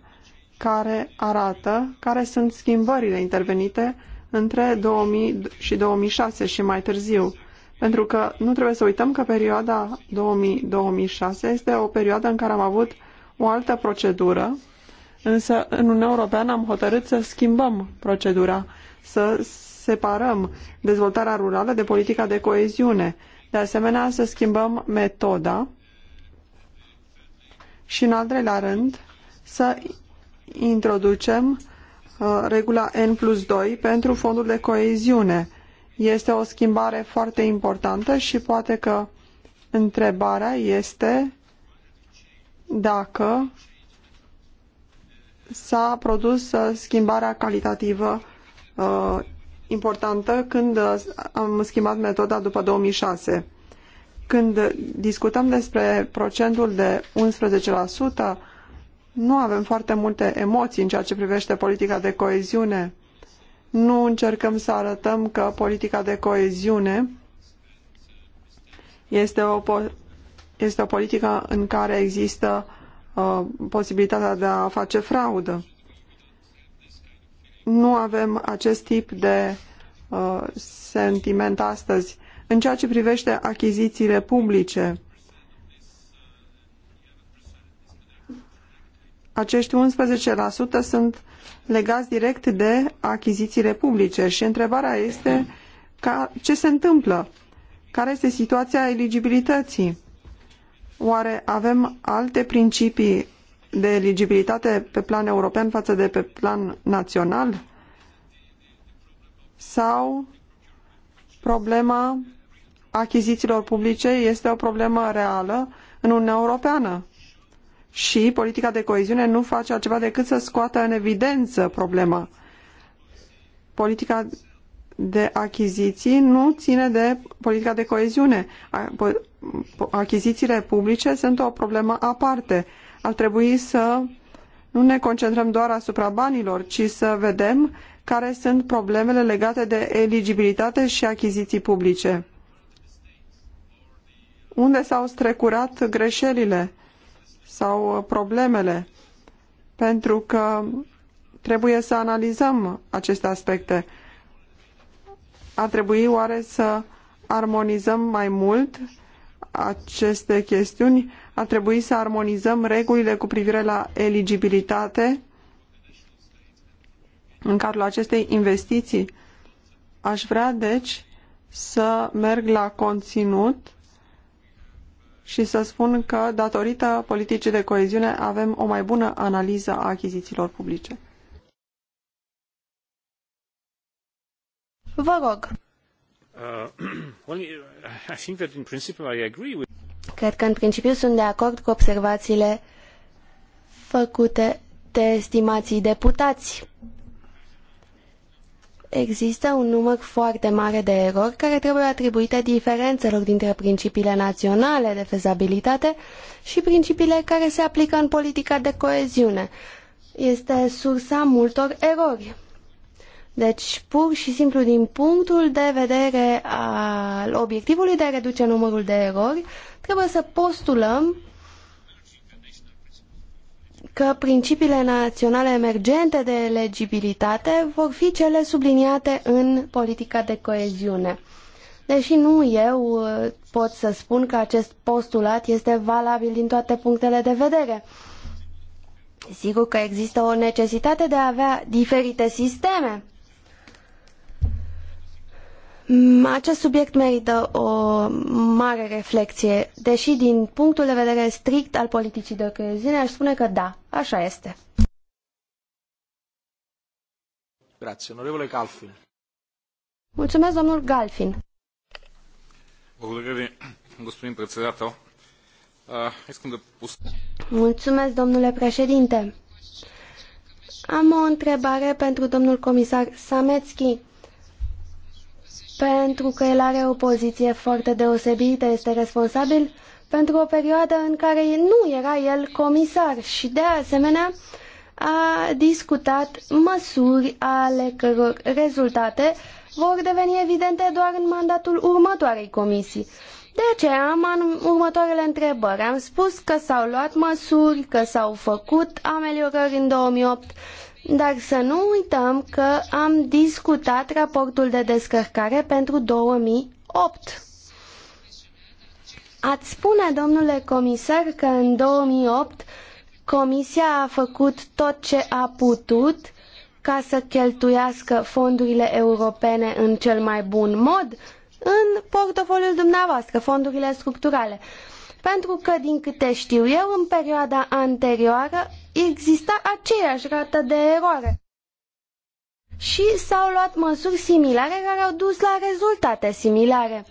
S2: care arată care sunt schimbările intervenite între 2000 și 2006 și mai târziu. Pentru că nu trebuie să uităm că perioada 2000-2006 este o perioadă în care am avut o altă procedură, însă în Uniunea Europeană am hotărât să schimbăm procedura, să separăm dezvoltarea rurală de politica de coeziune. De asemenea, să schimbăm metoda și, în al treilea rând, să introducem uh, regula N plus 2 pentru fondul de coeziune. Este o schimbare foarte importantă și poate că întrebarea este dacă s-a produs uh, schimbarea calitativă uh, importantă când uh, am schimbat metoda după 2006. Când discutăm despre procentul de 11%, nu avem foarte multe emoții în ceea ce privește politica de coeziune. Nu încercăm să arătăm că politica de coeziune este o, este o politică în care există uh, posibilitatea de a face fraudă nu avem acest tip de uh, sentiment astăzi. În ceea ce privește achizițiile publice, acești 11% sunt legați direct de achizițiile publice și întrebarea este ca, ce se întâmplă? Care este situația eligibilității? Oare avem alte principii de eligibilitate pe plan european față de pe plan național? Sau problema achizițiilor publice este o problemă reală în Uniunea Europeană? Și politica de coeziune nu face altceva decât să scoată în evidență problema. Politica de achiziții nu ține de politica de coeziune. Achizițiile publice sunt o problemă aparte ar trebui să nu ne concentrăm doar asupra banilor, ci să vedem care sunt problemele legate de eligibilitate și achiziții publice. Unde s-au strecurat greșelile sau problemele? Pentru că trebuie să analizăm aceste aspecte. Ar trebui oare să armonizăm mai mult aceste chestiuni, ar trebui să armonizăm regulile cu privire la eligibilitate în cadrul acestei investiții. Aș vrea, deci, să merg la conținut și să spun că, datorită politicii de coeziune, avem o mai bună analiză a achizițiilor publice.
S3: Vă rog.
S1: Uh, I think that in principle I agree with...
S3: Cred că în principiu sunt de acord cu observațiile făcute de estimații deputați. Există un număr foarte mare de erori care trebuie atribuite diferențelor dintre principiile naționale de fezabilitate și principiile care se aplică în politica de coeziune. Este sursa multor erori. Deci, pur și simplu din punctul de vedere al obiectivului de a reduce numărul de erori, trebuie să postulăm că principiile naționale emergente de legibilitate vor fi cele subliniate în politica de coeziune. Deși nu eu uh, pot să spun că acest postulat este valabil din toate punctele de vedere. Sigur că există o necesitate de a avea diferite sisteme Mm, acest subiect merită o mare reflexie, deși din punctul de vedere strict al politicii de coeziune aș spune că da, așa este.
S1: Grazie, onorevole Galfin.
S3: Mulțumesc, domnul Galfin. Mulțumesc, domnule președinte. Am o întrebare pentru domnul comisar Samețchi pentru că el are o poziție foarte deosebită, este responsabil pentru o perioadă în care nu era el comisar și de asemenea a discutat măsuri ale căror rezultate vor deveni evidente doar în mandatul următoarei comisii. De aceea am următoarele întrebări. Am spus că s-au luat măsuri, că s-au făcut ameliorări în 2008, dar să nu uităm că am discutat raportul de descărcare pentru 2008. Ați spune, domnule comisar, că în 2008 Comisia a făcut tot ce a putut ca să cheltuiască fondurile europene în cel mai bun mod în portofoliul dumneavoastră, fondurile structurale. Pentru că, din câte știu eu, în perioada anterioară exista aceeași rată de eroare. Și s-au luat măsuri similare care au dus la rezultate similare.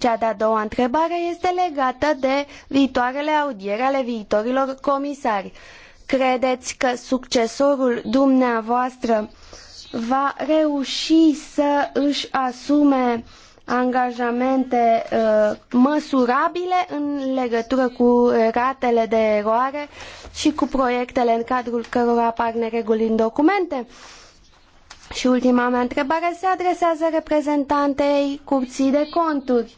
S3: Cea de-a doua întrebare este legată de viitoarele audiere ale viitorilor comisari. Credeți că succesorul dumneavoastră va reuși să își asume uh, angajamente uh, măsurabile în legătură cu ratele de eroare și cu proiectele în cadrul cărora apar nereguli în documente. Și ultima mea întrebare se adresează reprezentantei Curții de Conturi.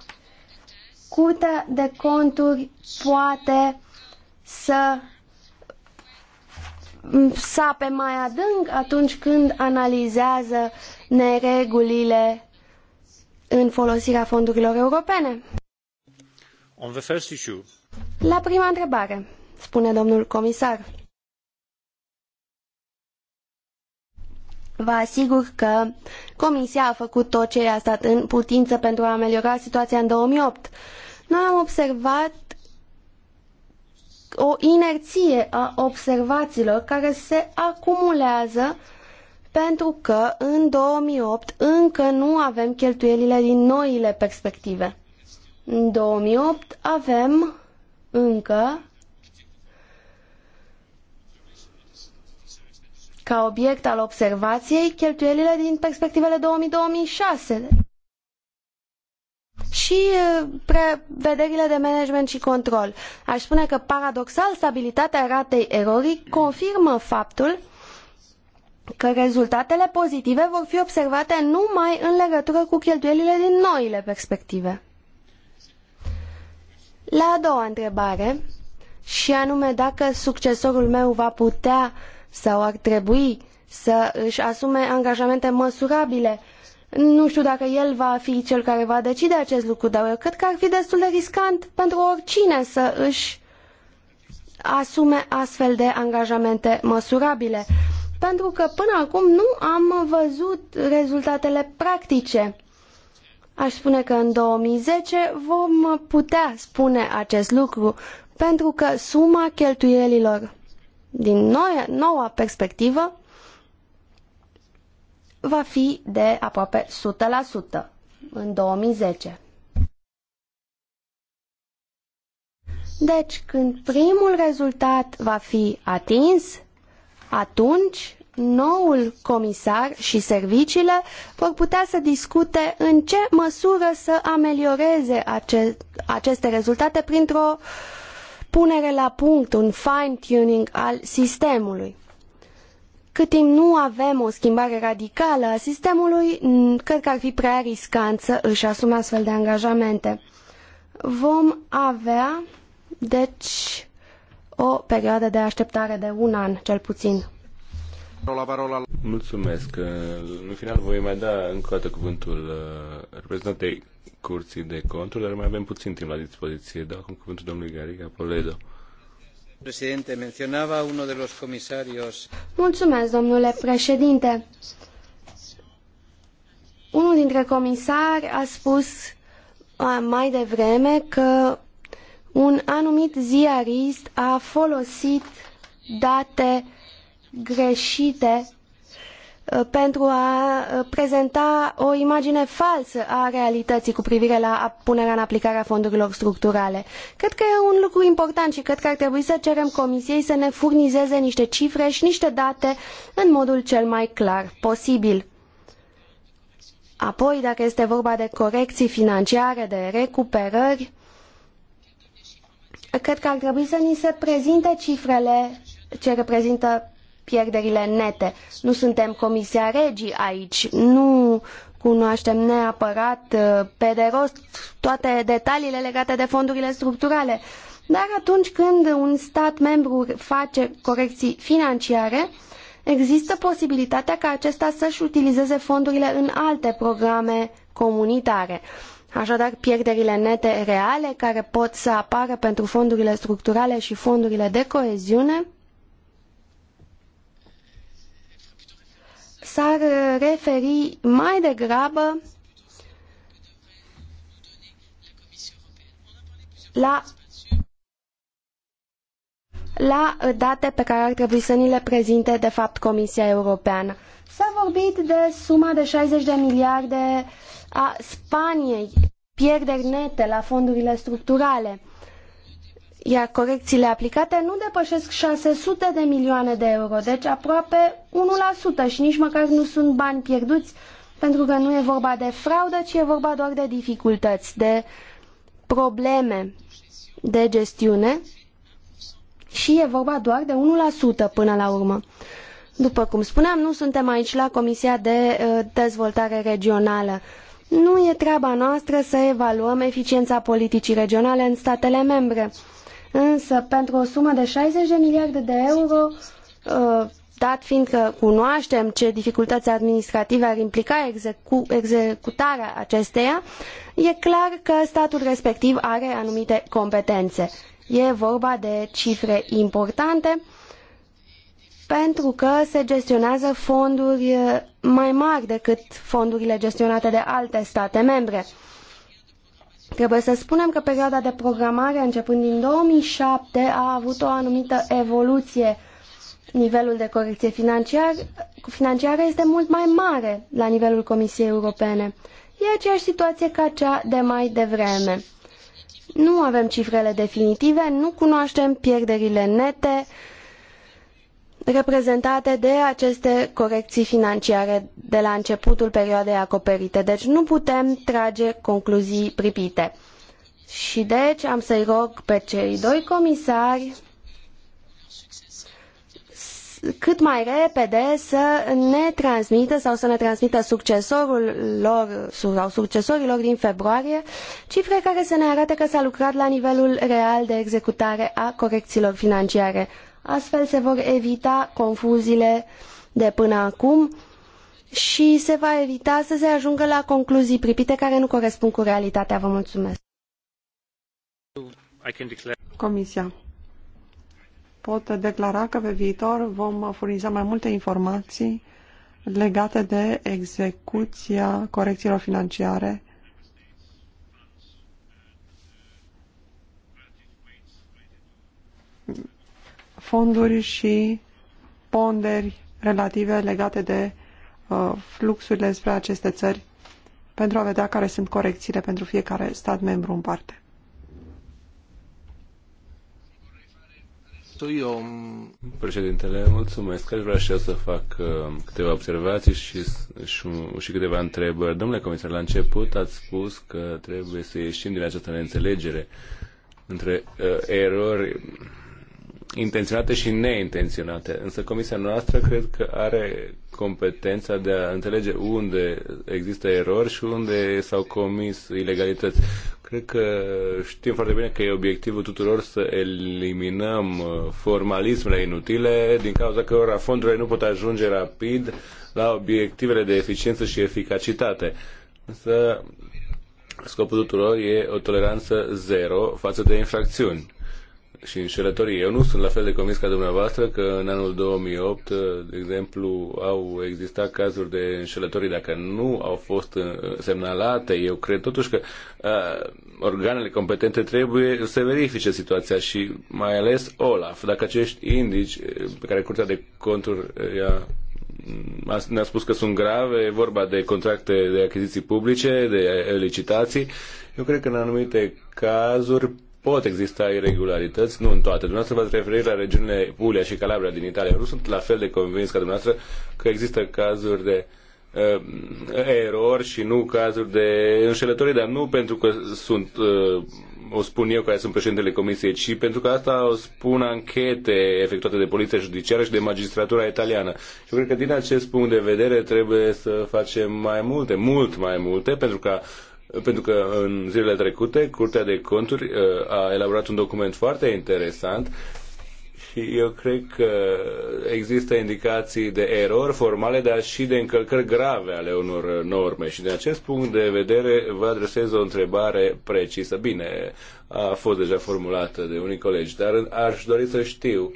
S3: Curtea de Conturi poate să sape mai adânc atunci când analizează neregulile în folosirea fondurilor europene?
S1: On the first issue.
S3: La prima întrebare, spune domnul comisar. Vă asigur că Comisia a făcut tot ce i-a stat în putință pentru a ameliora situația în 2008. Noi am observat o inerție a observațiilor care se acumulează uh, pentru că în 2008 încă nu avem cheltuielile din noile perspective. În 2008 avem încă ca obiect al observației cheltuielile din perspectivele 2000-2006 și prevederile de management și control. Aș spune că paradoxal stabilitatea ratei erorii confirmă faptul că rezultatele pozitive vor fi observate numai în legătură cu cheltuielile din noile perspective. La a doua întrebare, și anume dacă succesorul meu va putea sau ar trebui să își asume angajamente măsurabile. Nu știu dacă el va fi cel care va decide acest lucru, dar eu cred că ar fi destul de riscant pentru oricine să își asume astfel de angajamente măsurabile pentru că până acum nu am văzut rezultatele practice. Aș spune că în 2010 vom putea spune acest lucru, pentru că suma cheltuielilor din noua, noua perspectivă va fi de aproape 100% în 2010. Deci, când primul rezultat va fi atins, atunci, noul comisar și serviciile vor putea să discute în ce măsură să amelioreze ace aceste rezultate printr-o punere la punct, un fine-tuning al sistemului. Cât timp nu avem o schimbare radicală a sistemului, cred că ar fi prea riscant să își asume astfel de angajamente. Vom avea, deci, o perioadă de așteptare de un an, cel puțin.
S4: Mulțumesc. În final voi mai da încă o dată cuvântul uh, reprezentantei Curții de Conturi, dar mai avem puțin timp la dispoziție. Dau acum cuvântul domnului Gariga Poledo.
S1: Președinte, menționava unul de los comisarios.
S3: Mulțumesc, domnule președinte. Unul dintre comisari a spus uh, mai devreme că un anumit ziarist a folosit date greșite uh, pentru a uh, prezenta o imagine falsă a realității cu privire la punerea în aplicare a fondurilor structurale. Cred că e un lucru important și cred că ar trebui să cerem Comisiei să ne furnizeze niște cifre și niște date în modul cel mai clar posibil. Apoi, dacă este vorba de corecții financiare, de recuperări, Cred că ar trebui să ni se prezinte cifrele ce reprezintă pierderile nete. Nu suntem Comisia Regii aici, nu cunoaștem neapărat uh, pe de rost toate detaliile legate de fondurile structurale. Dar atunci când un stat membru face corecții financiare, există posibilitatea ca acesta să-și utilizeze fondurile în alte programe comunitare. Așadar, pierderile nete reale care pot să apară pentru fondurile structurale și fondurile de coeziune s-ar referi mai degrabă la, la date pe care ar trebui să ni le prezinte, de fapt, Comisia Europeană. S-a vorbit de suma de 60 de miliarde uh, a Spaniei, pierderi nete la fondurile structurale, iar corecțiile aplicate nu depășesc 600 de milioane de euro, deci aproape 1% și nici măcar nu sunt bani pierduți, pentru că nu e vorba de fraudă, ci e vorba doar de dificultăți, de probleme de gestiune și e vorba doar de 1% până la urmă. După cum spuneam, nu suntem aici la Comisia de uh, Dezvoltare Regională. Nu e treaba noastră să evaluăm eficiența politicii regionale în statele membre. Însă, pentru o sumă de 60 de miliarde de euro, uh, dat fiind că cunoaștem ce dificultăți administrative ar implica execu executarea acesteia, e clar că statul respectiv are anumite competențe. E vorba de cifre importante pentru că se gestionează fonduri mai mari decât fondurile gestionate de alte state membre. Trebuie să spunem că perioada de programare, începând din 2007, a avut o anumită evoluție. Nivelul de corecție financiar, financiară este mult mai mare la nivelul Comisiei Europene. E aceeași situație ca cea de mai devreme. Nu avem cifrele definitive, nu cunoaștem pierderile nete, uh, reprezentate de aceste corecții financiare de la începutul perioadei acoperite. Deci nu putem trage concluzii pripite. Și deci am să-i rog pe cei doi comisari cât mai repede să ne transmită sau să ne transmită succesorul lor sau succesorilor din februarie cifre care să ne arate că s-a lucrat la nivelul real de executare a corecțiilor financiare Astfel se vor evita confuziile de până acum și se va evita să se ajungă la concluzii pripite care nu corespund cu realitatea. Vă mulțumesc. Comisia. Pot declara că pe viitor
S2: vom furniza mai multe informații legate de execuția corecțiilor financiare fonduri și ponderi relative legate de uh, fluxurile spre aceste țări pentru a vedea care sunt corecțiile pentru fiecare stat membru în parte.
S4: Eu... Președintele, mulțumesc. Aș vrea și eu să fac uh, câteva observații și, și, și câteva întrebări. Domnule comisar, la început ați spus că trebuie să ieșim din această neînțelegere între uh, erori intenționate și neintenționate. Însă comisia noastră cred că are competența de a înțelege unde există erori și unde s-au comis ilegalități. Cred că știm foarte bine că e obiectivul tuturor să eliminăm uh, formalismele inutile din cauza ora fondurile nu pot ajunge rapid la obiectivele de eficiență și eficacitate. Însă scopul tuturor e o toleranță zero față de infracțiuni și înșelătorii. Eu nu sunt la fel de convins ca dumneavoastră că în anul 2008, de exemplu, au existat cazuri de înșelătorii dacă nu au fost uh, semnalate. Eu cred totuși că uh, organele competente trebuie să verifice situația și mai ales OLAF. Dacă acești indici uh, pe care Curtea de Conturi uh, i ne-a spus că sunt grave, e vorba de contracte de achiziții publice, de licitații. Eu cred că în anumite cazuri pot exista irregularități, nu în toate. Dumneavoastră v-ați referit la regiunile Puglia și Calabria din Italia. Nu sunt la fel de convins ca dumneavoastră că există cazuri de uh, erori și nu cazuri de înșelătorie, dar nu pentru că sunt, uh, o spun eu care sunt președintele Comisiei, ci pentru că asta o spun anchete efectuate de poliția judiciară și de magistratura italiană. Și cred că din acest punct de vedere trebuie să facem mai multe, mult mai multe, pentru că uh, pentru că în zilele trecute Curtea de Conturi uh, a elaborat un document foarte interesant și eu cred că există indicații de erori formale, dar și de încălcări grave ale unor norme. Și din acest punct de vedere vă adresez o întrebare precisă. Bine, a fost deja formulată de unii colegi, dar aș dori să știu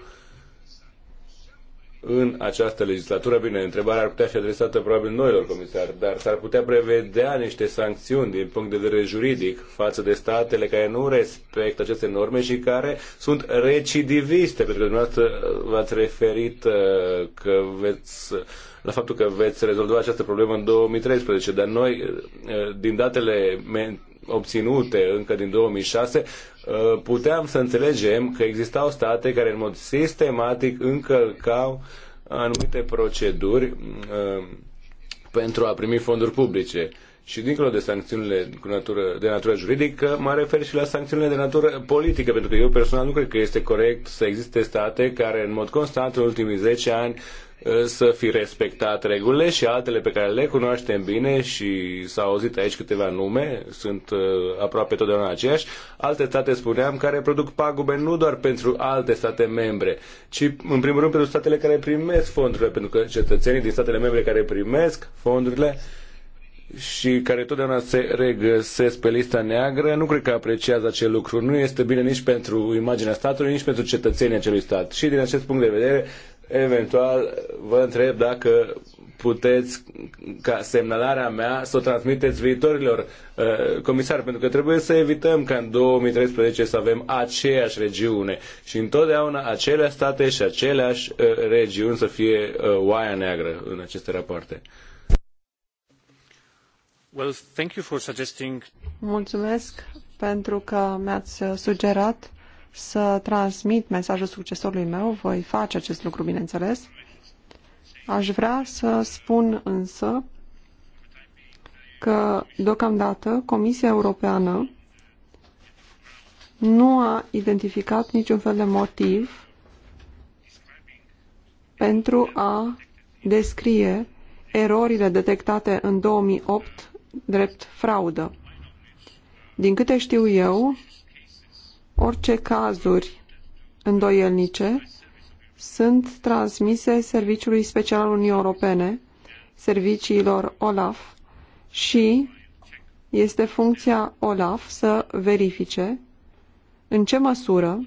S4: în această legislatură. Bine, întrebarea ar putea fi adresată probabil noilor comisari, dar s-ar putea prevedea niște sancțiuni din punct de vedere juridic față de statele care nu respectă aceste norme și care sunt recidiviste, pentru că dumneavoastră uh, v-ați referit uh, că veți la faptul că veți rezolva această problemă în 2013, dar noi, uh, din datele obținute încă din 2006, uh, puteam să înțelegem că existau state care în mod sistematic încălcau anumite proceduri uh, pentru a primi fonduri publice. Și dincolo de sancțiunile cu natură, de natură juridică, mă refer și la sancțiunile de natură politică, pentru că eu personal nu cred că este corect să existe state care în mod constant în ultimii 10 ani să fi respectat regulile și altele pe care le cunoaștem bine și s-au auzit aici câteva nume, sunt uh, aproape totdeauna aceiași, alte state, spuneam, care produc pagube nu doar pentru alte state membre, ci în primul rând pentru statele care primesc fondurile, pentru că cetățenii din statele membre care primesc fondurile și care totdeauna se regăsesc pe lista neagră, nu cred că apreciază acel lucru. Nu este bine nici pentru imaginea statului, nici pentru cetățenii acelui stat. Și din acest punct de vedere, eventual vă întreb dacă puteți, ca semnalarea mea, să o transmiteți viitorilor uh, comisari, pentru că trebuie să evităm ca în 2013 să avem aceeași regiune și întotdeauna aceleași state și aceleași uh, regiuni să fie uh, oaia neagră în aceste rapoarte.
S1: Well, thank you for suggesting...
S2: Mulțumesc pentru că mi-ați sugerat să transmit mesajul succesorului meu, voi face acest lucru, bineînțeles. Aș vrea să spun însă că, deocamdată, Comisia Europeană nu a identificat niciun fel de motiv pentru a descrie erorile detectate în 2008 drept fraudă. Din câte știu eu, orice cazuri îndoielnice sunt transmise Serviciului Special al Uniunii Europene, serviciilor OLAF și este funcția OLAF să verifice în ce măsură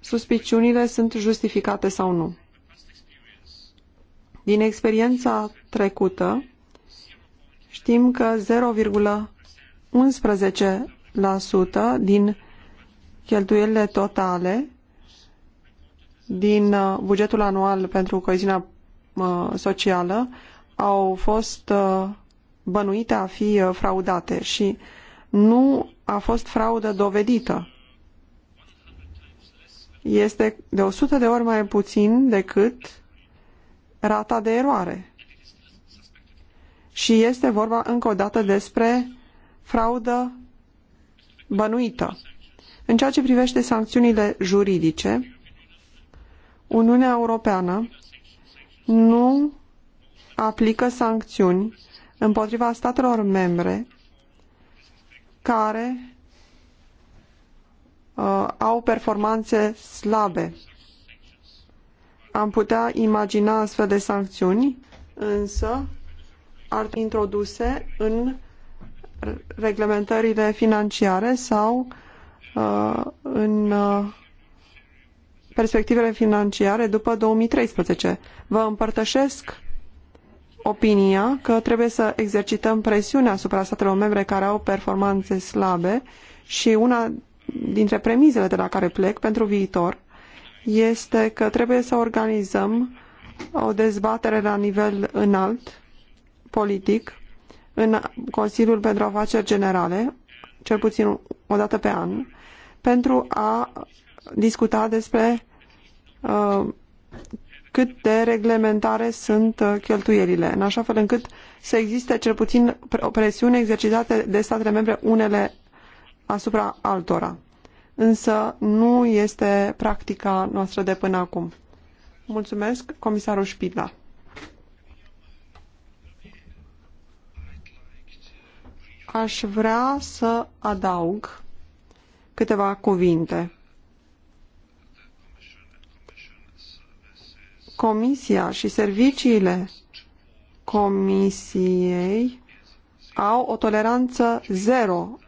S2: suspiciunile sunt justificate sau nu. Din experiența trecută, știm că 0,11% din cheltuielile totale din uh, bugetul anual pentru coeziunea uh, socială au fost uh, bănuite a fi fraudate și nu a fost fraudă dovedită. Este de 100 de ori mai puțin decât rata de eroare și este vorba încă o dată despre fraudă bănuită. În ceea ce privește sancțiunile juridice, Uniunea Europeană nu aplică sancțiuni împotriva statelor membre care uh, au performanțe slabe. Am putea imagina astfel de sancțiuni, însă ar fi introduse în reglementările financiare sau uh, în uh, perspectivele financiare după 2013. Vă împărtășesc opinia că trebuie să exercităm presiunea asupra statelor membre care au performanțe slabe și una dintre premizele de la care plec pentru viitor este că trebuie să organizăm o dezbatere la nivel înalt politic în Consiliul pentru Afaceri Generale, cel puțin o dată pe an, pentru a discuta despre uh, cât de reglementare sunt uh, cheltuielile, în așa fel încât să existe cel puțin o presiune exercitată de statele membre unele asupra altora. Însă nu este practica noastră de până acum. Mulțumesc, comisarul Spidla. aș vrea să adaug câteva cuvinte. Comisia și serviciile Comisiei au o toleranță zero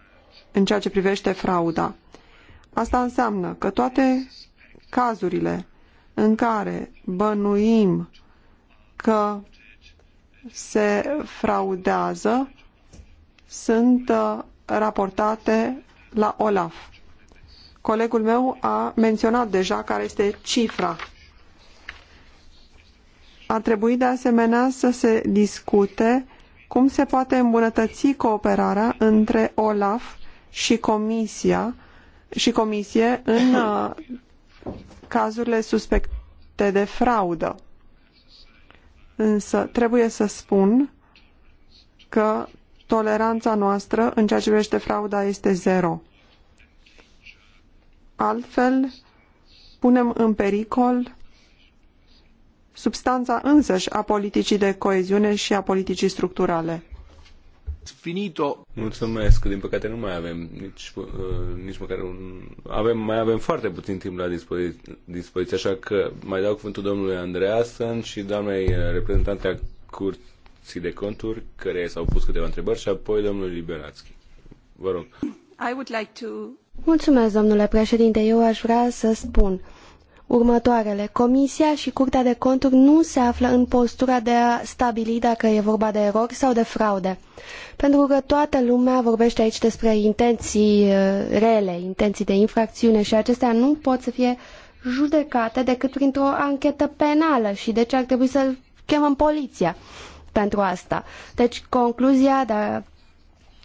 S2: în ceea ce privește frauda. Asta înseamnă că toate cazurile în care bănuim că se fraudează sunt uh, raportate la OLAF. Colegul meu a menționat deja care este cifra. A trebuit de asemenea să se discute cum se poate îmbunătăți cooperarea între OLAF și Comisia și Comisie în uh, cazurile suspecte de fraudă. Însă trebuie să spun că toleranța noastră în ceea ce privește frauda este zero. Altfel, punem în pericol substanța însăși a politicii de coeziune și a politicii structurale.
S4: Finito. Mulțumesc. Din păcate nu mai avem nici, uh, nici măcar un... Avem, mai avem foarte puțin timp la dispoziție, dispoziție, așa că mai dau cuvântul domnului Andreasen și doamnei uh, reprezentante a Curții Curții de Conturi, care s-au pus câteva întrebări, și apoi domnul Liberațchi. Vă rog. I
S3: would like to... Mulțumesc, domnule președinte. Eu aș vrea să spun următoarele. Comisia și Curtea de Conturi nu se află în postura de a stabili dacă e vorba de erori sau de fraude. Pentru că toată lumea vorbește aici despre intenții uh, rele, intenții de infracțiune și acestea nu pot să fie judecate decât printr-o anchetă penală și deci ar trebui să chemăm poliția pentru asta. Deci, concluzia de,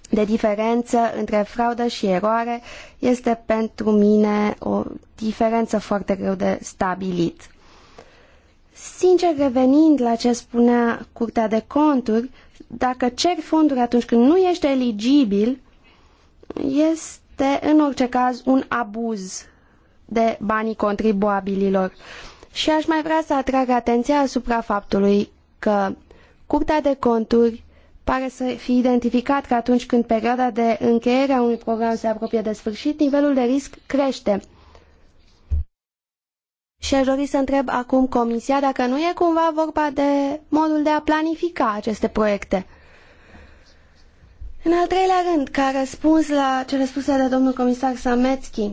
S3: de diferență între fraudă și eroare este pentru mine o diferență foarte greu de stabilit. Sincer, revenind la ce spunea Curtea de Conturi, dacă ceri fonduri atunci când nu ești eligibil, este în orice caz un abuz de banii contribuabililor. Și aș mai vrea să atrag atenția asupra faptului că Curtea de conturi pare să fi identificat că atunci când perioada de încheiere a unui program se apropie de sfârșit, nivelul de risc crește. Și aș dori să întreb acum Comisia dacă nu e cumva vorba de modul de a planifica aceste proiecte. În al treilea rând, ca răspuns la cele spuse de domnul comisar Sametski.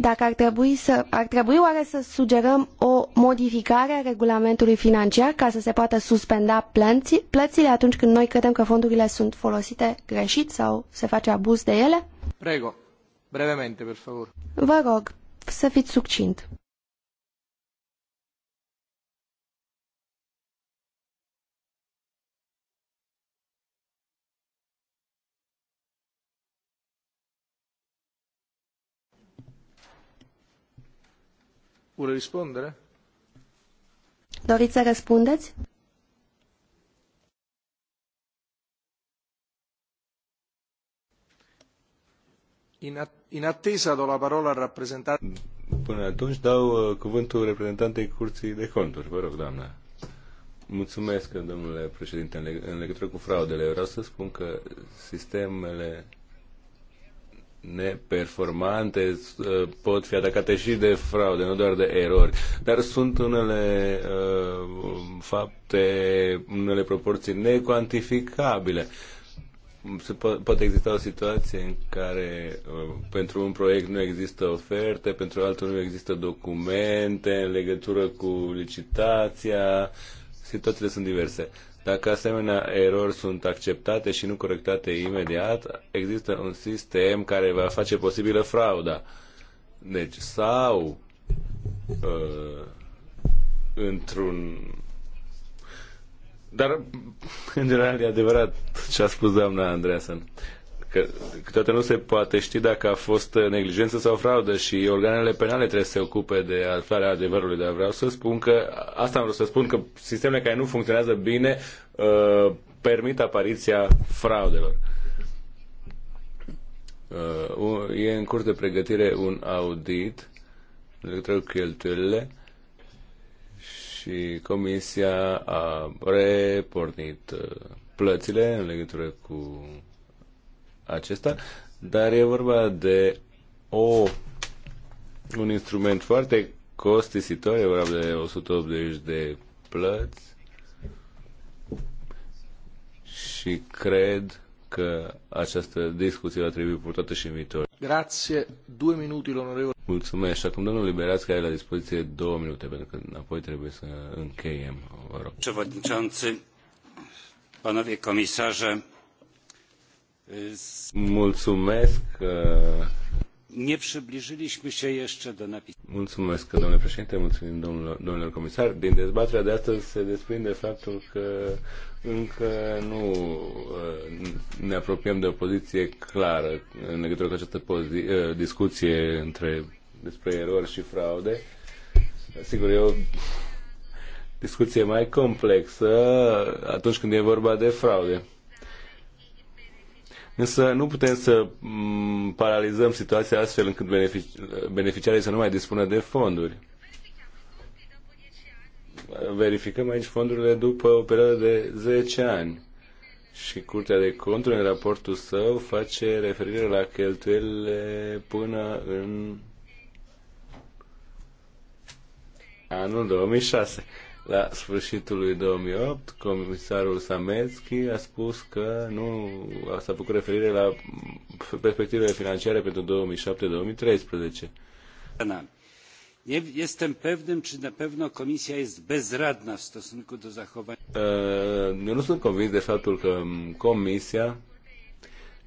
S3: dacă ar trebui, să, ar trebui oare să sugerăm o modificare a regulamentului financiar ca să se poată suspenda plăți, plățile atunci când noi credem că fondurile sunt folosite greșit sau se face abuz de ele?
S1: Prego, brevemente, per favor.
S3: Vă rog, să fiți succint. Vuole Doriți să răspundeți?
S1: În attesa do la parola rappresentante.
S4: Până atunci dau uh, cuvântul reprezentantei Curții de Conturi. Vă rog, doamna. Mulțumesc, domnule președinte, în legătură cu fraudele. Vreau să spun că sistemele neperformante ă, pot fi atacate și de fraude, nu doar de erori. Dar sunt unele uh, fapte, unele proporții necuantificabile. Se po- poate exista o situație în care uh, pentru un proiect nu există oferte, pentru altul nu există documente în legătură cu licitația, situațiile sunt diverse. Dacă asemenea erori sunt acceptate și nu corectate imediat, există un sistem care va face posibilă frauda. Deci, sau uh, într-un dar, în general, e adevărat ce a spus doamna Andreasen că câteodată nu se poate ști dacă a fost neglijență sau fraudă și organele penale trebuie să se ocupe de aflarea adevărului, dar vreau să spun că, asta am vrut să spun, că sistemele care nu funcționează bine uh, permit apariția fraudelor. Uh, e în curs de pregătire un audit legătură cu cheltuielile și Comisia a repornit uh, plățile în legătură cu acesta, dar e vorba de o, un instrument foarte costisitor, e vorba de 180 de plăți și cred că această discuție va trebui purtată și în viitor. Grație. Două minute, onorevole. Mulțumesc. Și acum domnul Liberați care are la dispoziție două minute, pentru că apoi trebuie să încheiem. Vă rog.
S1: Przewodniczący, panowie komisarze,
S4: Uh,
S1: Nie przybliżyliśmy się jeszcze do napisu.
S4: Din dezbaterea de astăzi se desprinde faptul că încă nu uh, ne apropiem de o poziție clară în legătură cu această uh, discuție între, despre erori și fraude. Sigur, eu discuție mai complexă atunci când e vorba de fraude. Însă nu putem să mm, paralizăm situația astfel încât beneficiarii să nu mai dispună de fonduri. Verificăm aici fondurile după o perioadă de 10 ani. Și Curtea de Conturi, în raportul său, face referire la cheltuielile până în anul 2006. La sfârșitul lui 2008, comisarul Sametski a spus că nu s-a făcut referire la perspectivele financiare pentru 2007-2013. Nie jestem
S1: pewnym, na bezradna stosunku do uh,
S4: Eu nu sunt convins de faptul că Comisia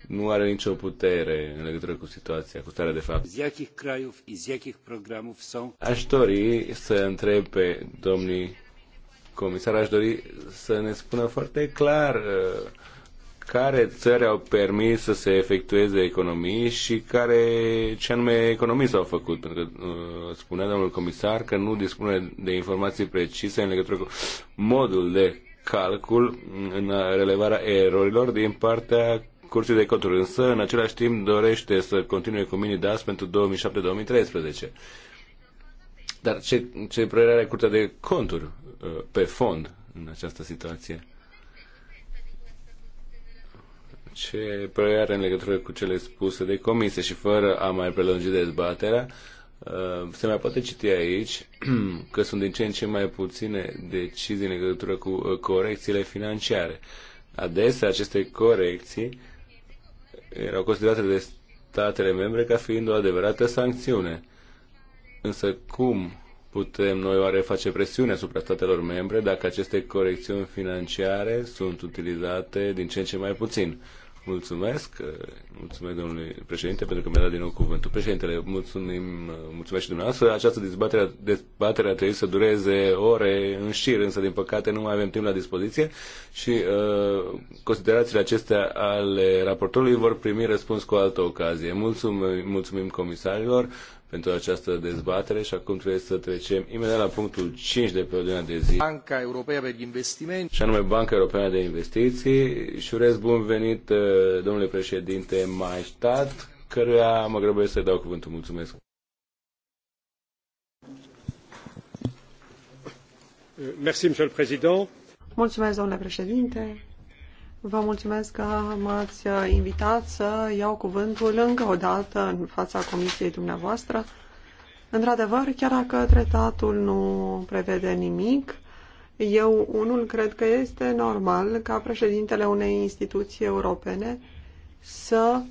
S4: nu are nicio putere în legătură cu situația, cu starea de fapt.
S1: Z jakich krajów i z jakich programów są?
S4: Aș dori să întreb pe domnii comisar, aș dori să ne spună foarte clar uh, care țări au permis să se efectueze economii și care, ce anume economii s-au făcut, pentru că uh, spunea domnul comisar că nu dispune de informații precise în legătură cu modul de calcul în relevarea erorilor din partea Curții de coturi, însă în același timp dorește să continue cu mini DAS pentru 2007-2013. Dar ce, ce părere are Curtea de Conturi Uh, pe fond în această situație. Ce părere are în legătură cu cele spuse de comisie și fără a mai prelungi dezbaterea, uh, se mai poate citi aici că sunt din ce în ce mai puține decizii în legătură cu uh, corecțiile financiare. Adesea aceste corecții erau considerate de statele membre ca fiind o adevărată sancțiune. Însă cum Putem noi oare face presiune asupra statelor membre dacă aceste corecțiuni financiare sunt utilizate din ce în ce mai puțin? Mulțumesc, eh, mulțumesc domnului președinte pentru că mi-a dat din nou cuvântul. Președintele, mulțumim, eh, mulțumesc și dumneavoastră. Această dezbatere, dezbatere a trebuit să dureze ore în șir, însă din păcate nu mai avem timp la dispoziție și uh, considerațiile acestea ale raportorului vor primi răspuns cu altă ocazie. Mulțumim, mulțumim comisarilor, pentru această dezbatere și acum trebuie să trecem imediat la punctul 5 de pe ordinea de zi. Banca
S1: Europeană de Investiții.
S4: Și anume Banca Europeană de Investiții. Și urez bun venit, uh, domnule președinte Maestat, căruia mă grăbesc să-i dau cuvântul. Mulțumesc.
S2: Mulțumesc, domnule președinte. Vă mulțumesc că m-ați uh, invitat să iau cuvântul încă o dată în fața comisiei dumneavoastră. Într-adevăr, chiar dacă tratatul nu prevede nimic, eu unul cred că este normal ca președintele unei instituții europene să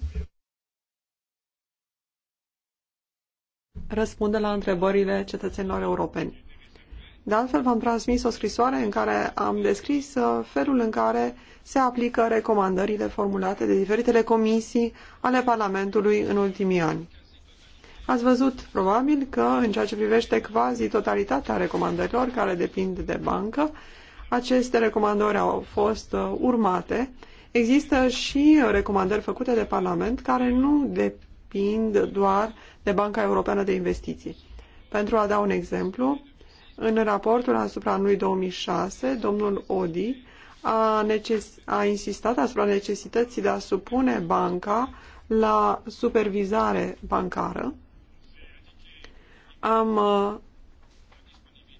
S2: răspundă la întrebările cetățenilor europeni. De altfel, v-am transmis o scrisoare în care am descris uh, felul în care se aplică recomandările formulate de diferitele comisii ale Parlamentului în ultimii ani. Ați văzut, probabil, că în ceea ce privește quasi totalitatea recomandărilor care depind de bancă, aceste recomandări au fost uh, urmate. Există și recomandări făcute de Parlament care nu depind doar de Banca Europeană de Investiții. Pentru a da un exemplu, în raportul asupra anului 2006, domnul Odi a, a insistat asupra necesității de a supune banca la supervizare bancară. Am uh,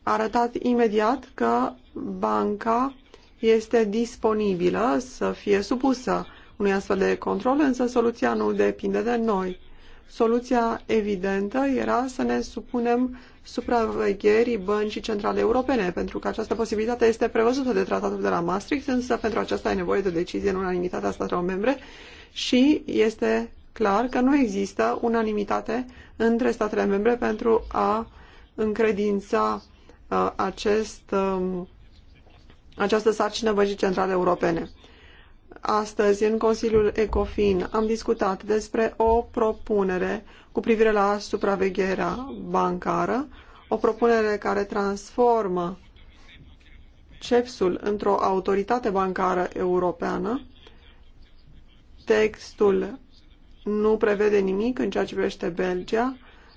S2: arătat imediat că banca este disponibilă să fie supusă unui astfel de control, însă soluția nu depinde de noi. Soluția evidentă era să ne supunem supravegherii băncii centrale europene, pentru că această posibilitate este prevăzută de tratatul de la Maastricht, însă pentru aceasta e nevoie de decizie în unanimitatea statelor membre și este clar că nu există unanimitate între statele membre pentru a încredința uh, acest, um, această sarcină băncii centrale europene astăzi în Consiliul ECOFIN am discutat despre o propunere cu privire la supravegherea bancară, o propunere care transformă cepsul ul într-o autoritate bancară europeană. Textul nu prevede nimic în ceea ce privește Belgia,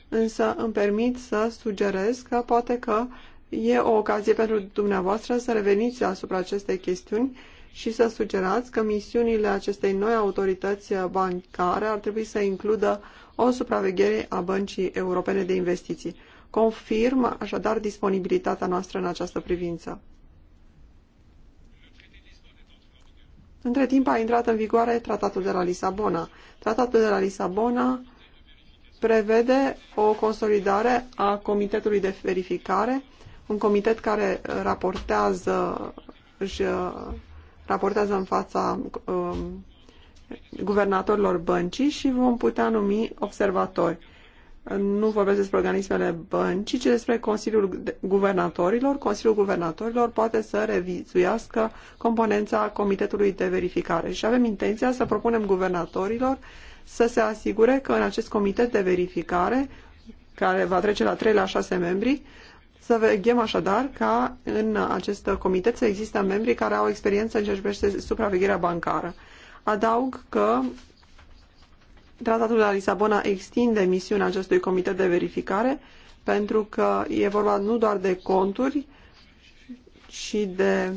S2: însă îmi permit să sugerez că poate că e o ocazie pentru dumneavoastră să reveniți asupra acestei chestiuni și să sugerați că misiunile acestei noi autorități bancare ar trebui să includă o supraveghere a Băncii Europene de Investiții. Confirm așadar disponibilitatea noastră în această privință. Între timp a intrat în vigoare tratatul de la Lisabona. Tratatul de la Lisabona prevede o consolidare a Comitetului de Verificare, un comitet care raportează, își raportează în fața um, guvernatorilor băncii și vom putea numi observatori. Nu vorbesc despre organismele băncii, ci despre Consiliul Guvernatorilor. Consiliul Guvernatorilor poate să revizuiască componența Comitetului de Verificare și avem intenția să propunem guvernatorilor să se asigure că în acest comitet de verificare, care va trece la 3 la 6 membri, să veghem așadar ca în acest comitet să există membri care au experiență în ceea ce privește supravegherea bancară. Adaug că Tratatul de la Lisabona extinde misiunea acestui comitet de verificare pentru că e vorba nu doar de conturi, și de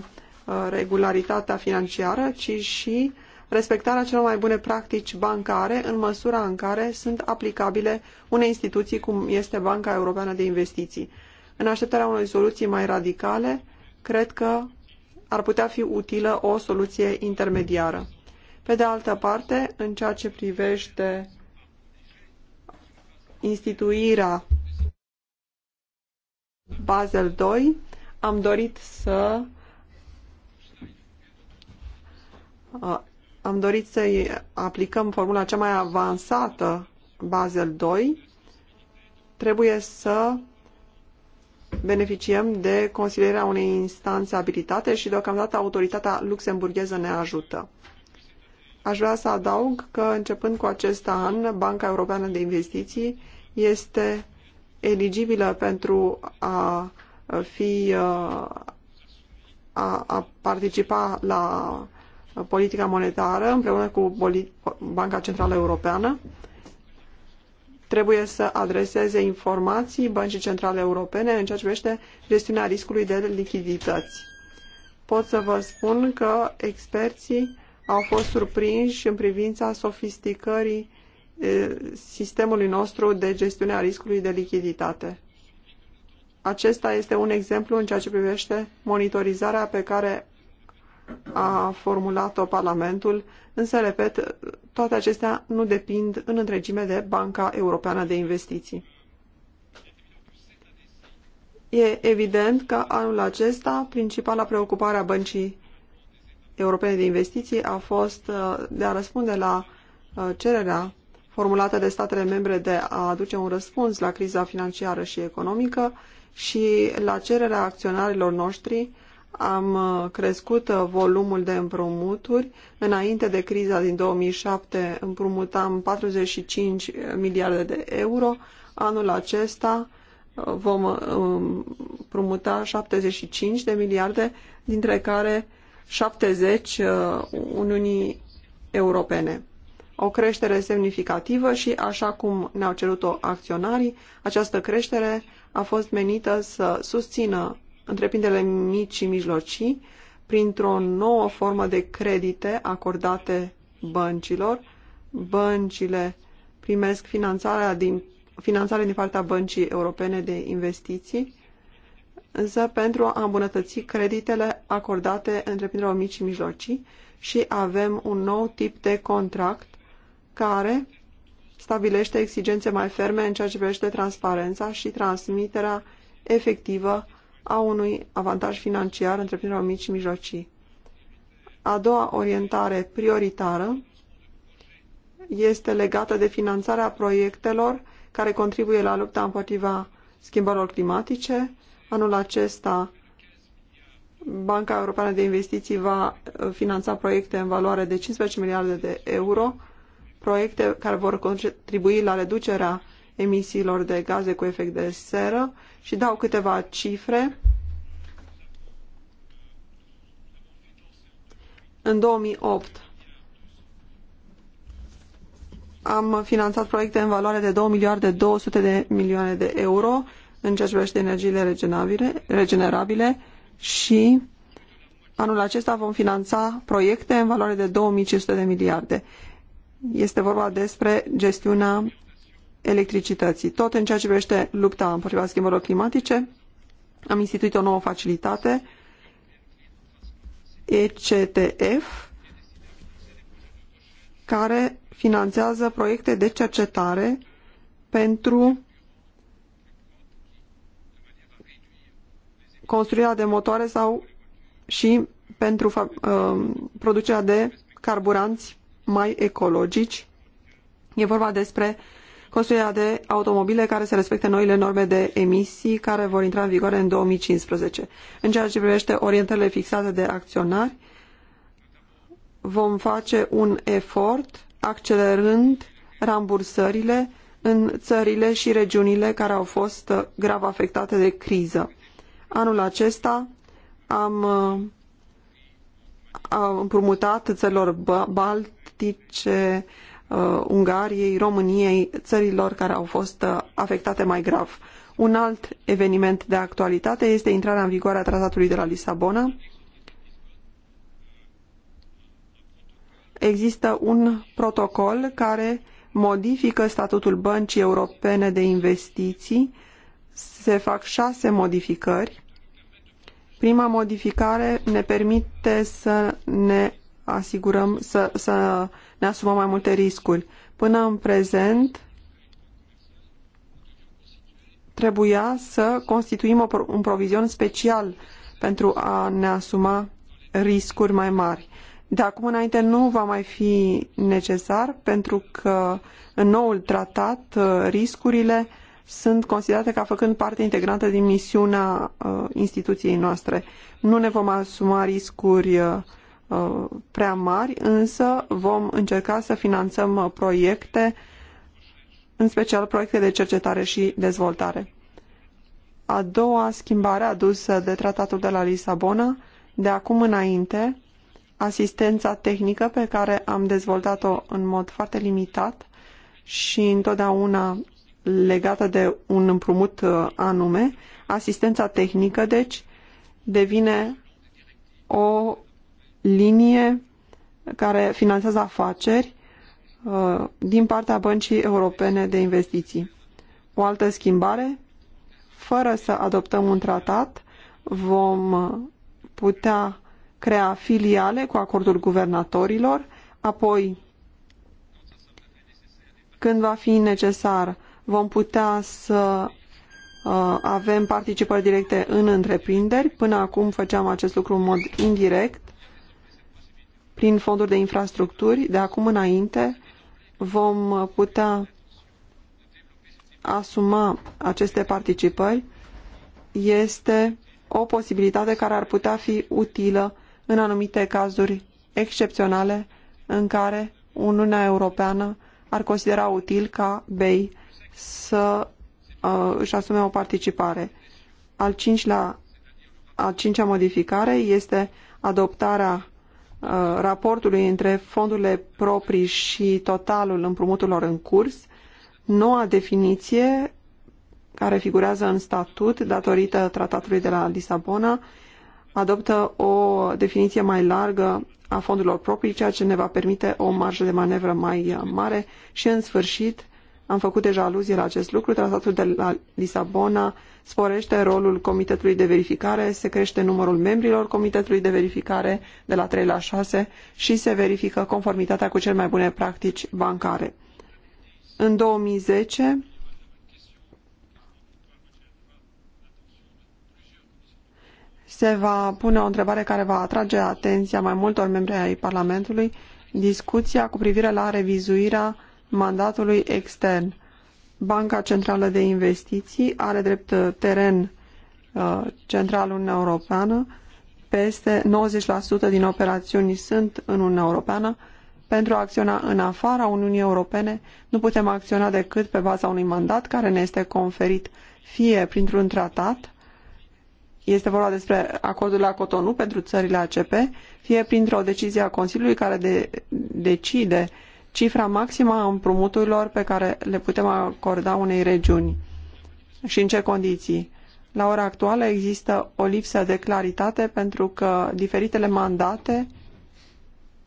S2: uh, regularitatea financiară, ci și respectarea celor mai bune practici bancare în măsura în care sunt aplicabile unei instituții cum este Banca Europeană de Investiții. În așteptarea unei soluții mai radicale, cred că ar putea fi utilă o soluție intermediară. Pe de altă parte, în ceea ce privește instituirea Basel II, am dorit să am dorit să aplicăm formula cea mai avansată Basel II. Trebuie să beneficiem de consilierea unei instanțe abilitate și deocamdată autoritatea luxemburgheză ne ajută. Aș vrea să adaug că începând cu acest an, Banca Europeană de Investiții este eligibilă pentru a fi a, a participa la politica monetară împreună cu Banca Centrală Europeană trebuie să adreseze informații Băncii Centrale Europene în ceea ce privește gestiunea riscului de lichidități. Pot să vă spun că experții au fost surprinși în privința sofisticării sistemului nostru de gestiune a riscului de lichiditate. Acesta este un exemplu în ceea ce privește monitorizarea pe care a formulat-o Parlamentul însă, repet, toate acestea nu depind în întregime de Banca Europeană de Investiții. E evident că anul acesta principala preocupare a Băncii Europene de Investiții a fost uh, de a răspunde la uh, cererea formulată de statele membre de a aduce un răspuns la criza financiară și economică și la cererea acționarilor noștri am uh, crescut uh, volumul de împrumuturi. Înainte de criza din 2007 împrumutam 45 miliarde de euro. Anul acesta uh, vom împrumuta 75 de miliarde, dintre care 70 Uniunii Europene. O creștere semnificativă și, așa cum ne-au cerut-o acționarii, această creștere a fost menită să susțină întreprinderile mici și mijlocii printr-o nouă formă de credite acordate băncilor. Băncile primesc finanțarea din, finanțare din partea Băncii Europene de Investiții, însă pentru a îmbunătăți creditele acordate întreprinderilor mici și mijlocii și avem un nou tip de contract care stabilește exigențe mai ferme în ceea ce privește transparența și transmiterea efectivă a unui avantaj financiar întreprinderilor mici și mijlocii. A doua orientare prioritară este legată de finanțarea proiectelor care contribuie la lupta împotriva schimbărilor climatice. Anul acesta, Banca Europeană de Investiții va uh, finanța proiecte în valoare de 15 miliarde de euro, proiecte care vor contribui la reducerea emisiilor de gaze cu efect de seră și dau câteva cifre. În 2008 am finanțat proiecte în valoare de 2 miliarde 200 de milioane de euro în ceea ce privește energiile regenerabile, și anul acesta vom finanța proiecte în valoare de 2500 de miliarde. Este vorba despre gestiunea electricității. Tot în ceea ce privește lupta împotriva schimbărilor climatice, am instituit o nouă facilitate, ECTF, care finanțează proiecte de cercetare pentru construirea de motoare sau și pentru uh, producerea de carburanți mai ecologici. E vorba despre construirea de automobile care să respecte noile norme de emisii care vor intra în vigoare în 2015. În ceea ce privește orientările fixate de acționari, vom face un efort accelerând rambursările în țările și regiunile care au fost uh, grav afectate de criză. Anul acesta am uh, împrumutat țărilor baltice uh, Ungariei, României, țărilor care au fost uh, afectate mai grav. Un alt eveniment de actualitate este intrarea în vigoare a tratatului de la Lisabona. Există un protocol care modifică statutul Băncii Europene de Investiții. Se fac șase modificări. Prima modificare ne permite să ne asigurăm, să, să ne asumăm mai multe riscuri. Până în prezent, trebuia să constituim un provizion special pentru a ne asuma riscuri mai mari. De acum înainte nu va mai fi necesar pentru că în noul tratat uh, riscurile sunt considerate ca făcând parte integrantă din misiunea uh, instituției noastre. Nu ne vom asuma riscuri uh, Uh, prea mari, însă vom încerca să finanțăm uh, proiecte, în special proiecte de cercetare și dezvoltare. A doua schimbare adusă de tratatul de la Lisabona, de acum înainte, asistența tehnică pe care am dezvoltat-o în mod foarte limitat și întotdeauna legată de un împrumut uh, anume, asistența tehnică, deci, devine o linie care finanțează afaceri uh, din partea Băncii Europene de Investiții. O altă schimbare, fără să adoptăm un tratat, vom putea crea filiale cu acordul guvernatorilor, apoi, când va fi necesar, vom putea să uh, avem participări directe în întreprinderi. Până acum făceam acest lucru în mod indirect, prin fonduri de infrastructuri, de acum înainte vom putea asuma aceste participări este o posibilitate care ar putea fi utilă în anumite cazuri excepționale în care Uniunea Europeană ar considera util ca BEI să uh, își asume o participare. Al, cincilea, al cincea modificare este adoptarea Uh, raportului între fondurile proprii și totalul împrumuturilor în curs, noua definiție care figurează în statut datorită tratatului de la Lisabona adoptă o definiție mai largă a fondurilor proprii, ceea ce ne va permite o marjă de manevră mai uh, mare și, în sfârșit, am făcut deja aluzie la acest lucru. Tratatul de la Lisabona sporește rolul Comitetului de Verificare, se crește numărul membrilor Comitetului de Verificare de la 3 la 6 și se verifică conformitatea cu cele mai bune practici bancare. În 2010, se va pune o întrebare care va atrage atenția mai multor membri ai Parlamentului, discuția cu privire la revizuirea mandatului extern. Banca Centrală de Investiții are drept uh, teren uh, central Uniunea Europeană. Peste 90% din operațiuni sunt în Uniunea Europeană. Pentru a acționa în afara Uniunii Europene, nu putem acționa decât pe baza unui mandat care ne este conferit fie printr-un tratat, este vorba despre acordul la Cotonou pentru țările ACP, fie printr-o decizie a Consiliului care de, decide cifra maximă a împrumuturilor pe care le putem acorda unei regiuni și în ce condiții. La ora actuală există o lipsă de claritate pentru că diferitele mandate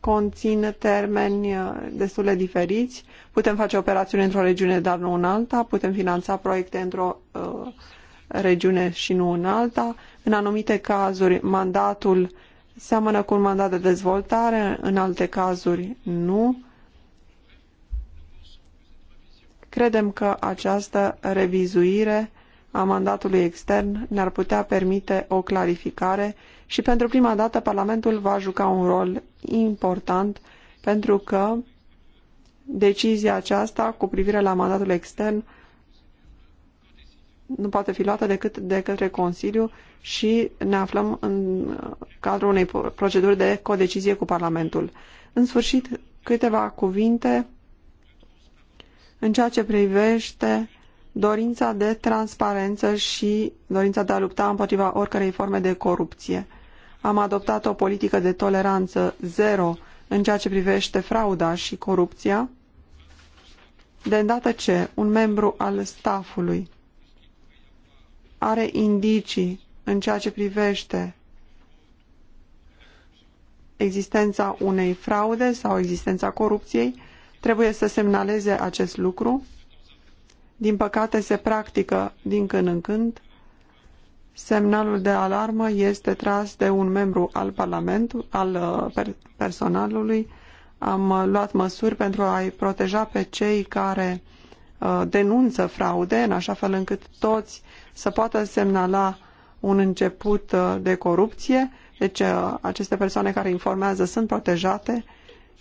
S2: conțin termeni destul de diferiți. Putem face operațiuni într-o regiune, dar nu în alta. Putem finanța proiecte într-o uh, regiune și nu în alta. În anumite cazuri, mandatul seamănă cu un mandat de dezvoltare, în alte cazuri nu. Credem că această revizuire a mandatului extern ne-ar putea permite o clarificare și pentru prima dată Parlamentul va juca un rol important pentru că decizia aceasta cu privire la mandatul extern nu poate fi luată decât de către Consiliu și ne aflăm în cadrul unei proceduri de codecizie cu Parlamentul. În sfârșit, câteva cuvinte în ceea ce privește dorința de transparență și dorința de a lupta împotriva oricărei forme de corupție. Am adoptat o politică de toleranță zero în ceea ce privește frauda și corupția, de îndată ce un membru al staffului are indicii în ceea ce privește existența unei fraude sau existența corupției, trebuie să semnaleze acest lucru. Din păcate, se practică din când în când. Semnalul de alarmă este tras de un membru al Parlamentului, al uh, personalului. Am uh, luat măsuri pentru a-i proteja pe cei care uh, denunță fraude, în așa fel încât toți să poată semnala un început de corupție. Deci aceste persoane care informează sunt protejate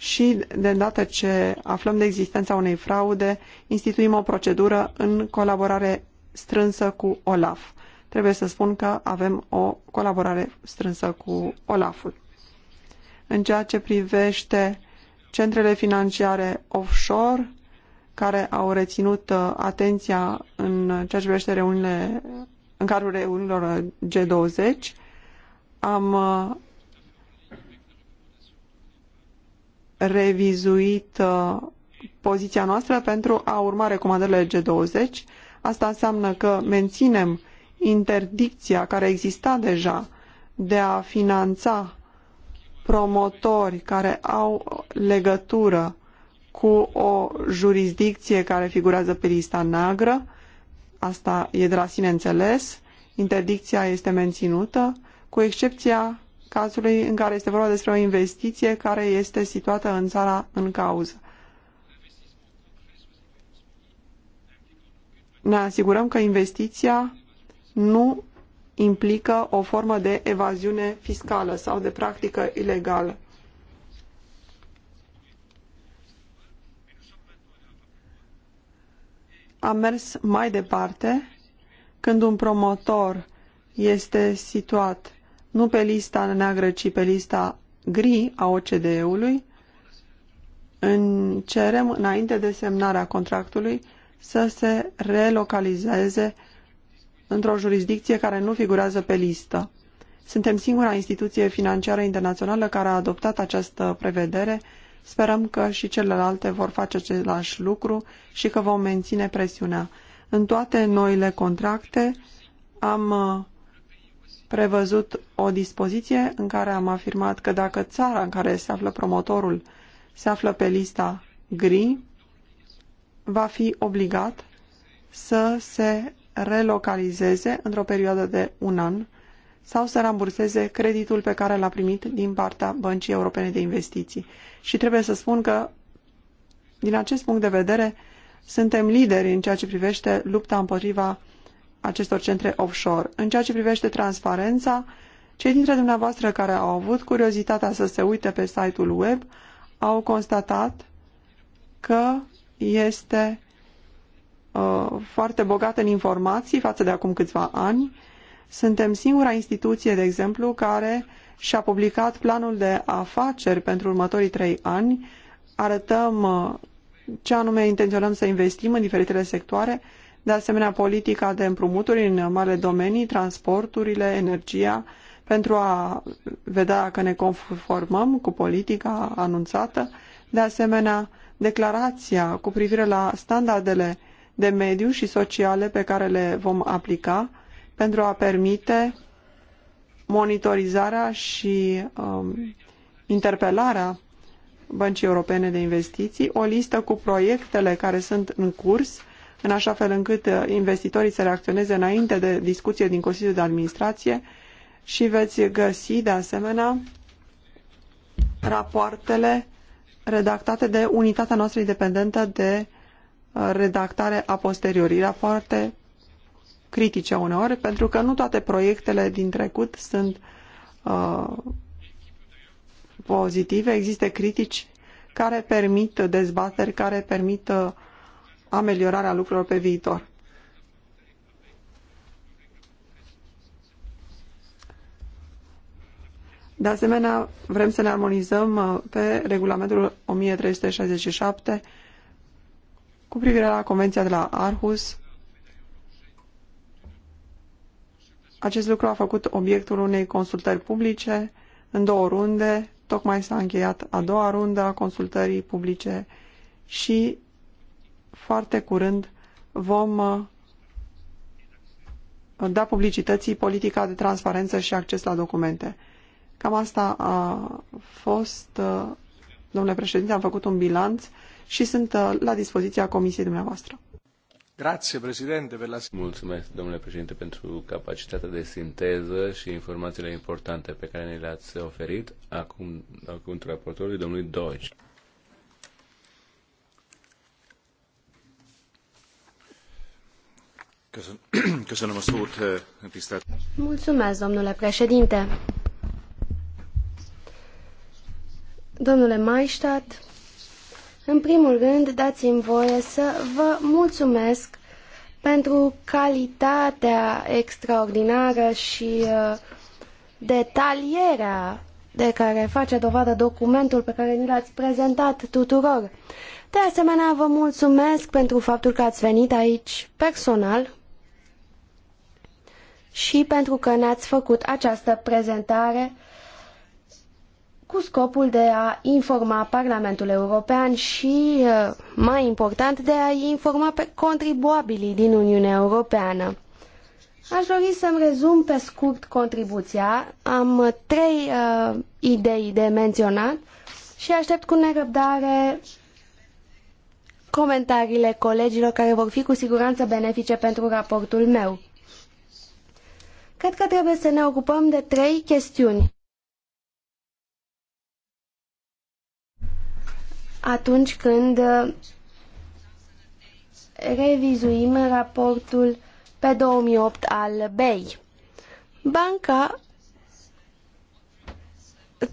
S2: și de îndată ce aflăm de existența unei fraude, instituim o procedură în colaborare strânsă cu OLAF. Trebuie să spun că avem o colaborare strânsă cu OLAF-ul. În ceea ce privește centrele financiare offshore, care au reținut uh, atenția în ceea ce privește reuniunile în cadrul reunilor G20, am uh, revizuit poziția noastră pentru a urma recomandările G20. Asta înseamnă că menținem interdicția care exista deja de a finanța promotori care au legătură cu o jurisdicție care figurează pe lista neagră. Asta e de la sine înțeles. Interdicția este menținută, cu excepția cazului în care este vorba despre o investiție care este situată în țara în cauză. Ne asigurăm că investiția nu implică o formă de evaziune fiscală sau de practică ilegală. Am mers mai departe când un promotor este situat nu pe lista neagră, ci pe lista gri a OCDE-ului, cerem înainte de semnarea contractului să se relocalizeze într-o jurisdicție care nu figurează pe listă. Suntem singura instituție financiară internațională care a adoptat această prevedere. Sperăm că și celelalte vor face același lucru și că vom menține presiunea. În toate noile contracte am uh, prevăzut o dispoziție în care am afirmat că dacă țara în care se află promotorul se află pe lista gri, va fi obligat să se relocalizeze într-o perioadă de un an sau să ramburseze creditul pe care l-a primit din partea Băncii Europene de Investiții. Și trebuie să spun că, din acest punct de vedere, suntem lideri în ceea ce privește lupta împotriva acestor centre offshore. În ceea ce privește transparența, cei dintre dumneavoastră care au avut curiozitatea să se uite pe site-ul web au constatat că este uh, foarte bogat în informații față de acum câțiva ani. Suntem singura instituție, de exemplu, care și-a publicat planul de afaceri pentru următorii trei ani. Arătăm uh, ce anume intenționăm să investim în diferitele sectoare de asemenea politica de împrumuturi în mare domenii, transporturile, energia, pentru a vedea că ne conformăm cu politica anunțată, de asemenea declarația cu privire la standardele de mediu și sociale pe care le vom aplica pentru a permite monitorizarea și um, interpelarea Băncii Europene de Investiții, o listă cu proiectele care sunt în curs în așa fel încât uh, investitorii să reacționeze înainte de discuție din Consiliul de Administrație și veți găsi, de asemenea, rapoartele redactate de unitatea noastră independentă de uh, redactare a posteriorii, rapoarte critice uneori, pentru că nu toate proiectele din trecut sunt uh, pozitive, există critici care permit dezbateri, care permit uh, ameliorarea lucrurilor pe viitor. De asemenea, vrem să ne armonizăm uh, pe regulamentul 1367 cu privire la Convenția de la Arhus. Acest lucru a făcut obiectul unei consultări publice în două runde. Tocmai s-a încheiat a doua rundă a consultării publice și foarte curând vom uh, da publicității politica de transparență și acces la documente. Cam asta a fost, uh, domnule președinte, am făcut un bilanț și sunt uh, la dispoziția comisiei dumneavoastră.
S4: Grazie, președinte, per la... Mulțumesc, domnule președinte, pentru capacitatea de sinteză și informațiile importante pe care ne le-ați oferit. Acum, acum raportorului domnului Doge.
S1: Eh,
S3: mulțumesc, domnule președinte. Domnule Maistat, în primul rând, dați-mi voie să vă mulțumesc pentru calitatea extraordinară și eh, detalierea de care face dovadă documentul pe care ni l-ați prezentat tuturor. De asemenea, vă mulțumesc pentru faptul că ați venit aici personal și pentru că ne-ați făcut această prezentare cu scopul de a informa Parlamentul European și, uh, mai important, de a informa pe contribuabilii din Uniunea Europeană. Aș dori să-mi rezum pe scurt contribuția. Am trei uh, idei de menționat și aștept cu nerăbdare comentariile colegilor care vor fi cu siguranță benefice pentru raportul meu. Cred că trebuie să ne ocupăm de trei chestiuni. Atunci când uh, revizuim raportul pe 2008 al BEI. Banca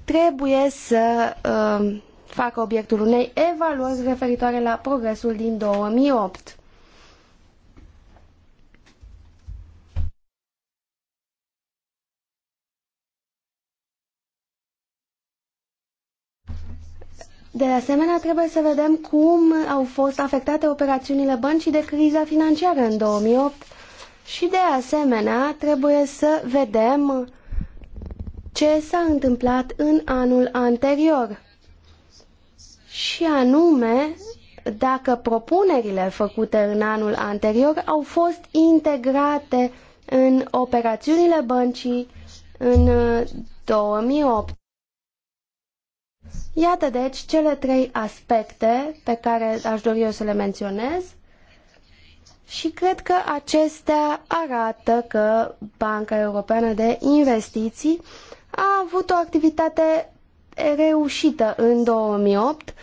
S3: trebuie să uh, facă obiectul unei evaluări referitoare la progresul din 2008. De asemenea, trebuie să vedem cum au fost afectate operațiunile băncii de criza financiară în 2008 și, de asemenea, trebuie să vedem ce s-a întâmplat în anul anterior. Și anume, dacă propunerile făcute în anul anterior au fost integrate în operațiunile băncii în 2008. Iată deci cele trei aspecte pe care aș dori eu să le menționez și cred că acestea arată că Banca Europeană de Investiții a avut o activitate reușită în 2008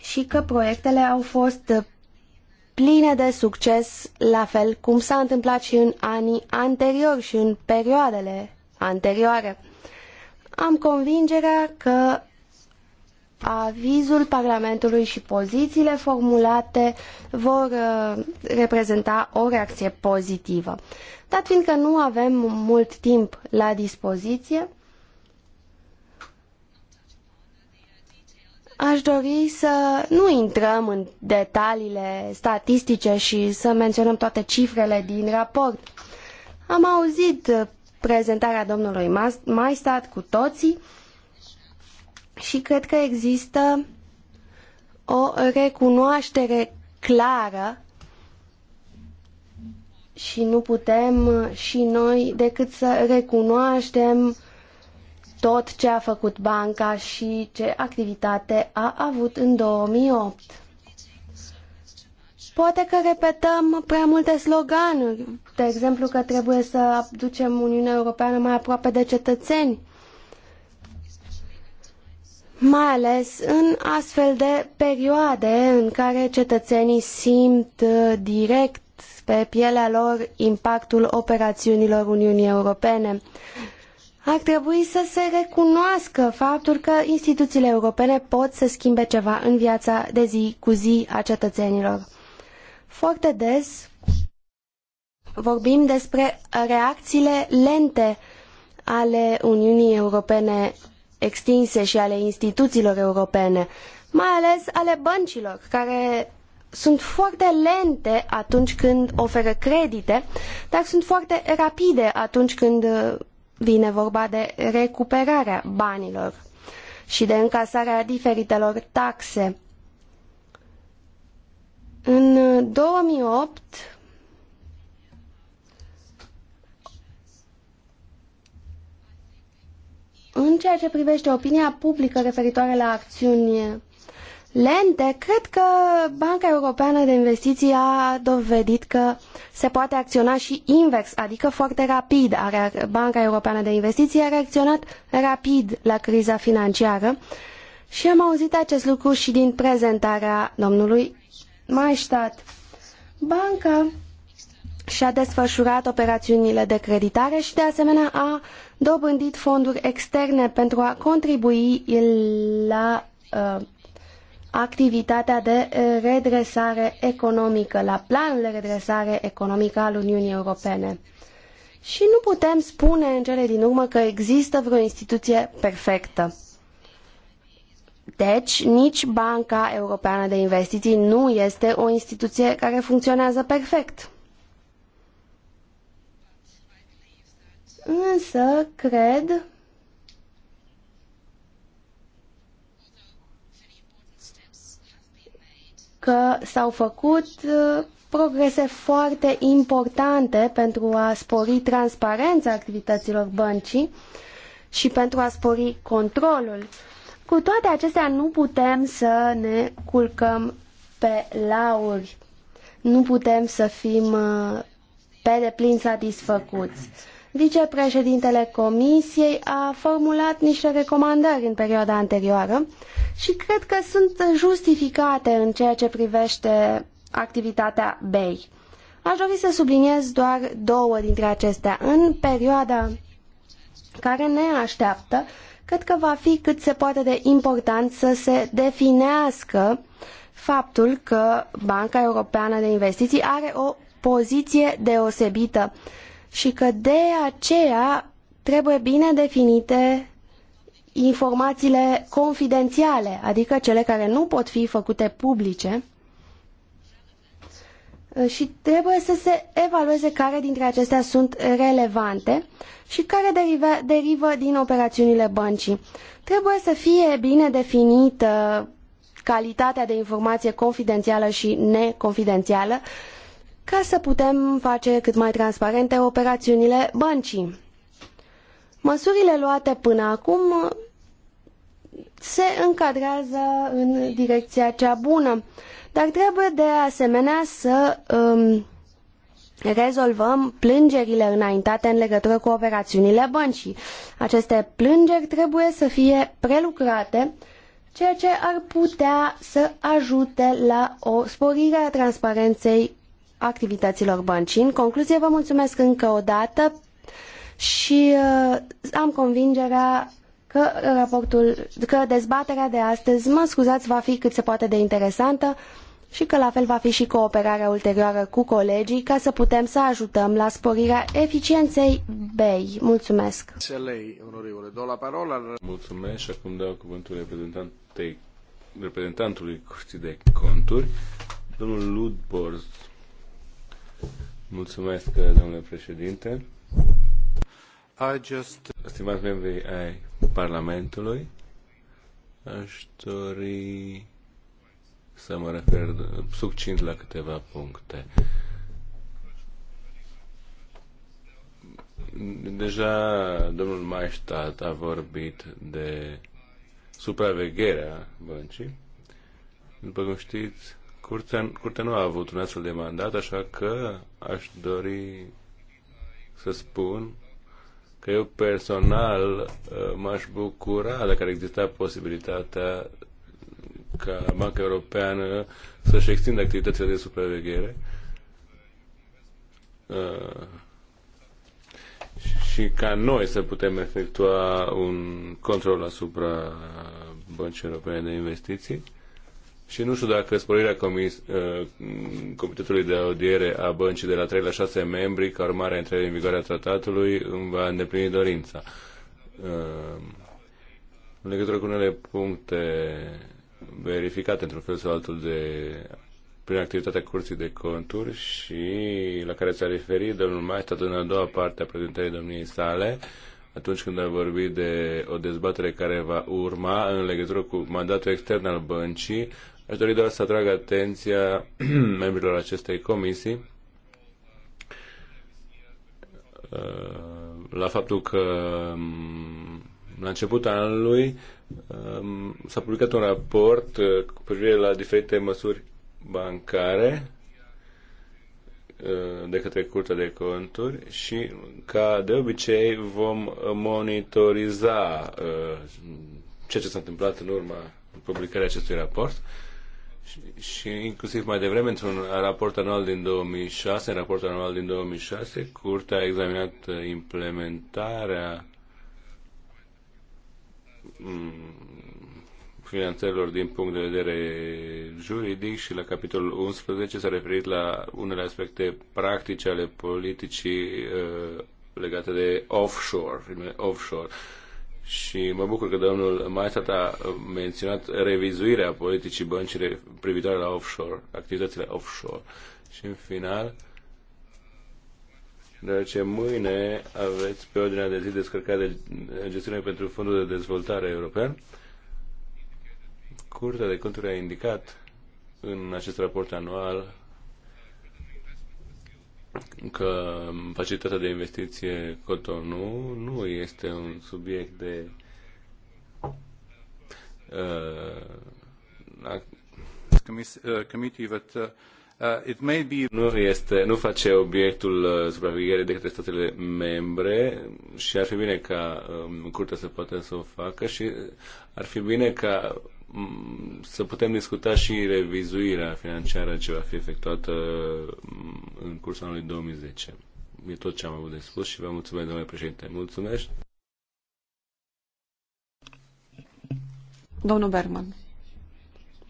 S3: și că proiectele au fost pline de succes, la fel cum s-a întâmplat și în anii anteriori și în perioadele anterioare am convingerea că avizul Parlamentului și pozițiile formulate vor uh, reprezenta o reacție pozitivă. Dat fiindcă nu avem mult timp la dispoziție, Aș dori să nu intrăm în detaliile statistice și să menționăm toate cifrele din raport. Am auzit prezentarea domnului Maistat cu toții și cred că există o recunoaștere clară și nu putem și noi decât să recunoaștem tot ce a făcut banca și ce activitate a avut în 2008. Poate că repetăm prea multe sloganuri, de exemplu că trebuie să ducem Uniunea Europeană mai aproape de cetățeni, mai ales în astfel de perioade în care cetățenii simt uh, direct pe pielea lor impactul operațiunilor Uniunii Europene. Ar trebui să se recunoască faptul că instituțiile europene pot să schimbe ceva în viața de zi cu zi a cetățenilor. Foarte des vorbim despre reacțiile lente ale Uniunii Europene extinse și ale instituțiilor europene, mai ales ale băncilor, care sunt foarte lente atunci când oferă credite, dar sunt foarte rapide atunci când vine vorba de recuperarea banilor și de încasarea diferitelor taxe. În 2008, uh, în ceea ce privește opinia publică referitoare la acțiuni lente, cred că Banca Europeană de Investiții a dovedit că se poate acționa și invers, adică foarte rapid. Banca Europeană de Investiții a reacționat rapid la criza financiară și am auzit acest lucru și din prezentarea domnului Maestat. Banca și-a desfășurat operațiunile de creditare și de asemenea a dobândit fonduri externe pentru a contribui la uh, activitatea de uh, redresare economică, la planul de redresare economică al Uniunii Europene. Și nu putem spune în cele din urmă că există vreo instituție perfectă. Deci, nici Banca Europeană de Investiții nu este o instituție care funcționează perfect. Însă, cred că s-au făcut uh, progrese foarte importante pentru a spori transparența activităților băncii și pentru a spori controlul cu toate acestea nu putem să ne culcăm pe lauri. Nu putem să fim uh, pe deplin satisfăcuți. Vicepreședintele Comisiei a formulat niște recomandări în perioada anterioară și cred că sunt justificate în ceea ce privește activitatea BEI. Aș dori să subliniez doar două dintre acestea. În perioada care ne așteaptă, cred că va fi cât se poate de important să se definească faptul că Banca Europeană de Investiții are o poziție deosebită și că de aceea trebuie bine definite informațiile confidențiale, adică cele care nu pot fi făcute publice Uh, și trebuie să se evalueze care dintre acestea sunt relevante și care derive, derivă din operațiunile băncii. Trebuie să fie bine definită calitatea de informație confidențială și neconfidențială ca să putem face cât mai transparente operațiunile băncii. Măsurile luate până acum se încadrează în direcția cea bună dar trebuie de asemenea să um, rezolvăm plângerile înaintate în legătură cu operațiunile băncii. Aceste plângeri trebuie să fie prelucrate, ceea ce ar putea să ajute la o sporire a transparenței activităților băncii. În concluzie, vă mulțumesc încă o dată și uh, am convingerea că raportul, că dezbaterea de astăzi, mă scuzați, va fi cât se poate de interesantă și că la fel va fi și cooperarea ulterioară cu colegii ca să putem să ajutăm la sporirea eficienței BEI. Mulțumesc!
S4: Mulțumesc și acum dau cuvântul reprezentantei, reprezentantului Curții de Conturi, domnul Ludborz. Mulțumesc, domnule președinte. I just... Stimați membri ai Parlamentului, aș dori să mă refer uh, succint la câteva puncte. Deja domnul Maestat a vorbit de supravegherea băncii. După cum știți, curtea, curtea nu a avut un astfel de mandat, așa că aș dori să spun că eu personal uh, m-aș bucura dacă ar exista posibilitatea ca Banca Europeană să-și extindă activitățile de supraveghere uh, și ca noi să putem efectua un control asupra băncii europene de investiții. Și nu știu dacă sporirea comis, uh, Comitetului de Audiere a băncii de la 3 la 6 membri, ca urmare a intrării în vigoare a tratatului, îmi va îndeplini dorința. Uh, în legătură cu unele puncte verificate într-un fel sau altul de prin activitatea Curții de Conturi și la care s-a referit domnul Maestat în a doua parte a prezentării domniei sale, atunci când a vorbit de o dezbatere care va urma în legătură cu mandatul extern al băncii, aș dori doar să atrag atenția membrilor acestei comisii uh, la faptul că mm, la începutul anului s-a publicat un raport uh, cu privire la diferite măsuri bancare uh, de către Curtea de Conturi și ca de obicei vom monitoriza uh, ceea ce s-a întâmplat în urma publicării acestui raport și, și inclusiv mai devreme într-un raport anual din 2006, în raportul anual din 2006, Curtea a examinat implementarea Mm, finanțărilor din punct de vedere juridic și la capitolul 11 s-a referit la unele aspecte practice ale politicii uh, legate de offshore, offshore. Și mă bucur că domnul Maestat a menționat revizuirea politicii băncii privitoare la offshore, activitățile offshore. Și în final, deoarece mâine aveți pe ordinea de zi descărcare de gestiune pentru Fondul de Dezvoltare European. Curtea de conturi a indicat în acest raport anual că facilitatea de investiție Cotonou nu este un subiect de uh, Committee that uh, uh Uh, nu, este, nu face obiectul uh, supravegherii de către statele membre și ar fi bine ca um, curtea să poată să o facă și uh, ar fi bine ca mm, să putem discuta și revizuirea financiară ce va fi efectuată mm, în cursul anului 2010. E tot ce am avut de spus și vă mulțumesc, domnule președinte. Mulțumesc!
S2: Domnul Berman.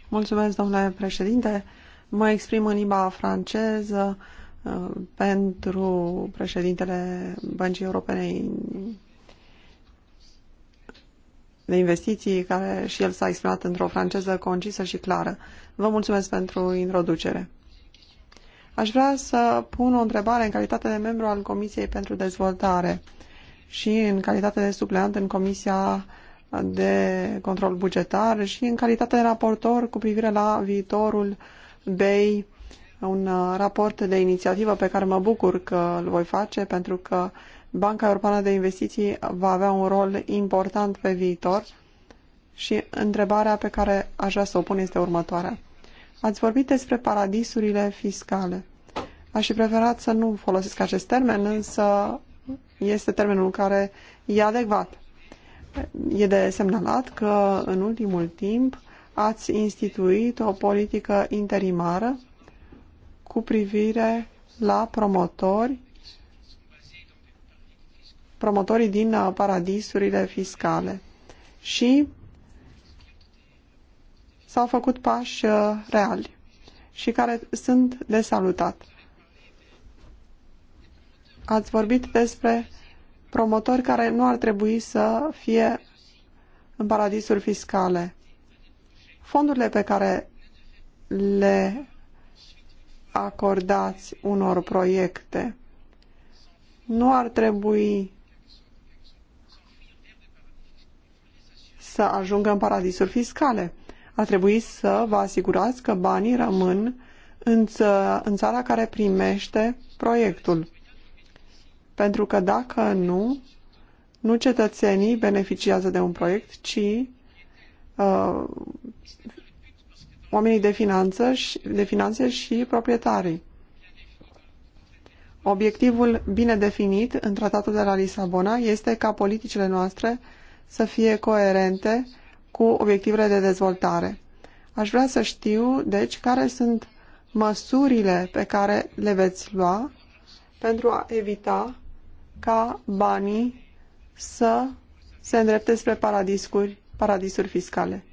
S2: Mulțumesc, domnule președinte. Mă exprim în limba franceză uh, pentru președintele Băncii Europene de investiții, care și el s-a exprimat într-o franceză concisă și clară. Vă mulțumesc pentru introducere. Aș vrea să pun o întrebare în calitate de membru al Comisiei pentru Dezvoltare și în calitate de supleant în Comisia de Control Bugetar și în calitate de raportor cu privire la viitorul uh, BEI un uh, raport de inițiativă pe care mă bucur că îl voi face pentru că Banca Europeană de Investiții va avea un rol important pe viitor și întrebarea pe care aș vrea să o pun este următoarea. Ați vorbit despre paradisurile fiscale. Aș fi preferat să nu folosesc acest termen, însă este termenul care e adecvat. E de semnalat că în ultimul timp ați instituit o politică interimară cu privire la promotori, promotorii din uh, paradisurile fiscale și s-au făcut pași uh, reali și care sunt de salutat. Ați vorbit despre promotori care nu ar trebui să fie în paradisuri fiscale fondurile pe care le acordați unor proiecte nu ar trebui să ajungă în paradisuri fiscale. Ar trebui să vă asigurați că banii rămân în, ță, în țara care primește proiectul. Pentru că dacă nu, nu cetățenii beneficiază de un proiect, ci uh, oamenii de, finanță și, de finanțe și proprietarii. Obiectivul bine definit în tratatul de la Lisabona este ca politicile noastre să fie coerente cu obiectivele de dezvoltare. Aș vrea să știu, deci, care sunt măsurile pe care le veți lua pentru a evita ca banii să se îndrepte spre paradiscuri paradisuri fiscale.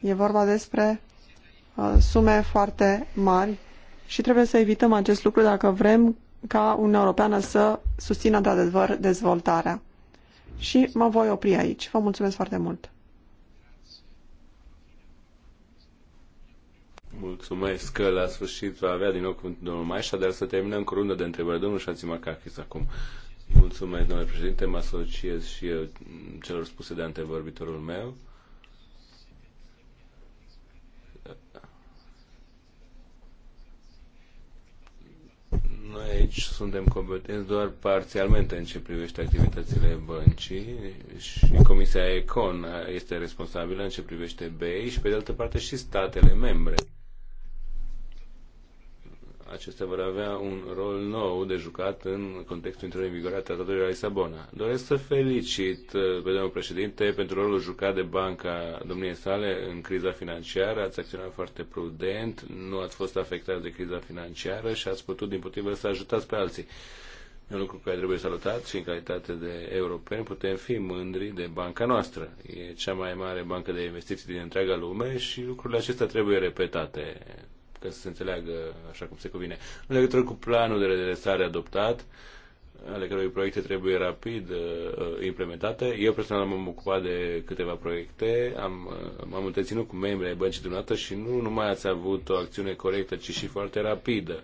S2: E vorba despre uh, sume foarte mari și trebuie să evităm acest lucru dacă vrem ca Uniunea Europeană să susțină de adevăr dezvoltarea. Și mă voi opri aici. Vă mulțumesc foarte mult!
S4: Mulțumesc că la sfârșit va avea din nou cuvântul domnul Maișa, dar să terminăm cu rundă de întrebări. Domnul Șațimacachis acum. Mulțumesc, domnule președinte. Mă asociez și eu celor spuse de antevorbitorul meu. Noi aici suntem competenți doar parțialmente în ce privește activitățile băncii și Comisia Econ este responsabilă în ce privește BEI și pe de altă parte și statele membre acestea vor avea un rol nou de jucat în contextul intrării în vigoare a Tratatului la Lisabona. Doresc să felicit uh, pe domnul președinte pentru rolul jucat de banca domniei sale în criza financiară. Ați acționat foarte prudent, nu ați fost afectat de criza financiară și ați putut, din potrivă, să ajutați pe alții. E un lucru care trebuie salutat și în calitate de european putem fi mândri de banca noastră. E cea mai mare bancă de investiții din întreaga lume și lucrurile acestea trebuie repetate ca să se înțeleagă așa cum se cuvine. În legătură cu planul de redresare adoptat, ale cărui proiecte trebuie rapid uh, implementate. Eu personal m-am ocupat de câteva proiecte, am, uh, m-am întreținut cu membrii ai băncii dumneavoastră și nu numai ați avut o acțiune corectă, ci și foarte rapidă.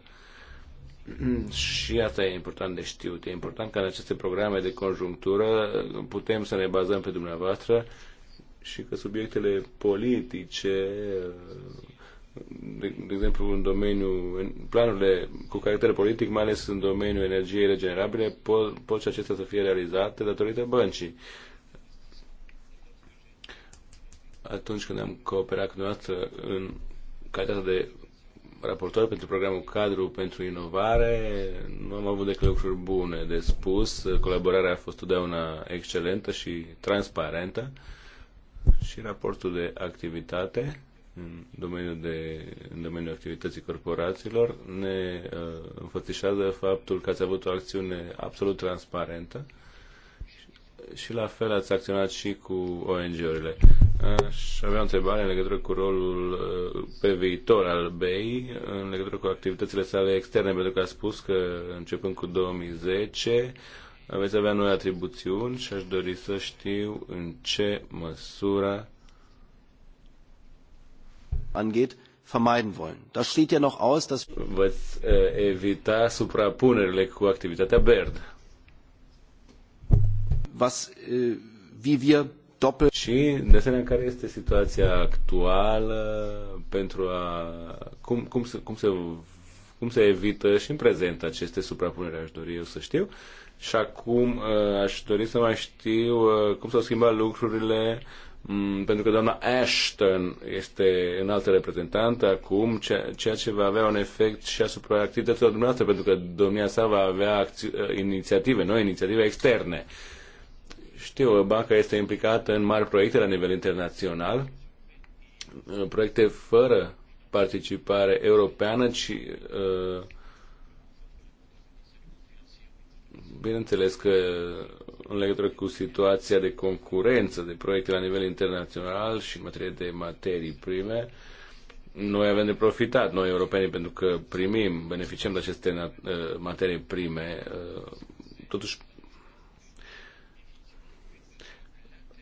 S4: și asta e important de știut. E important ca în aceste programe de conjunctură putem să ne bazăm pe dumneavoastră și că subiectele politice uh, de, de exemplu, în domeniul, în planurile cu caracter politic, mai ales în domeniul energiei regenerabile, pot, pot și acestea să fie realizate datorită băncii. Atunci când am cooperat cu noastră în calitatea de raportor pentru programul cadru pentru inovare, nu am avut decât lucruri bune de spus. Colaborarea a fost totdeauna excelentă și transparentă și raportul de activitate în domeniul, de, în domeniul activității corporațiilor ne uh, înfățișează faptul că ați avut o acțiune absolut transparentă și la fel ați acționat și cu ONG-urile. Aș avea o întrebare în legătură cu rolul uh, pe viitor al BEI, în legătură cu activitățile sale externe, pentru că a spus că începând cu 2010 aveți avea noi atribuțiuni și aș dori să știu în ce măsură
S1: angeht, vermeiden wollen. Das steht ja noch aus, dass veți
S4: eh, evita suprapunerile cu activitatea BERD. Was eh, wie wir doppel și de asemenea care este situația actuală pentru a cum, cum, se, cum, se, cum se evită și în prezent aceste suprapuneri, aș dori eu să știu. Și acum eh, aș dori să mai știu cum s-au schimbat lucrurile Mm, pentru că doamna Ashton este în altă reprezentantă acum, ceea, ce va avea un efect și asupra activităților dumneavoastră, pentru că domnia sa va avea uh, inițiative, noi inițiative externe. Știu, banca este implicată în mari proiecte la nivel internațional, uh, proiecte fără participare europeană, ci uh, bineînțeles că în legătură cu situația de concurență de proiecte la nivel internațional și în materie de materii prime, noi avem de profitat, noi europenii, pentru că primim, beneficiem de aceste uh, materii prime. Uh, totuși,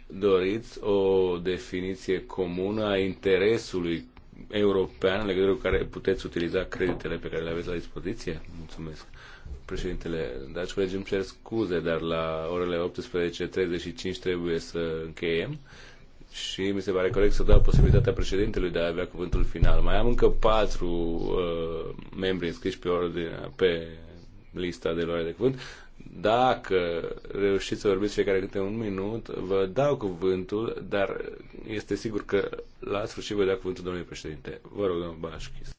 S4: doriți o definiție comună a interesului european în legătură cu care puteți utiliza creditele pe care le aveți la dispoziție? Mulțumesc. Președintele, dragi colegi, îmi cer scuze, dar la orele 18.35 trebuie să încheiem și mi se pare corect să dau posibilitatea președintelui de a avea cuvântul final. Mai am încă patru uh, membri înscriși pe, ordine, pe lista de luare de cuvânt. Dacă reușiți să vorbiți fiecare câte un minut, vă dau cuvântul, dar este sigur că la sfârșit voi da cuvântul domnului președinte. Vă rog, domnul Bașchis.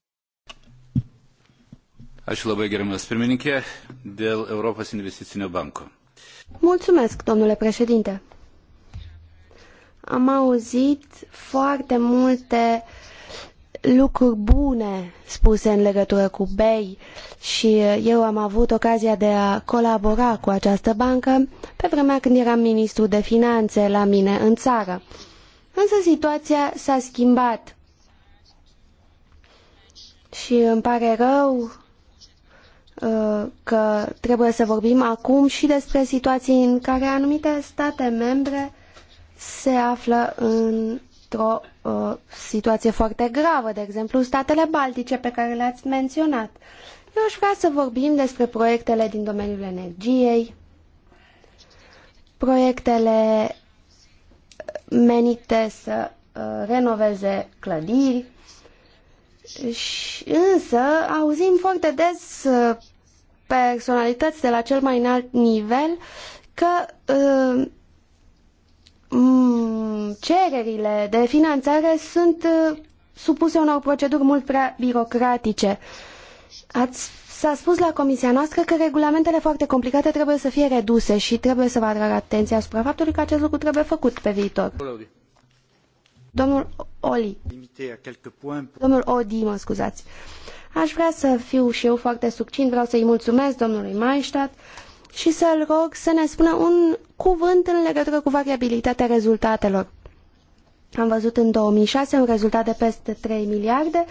S4: Ačiū labai gerimas pirmininkė dėl Europos investicinio banko.
S3: Mulțumesc, domnule președinte. Am auzit foarte multe lucruri bune spuse în legătură cu BEI și eu am avut ocazia de a colabora cu această bancă pe vremea când eram ministru de finanțe la mine în țară. Însă situația s-a schimbat și îmi pare rău Uh, că trebuie să vorbim acum și despre situații în care anumite state membre se află într-o uh, situație foarte gravă, de exemplu statele baltice pe care le-ați menționat. Eu aș vrea să vorbim despre proiectele din domeniul energiei, proiectele menite să uh, renoveze clădiri, și, însă auzim foarte des uh, personalități de la cel mai înalt nivel că uh, cererile de finanțare sunt uh, supuse unor proceduri mult prea birocratice. Ați, s-a spus la comisia noastră că regulamentele foarte complicate trebuie să fie reduse și trebuie să vă atrag atenția asupra faptului că acest lucru trebuie făcut pe viitor. Domnul Oli. Domnul Odi, mă scuzați. Aș vrea să fiu și eu foarte succint, vreau să-i mulțumesc domnului Maistat și să-l rog să ne spună un cuvânt în legătură cu variabilitatea rezultatelor. Am văzut în 2006 un rezultat de peste 3 miliarde,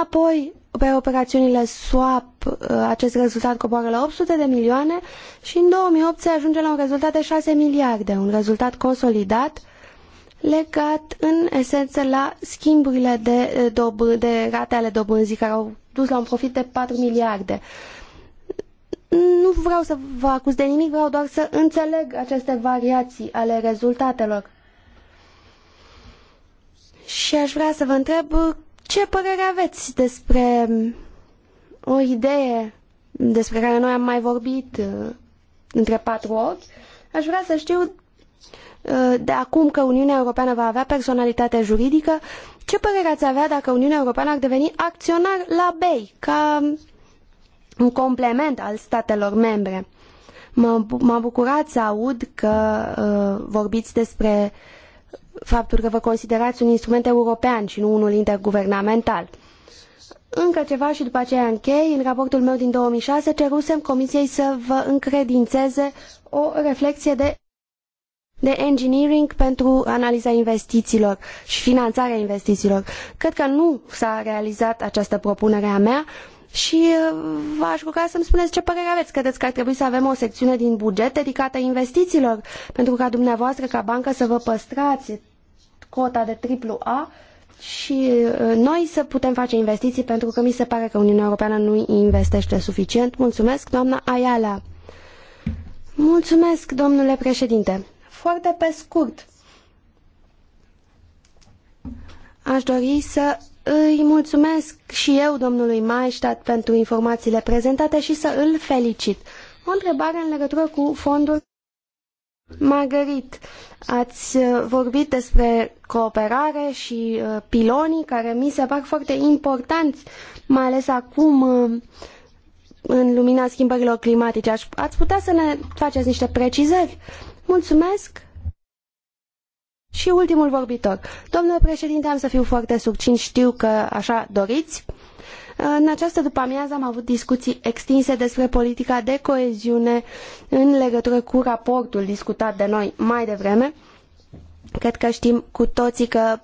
S3: apoi pe operațiunile swap uh, acest rezultat coboară la 800 de milioane și în 2008 se ajunge la un rezultat de 6 miliarde, un rezultat consolidat uh, legat în esență la schimburile de, eh, dob- de rate ale dobânzii care au dus la un profit de 4 miliarde. Nu vreau să vă acuz de nimic, vreau doar să înțeleg aceste variații ale rezultatelor. Și aș vrea să vă întreb ce părere aveți despre o idee despre care noi am mai vorbit eh, între patru ochi. Aș vrea să știu Uh, de acum că Uniunea Europeană va avea personalitate juridică, ce părere ați avea dacă Uniunea Europeană ar deveni acționar la BEI, ca un complement al statelor membre? M-a bucurat să aud că uh, vorbiți despre faptul că vă considerați un instrument european și nu unul interguvernamental. Încă ceva și după aceea închei. În raportul meu din 2006 cerusem Comisiei să vă încredințeze o reflexie de de engineering pentru analiza investițiilor și finanțarea investițiilor. Cred că nu s-a realizat această propunere a mea și uh, v-aș ruga să-mi spuneți ce părere aveți. Credeți că ar trebui să avem o secțiune din buget dedicată investițiilor pentru ca dumneavoastră ca bancă să vă păstrați cota de triplu A și uh, noi să putem face investiții pentru că mi se pare că Uniunea Europeană nu investește suficient. Mulțumesc, doamna Ayala. Mulțumesc, domnule președinte foarte pe scurt. Aș dori să îi mulțumesc și eu domnului Maestat pentru informațiile prezentate și să îl felicit. O întrebare în legătură cu fondul Margarit. Ați uh, vorbit despre cooperare și uh, pilonii care mi se par foarte importanți, mai ales acum uh, în lumina schimbărilor climatice. Ați putea să ne faceți niște precizări? Mulțumesc! Și ultimul vorbitor. Domnule președinte, am să fiu foarte succint, știu că așa doriți. În această după-amiază am avut discuții extinse despre politica de coeziune în legătură cu raportul discutat de noi mai devreme. Cred că știm cu toții că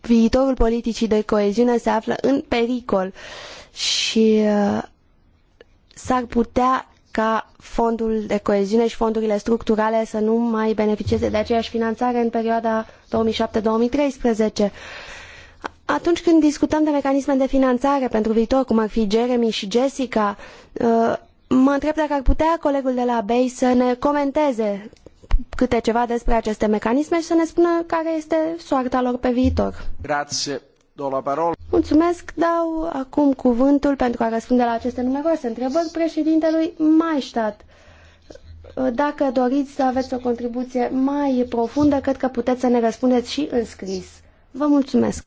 S3: viitorul politicii de coeziune se află în pericol și uh, s-ar putea ca fondul de coeziune și fondurile structurale să nu mai beneficieze de aceeași finanțare în perioada 2007-2013. Atunci când discutăm de mecanisme de finanțare pentru viitor, cum ar fi Jeremy și Jessica, uh, mă întreb dacă ar putea colegul de la BEI să ne comenteze câte ceva despre aceste mecanisme și să ne spună care este soarta lor pe viitor. Grazie. Mulțumesc, dau acum cuvântul pentru a răspunde la aceste numeroase întrebări președintelui Maistat. Dacă doriți să aveți o contribuție mai profundă, cred că puteți să ne răspundeți și în scris. Vă
S1: mulțumesc.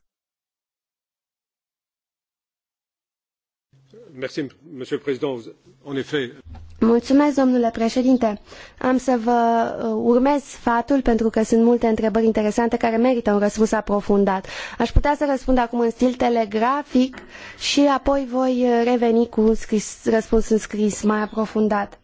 S1: monsieur le président. En effet,
S3: Mulțumesc, domnule președinte. Am să vă uh, urmez sfatul pentru că sunt multe întrebări interesante care merită un răspuns aprofundat. Aș putea să răspund acum în stil telegrafic și apoi voi uh, reveni cu un scris, răspuns în scris mai aprofundat.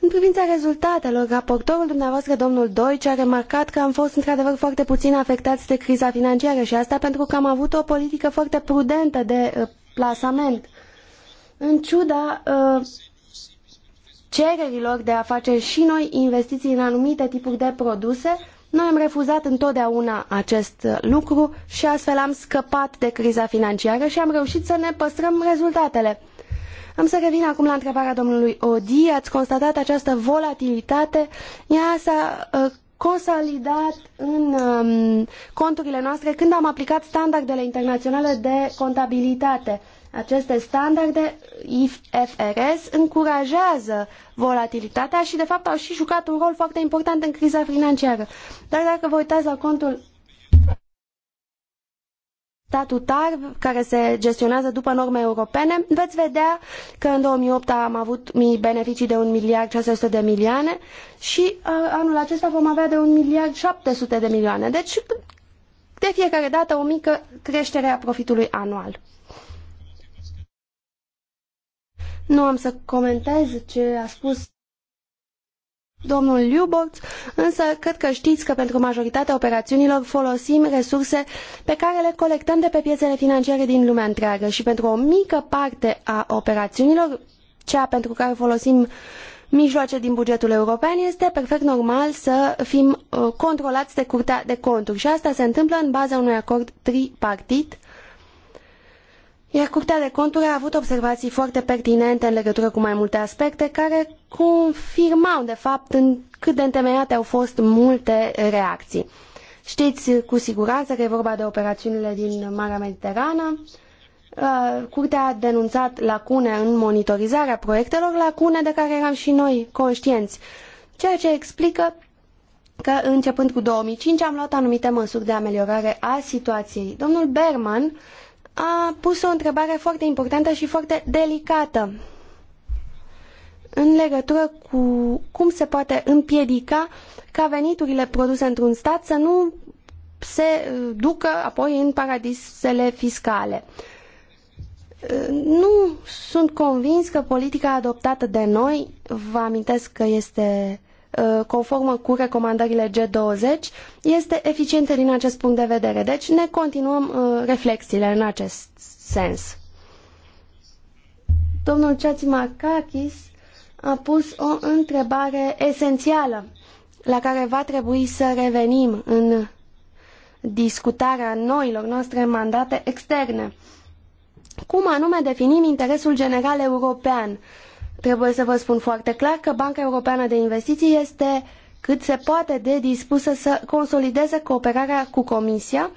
S3: În privința rezultatelor, raportorul dumneavoastră, domnul Deutsch, a remarcat că am fost într-adevăr foarte puțin afectați de criza financiară și asta pentru că am avut o politică foarte prudentă de uh, plasament. În ciuda uh, cererilor de a face și noi investiții în anumite tipuri de produse, noi am refuzat întotdeauna acest lucru și astfel am scăpat de criza financiară și am reușit să ne păstrăm rezultatele. Am să revin acum la întrebarea domnului Odi. Ați constatat această volatilitate. Ea s-a uh, consolidat în um, conturile noastre când am aplicat standardele internaționale de contabilitate. Aceste standarde IFRS încurajează volatilitatea și, de fapt, au și jucat un rol foarte important în criza financiară. Dar dacă vă uitați la contul statutar care se gestionează după norme europene, veți vedea că în 2008 am avut beneficii de 1 miliard 600 de milioane și uh, anul acesta vom avea de 1 miliard 700 de milioane. Deci, de fiecare dată, o mică creștere a profitului anual. Nu am să comentez ce a spus domnul Liubox, însă cred că știți că pentru majoritatea operațiunilor folosim resurse pe care le colectăm de pe piețele financiare din lumea întreagă și pentru o mică parte a operațiunilor, cea pentru care folosim mijloace din bugetul european, este perfect normal să fim uh, controlați de Curtea de Conturi și asta se întâmplă în baza unui acord tripartit iar Curtea de Conturi a avut observații foarte pertinente în legătură cu mai multe aspecte care confirmau, de fapt, în cât de întemeiate au fost multe reacții. Știți cu siguranță că e vorba de operațiunile din Marea Mediterană. Uh, Curtea a denunțat lacune în monitorizarea proiectelor, lacune de care eram și noi conștienți, ceea ce explică că începând cu 2005 am luat anumite măsuri de ameliorare a situației. Domnul Berman a pus o întrebare foarte importantă și foarte delicată în legătură cu cum se poate împiedica ca veniturile produse într-un stat să nu se uh, ducă apoi în paradisele fiscale. Nu sunt convins că politica adoptată de noi, vă amintesc că este Uh, conformă cu recomandările G20 este eficientă din acest punct de vedere. Deci ne continuăm uh, reflexiile în acest sens. Domnul Ceațimarcachis a pus o întrebare esențială la care va trebui să revenim în discutarea noilor noastre mandate externe. Cum anume definim interesul general european? Uh, Trebuie să vă spun foarte clar că Banca Europeană de Investiții este cât se poate de dispusă să consolideze cooperarea cu Comisia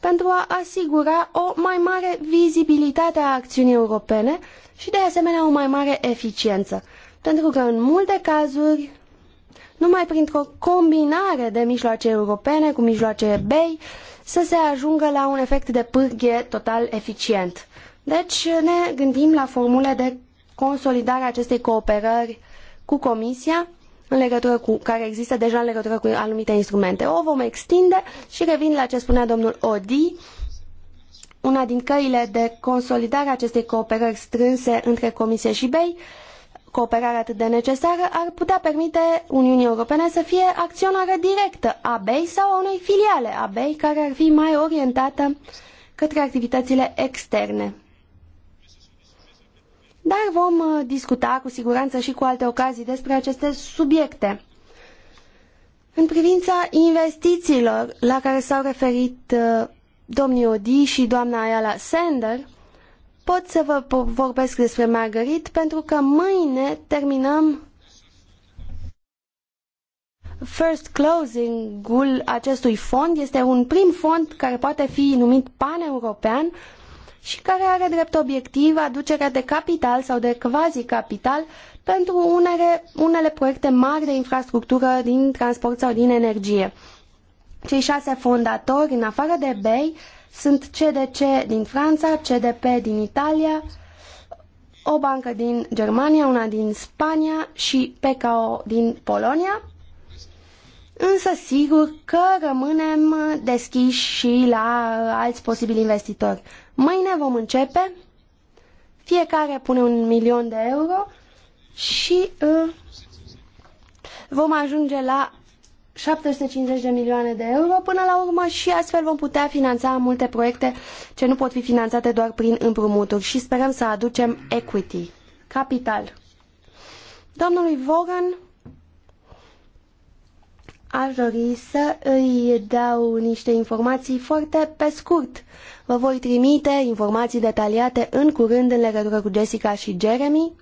S3: pentru a asigura o mai mare vizibilitate a acțiunii europene și de asemenea o mai mare eficiență. Pentru că în multe cazuri, numai printr-o combinare de mijloace europene cu mijloace BEI, să se ajungă la un efect de pârghie total eficient. Deci ne gândim la formule de consolidarea acestei cooperări cu Comisia în legătură cu, care există deja în legătură cu anumite instrumente. O vom extinde și revin la ce spunea domnul Odi. Una din căile de consolidare a acestei cooperări strânse între Comisie și BEI, cooperare atât de necesară, ar putea permite Uniunii Europene să fie acționară directă a BEI sau a unei filiale a BEI care ar fi mai orientată către activitățile externe dar vom uh, discuta cu siguranță și cu alte ocazii despre aceste subiecte. În privința investițiilor la care s-au referit uh, domnii Odi și doamna Ayala Sender, pot să vă vorbesc despre Margarit pentru că mâine terminăm First Closing-ul acestui fond este un prim fond care poate fi numit paneuropean european și care are drept obiectiv aducerea de capital sau de quasi-capital pentru unele, unele proiecte mari de infrastructură din transport sau din energie. Cei șase fondatori, în afară de BEI, sunt CDC din Franța, CDP din Italia, o bancă din Germania, una din Spania și PKO din Polonia, însă sigur că rămânem deschiși și la alți posibili investitori. Mâine vom începe, fiecare pune un milion de euro și uh, vom ajunge la 750 de milioane de euro până la urmă și astfel vom putea finanța multe proiecte ce nu pot fi finanțate doar prin împrumuturi și sperăm să aducem equity, capital. Domnului Vogan, aș dori să îi dau niște informații foarte pe scurt Vă voi trimite informații detaliate în curând în legătură cu Jessica și Jeremy.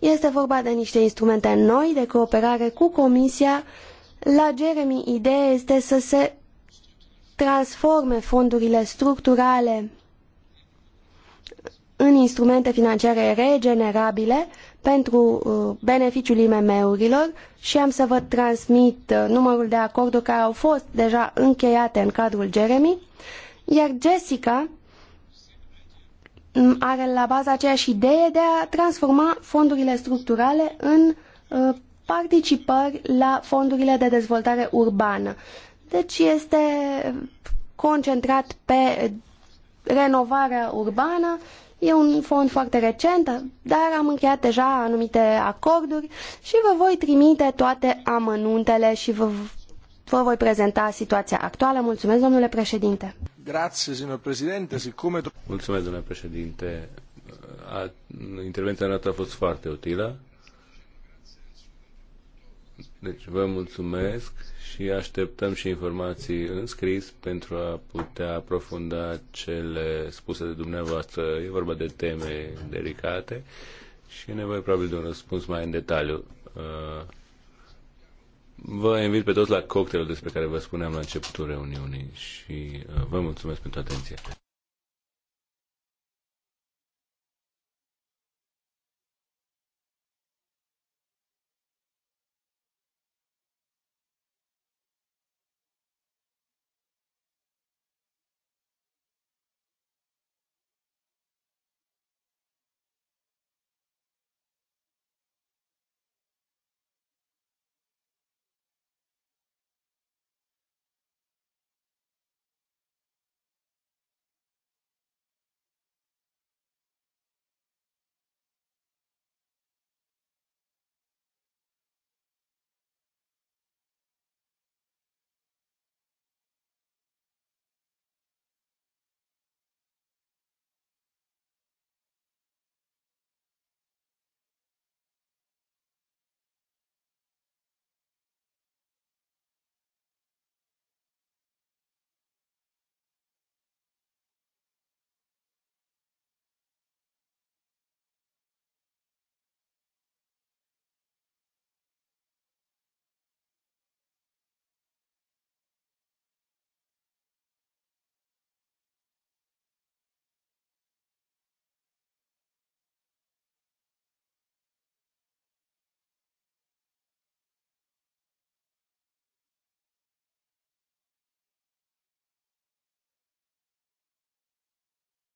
S3: Este vorba de niște instrumente noi de cooperare cu Comisia. La Jeremy, ideea este să se transforme fondurile structurale în instrumente financiare regenerabile pentru uh, beneficiul IMM-urilor și am să vă transmit uh, numărul de acorduri care au fost deja încheiate în cadrul Jeremy. Iar Jessica are la bază aceeași idee de a transforma fondurile structurale în uh, participări la fondurile de dezvoltare urbană. Deci este concentrat pe renovarea urbană. E un fond foarte recent, dar am încheiat deja anumite acorduri și vă voi trimite toate amănuntele și vă, vă voi prezenta situația actuală. Mulțumesc, domnule președinte!
S4: Grazie, signor Presidente. Siccome... Mulțumesc, domnule președinte. intervenția noastră a fost foarte utilă. Deci vă mulțumesc și așteptăm și informații în scris pentru a putea aprofunda cele spuse de dumneavoastră. E vorba de teme delicate și e nevoie probabil de un răspuns mai în detaliu. Uh, vă invit pe toți la cocktailul despre care vă spuneam la începutul reuniunii și uh, vă mulțumesc pentru atenție.